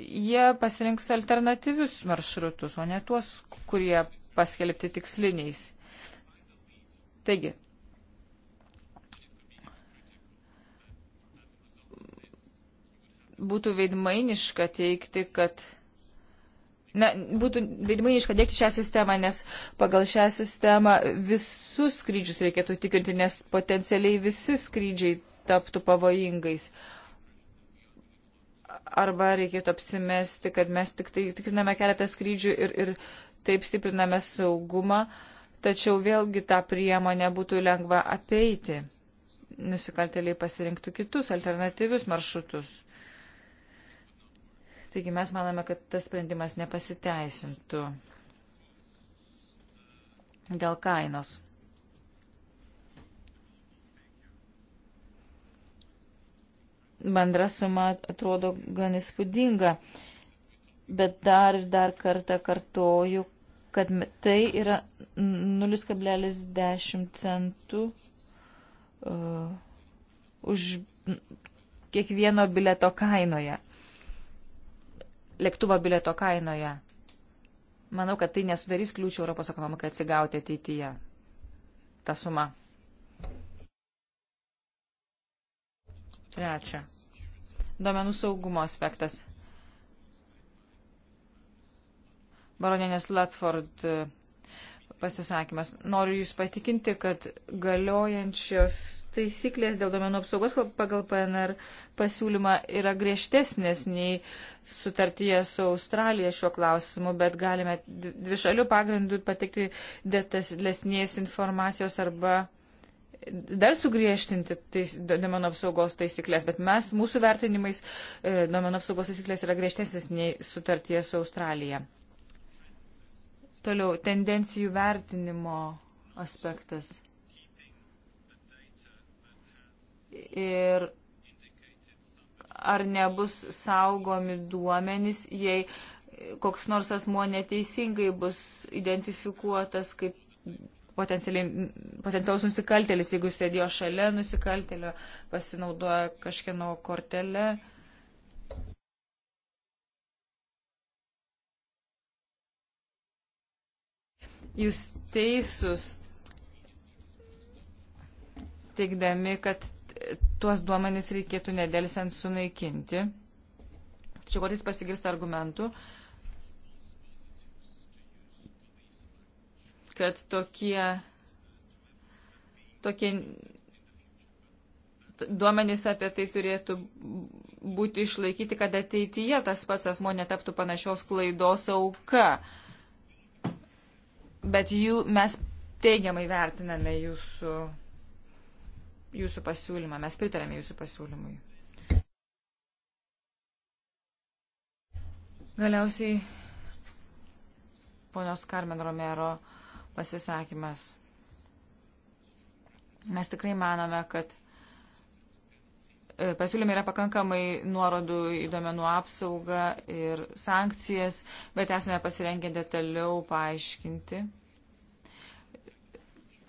jie pasirinks alternatyvius maršrutus, o ne tuos, kurie paskelbti tiksliniais. Taigi, būtų veidmainiška teikti, kad. Na, būtų veidmainiška dėkti šią sistemą, nes pagal šią sistemą visus skrydžius reikėtų tikrinti, nes potencialiai visi skrydžiai taptų pavojingais. Arba reikėtų apsimesti, kad mes tik tai tikriname keletą skrydžių ir, ir taip stipriname saugumą, tačiau vėlgi tą priemonę būtų lengva apeiti. Nusikaltėliai pasirinktų kitus alternatyvius maršrutus. Taigi mes manome, kad tas sprendimas nepasiteisintų dėl kainos. Bendra suma atrodo gan įspūdinga, bet dar ir dar kartą kartoju, kad tai yra 0,10 centų uh, už kiekvieno bileto kainoje lėktuvo bileto kainoje. Manau, kad tai nesudarys kliūčių Europos ekonomikai atsigauti ateityje. Ta suma. Trečia. Domenų saugumo aspektas. Baronienės Latford pasisakymas. Noriu Jūs patikinti, kad galiojančios taisyklės dėl domenų apsaugos pagal PNR pasiūlymą yra griežtesnės nei sutartyje su Australija šiuo klausimu, bet galime dvišalių pagrindų patikti detalesnės informacijos arba dar sugriežtinti tais, domenų apsaugos taisyklės, bet mes mūsų vertinimais e, domenų apsaugos taisyklės yra griežtesnės nei sutartyje su Australija. Toliau, tendencijų vertinimo aspektas. Ir ar nebus saugomi duomenys, jei koks nors asmuo neteisingai bus identifikuotas kaip potencialus nusikaltėlis, jeigu sėdėjo šalia nusikaltėlio, pasinaudoja kažkieno kortelę. Jūs teisūs, teikdami, kad tuos duomenys reikėtų nedėlsiant sunaikinti. Čia kodėl pasigirsta argumentų, kad tokie, tokie duomenys apie tai turėtų būti išlaikyti, kad ateityje tas pats asmo netaptų panašios klaidos auka. Ok bet jų mes teigiamai vertiname jūsų, jūsų pasiūlymą, mes pritarėme jūsų pasiūlymui. Galiausiai ponios Carmen Romero pasisakymas. Mes tikrai manome, kad E, pasiūlyme yra pakankamai nuorodų į duomenų apsaugą ir sankcijas, bet esame pasirengę detaliau paaiškinti,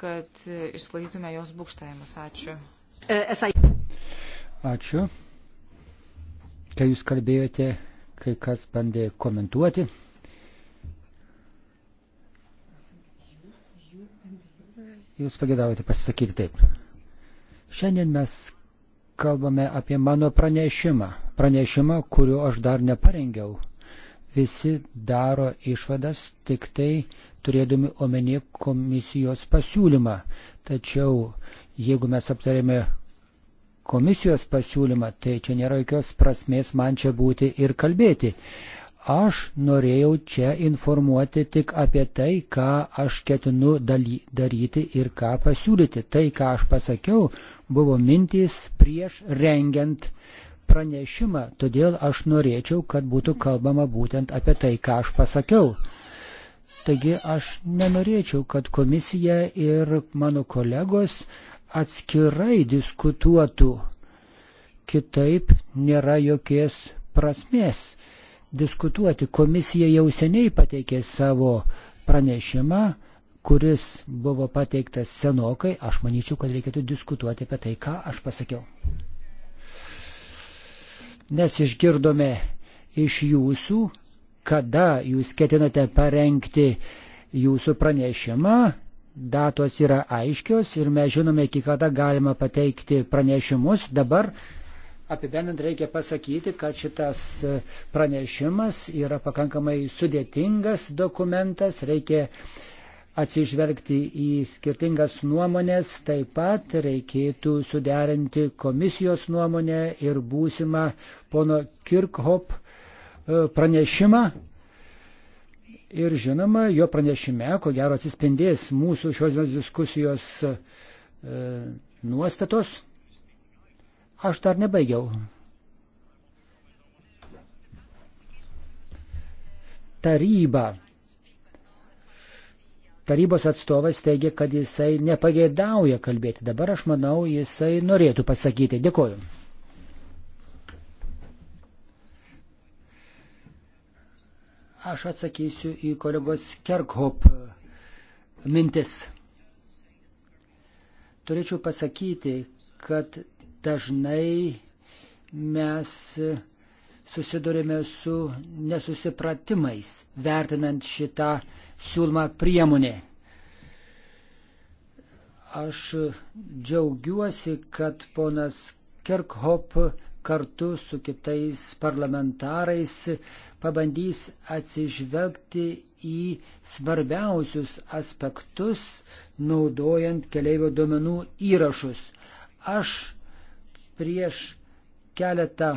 kad išsklaidytume jos būkštavimus. Ačiū. E, Ačiū. Kai jūs kalbėjote, kai kas bandė komentuoti. Jūs pagėdavote pasisakyti taip. Šiandien mes kalbame apie mano pranešimą. Pranešimą, kurio aš dar neparengiau. Visi daro išvadas tik tai turėdami omeny komisijos pasiūlymą. Tačiau jeigu mes aptarėme komisijos pasiūlymą, tai čia nėra jokios prasmės man čia būti ir kalbėti. Aš norėjau čia informuoti tik apie tai, ką aš ketinu daly, daryti ir ką pasiūlyti. Tai, ką aš pasakiau, buvo mintys prieš rengiant pranešimą, todėl aš norėčiau, kad būtų kalbama būtent apie tai, ką aš pasakiau. Taigi aš nenorėčiau, kad komisija ir mano kolegos atskirai diskutuotų. Kitaip nėra jokies prasmės diskutuoti. Komisija jau seniai pateikė savo pranešimą, kuris buvo pateiktas senokai, aš manyčiau, kad reikėtų diskutuoti apie tai, ką aš pasakiau. Nes išgirdome iš jūsų, kada jūs ketinate parengti jūsų pranešimą, datos yra aiškios ir mes žinome, iki kada galima pateikti pranešimus. Dabar apibendrint reikia pasakyti, kad šitas pranešimas yra pakankamai sudėtingas dokumentas, reikia atsižvelgti į skirtingas nuomonės, taip pat reikėtų suderinti komisijos nuomonę ir būsimą pono Kirkhop e, pranešimą. Ir žinoma, jo pranešime, ko gero, atsispindės mūsų šios diskusijos e, nuostatos. Aš dar nebaigiau. Taryba tarybos atstovas teigia, kad jisai nepageidauja kalbėti. Dabar aš manau, jisai norėtų pasakyti. Dėkoju. Aš atsakysiu į kolegos Kerkhop mintis. Turėčiau pasakyti, kad dažnai mes susidurime su nesusipratimais, vertinant šitą uh, siūloma priemonė. Aš džiaugiuosi, kad ponas Kirkhop kartu su kitais parlamentarais pabandys atsižvelgti į svarbiausius aspektus, naudojant keliaivio duomenų įrašus. Aš prieš keletą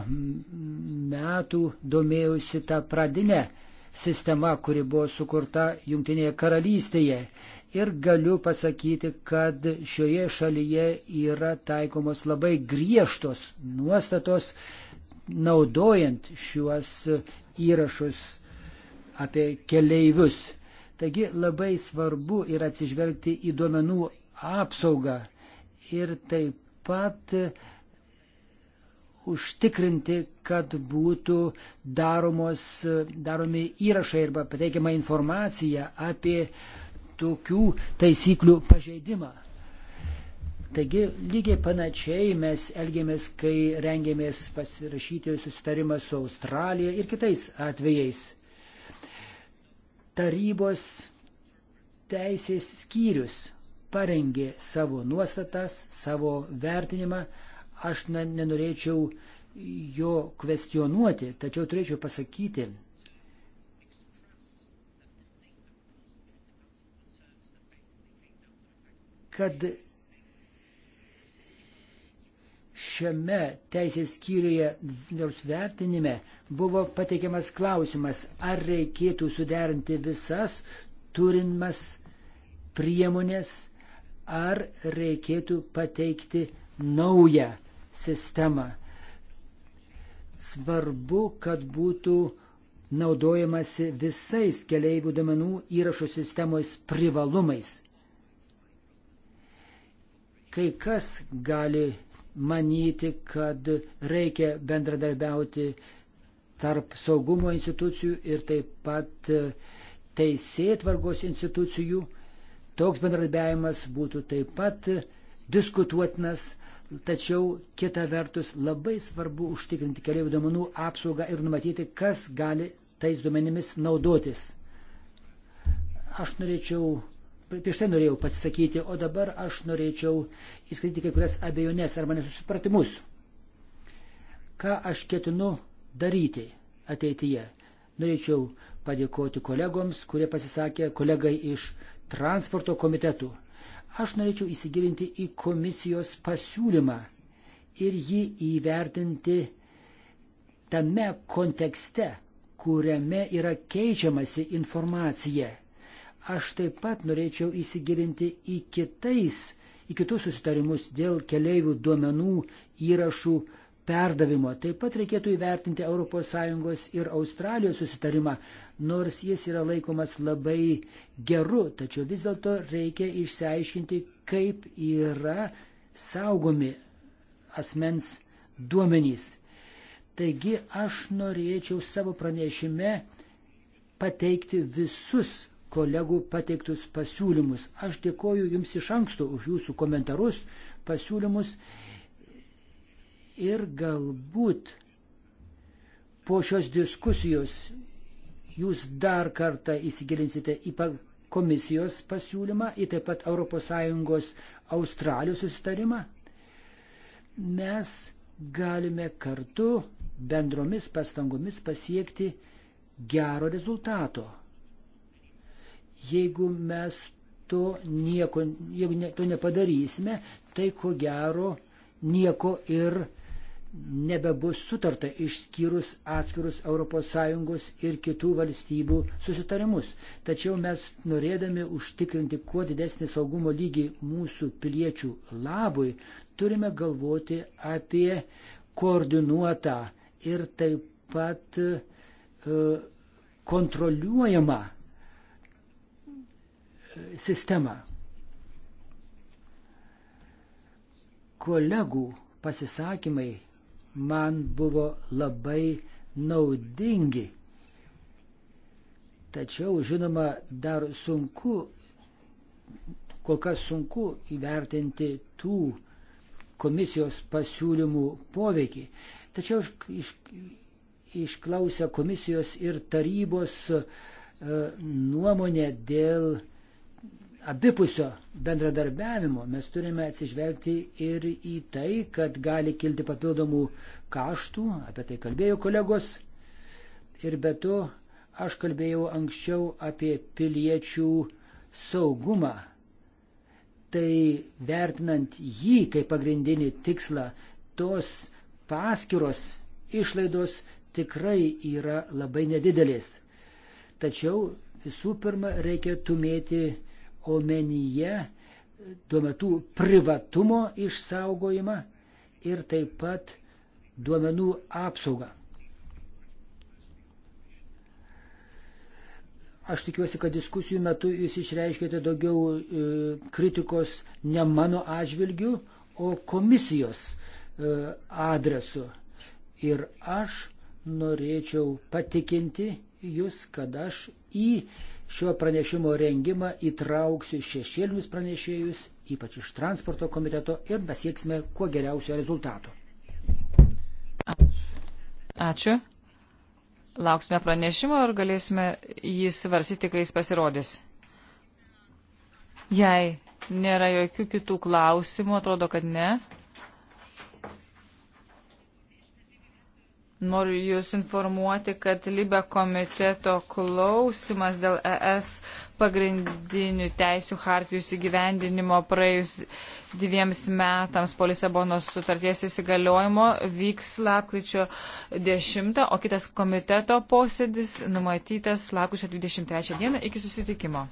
metų domėjausi tą pradinę sistema, kuri buvo sukurta Junktinėje karalystėje. Ir galiu pasakyti, kad šioje šalyje yra taikomos labai griežtos nuostatos, naudojant šiuos įrašus apie keleivius. Taigi labai svarbu yra atsižvelgti į duomenų apsaugą ir taip pat užtikrinti, kad būtų daromos, daromi įrašai arba pateikiama informacija apie tokių taisyklių pažeidimą. Taigi lygiai panašiai mes elgėmės, kai rengėmės pasirašyti susitarimą su Australija ir kitais atvejais. Tarybos teisės skyrius parengė savo nuostatas, savo vertinimą Aš nenorėčiau jo kvestionuoti, tačiau turėčiau pasakyti, kad šiame teisės skyriuje nors vertinime buvo pateikiamas klausimas, ar reikėtų suderinti visas turimas priemonės, ar reikėtų pateikti naują sistemą. Svarbu, kad būtų naudojamasi visais keliaivių domenų įrašų sistemos privalumais. Kai kas gali manyti, kad reikia bendradarbiauti tarp saugumo institucijų ir taip pat teisėtvarkos institucijų. Toks bendradarbiavimas būtų taip pat diskutuotinas, Tačiau kita vertus labai svarbu užtikrinti keliaivių duomenų apsaugą ir numatyti, kas gali tais duomenimis naudotis. Aš norėčiau, prieš tai norėjau pasisakyti, o dabar aš norėčiau įskaityti kai kurias abejonės arba nesusipratimus. Ką aš ketinu daryti ateityje? Norėčiau padėkoti kolegoms, kurie pasisakė, kolegai iš transporto komitetų. Aš norėčiau įsigilinti į komisijos pasiūlymą ir jį įvertinti tame kontekste, kuriame yra keičiamasi informacija. Aš taip pat norėčiau įsigilinti į, kitais, į kitus susitarimus dėl keliaivių duomenų įrašų perdavimo. Taip pat reikėtų įvertinti ES ir Australijos susitarimą nors jis yra laikomas labai geru, tačiau vis dėlto reikia išsiaiškinti, kaip yra saugomi asmens duomenys. Taigi aš norėčiau savo pranešime pateikti visus kolegų pateiktus pasiūlymus. Aš dėkoju Jums iš anksto už Jūsų komentarus, pasiūlymus ir galbūt po šios diskusijos jūs dar kartą įsigilinsite į komisijos pasiūlymą, į taip pat ES Australijos susitarimą, mes galime kartu bendromis pastangomis pasiekti gero rezultato. Jeigu mes to, nieko, jeigu ne, to nepadarysime, tai ko gero nieko ir nebebus sutarta išskyrus atskirus ES ir kitų valstybių susitarimus. Tačiau mes norėdami užtikrinti kuo didesnį saugumo lygį mūsų piliečių labui, turime galvoti apie koordinuotą ir taip pat e, kontroliuojamą e, sistemą. Kolegų pasisakymai man buvo labai naudingi. Tačiau, žinoma, dar sunku, kol kas sunku įvertinti tų komisijos pasiūlymų poveikį. Tačiau iš, išklausę komisijos ir tarybos e, nuomonę dėl abipusio bendradarbiavimo mes turime atsižvelgti ir į tai, kad gali kilti papildomų kaštų, apie tai kalbėjo kolegos. Ir be to, aš kalbėjau anksčiau apie piliečių saugumą. Tai vertinant jį kaip pagrindinį tikslą, tos paskiros išlaidos tikrai yra labai nedidelės. Tačiau visų pirma reikia tumėti omenyje duomenų privatumo išsaugojimą ir taip pat duomenų apsaugą. Aš tikiuosi, kad diskusijų metu jūs išreiškėte daugiau e, kritikos ne mano atžvilgiu, o komisijos e, adresu. Ir aš norėčiau patikinti jūs, kad aš į e, šio pranešimo rengimą įtrauksiu šešėlinius pranešėjus, ypač iš transporto komiteto ir pasieksime kuo geriausio rezultato. Ačiū. Lauksime pranešimo ir galėsime jį svarsyti, kai jis pasirodys. Jei nėra jokių kitų klausimų, atrodo, kad ne. Noriu Jūs informuoti, kad Libe komiteto klausimas dėl ES pagrindinių teisių hartijų įsigyvendinimo praėjus dviems metams po Lisabonos sutarties įsigaliojimo vyks lapkričio 10, o kitas komiteto posėdis numatytas lapkričio 23 dieną iki susitikimo.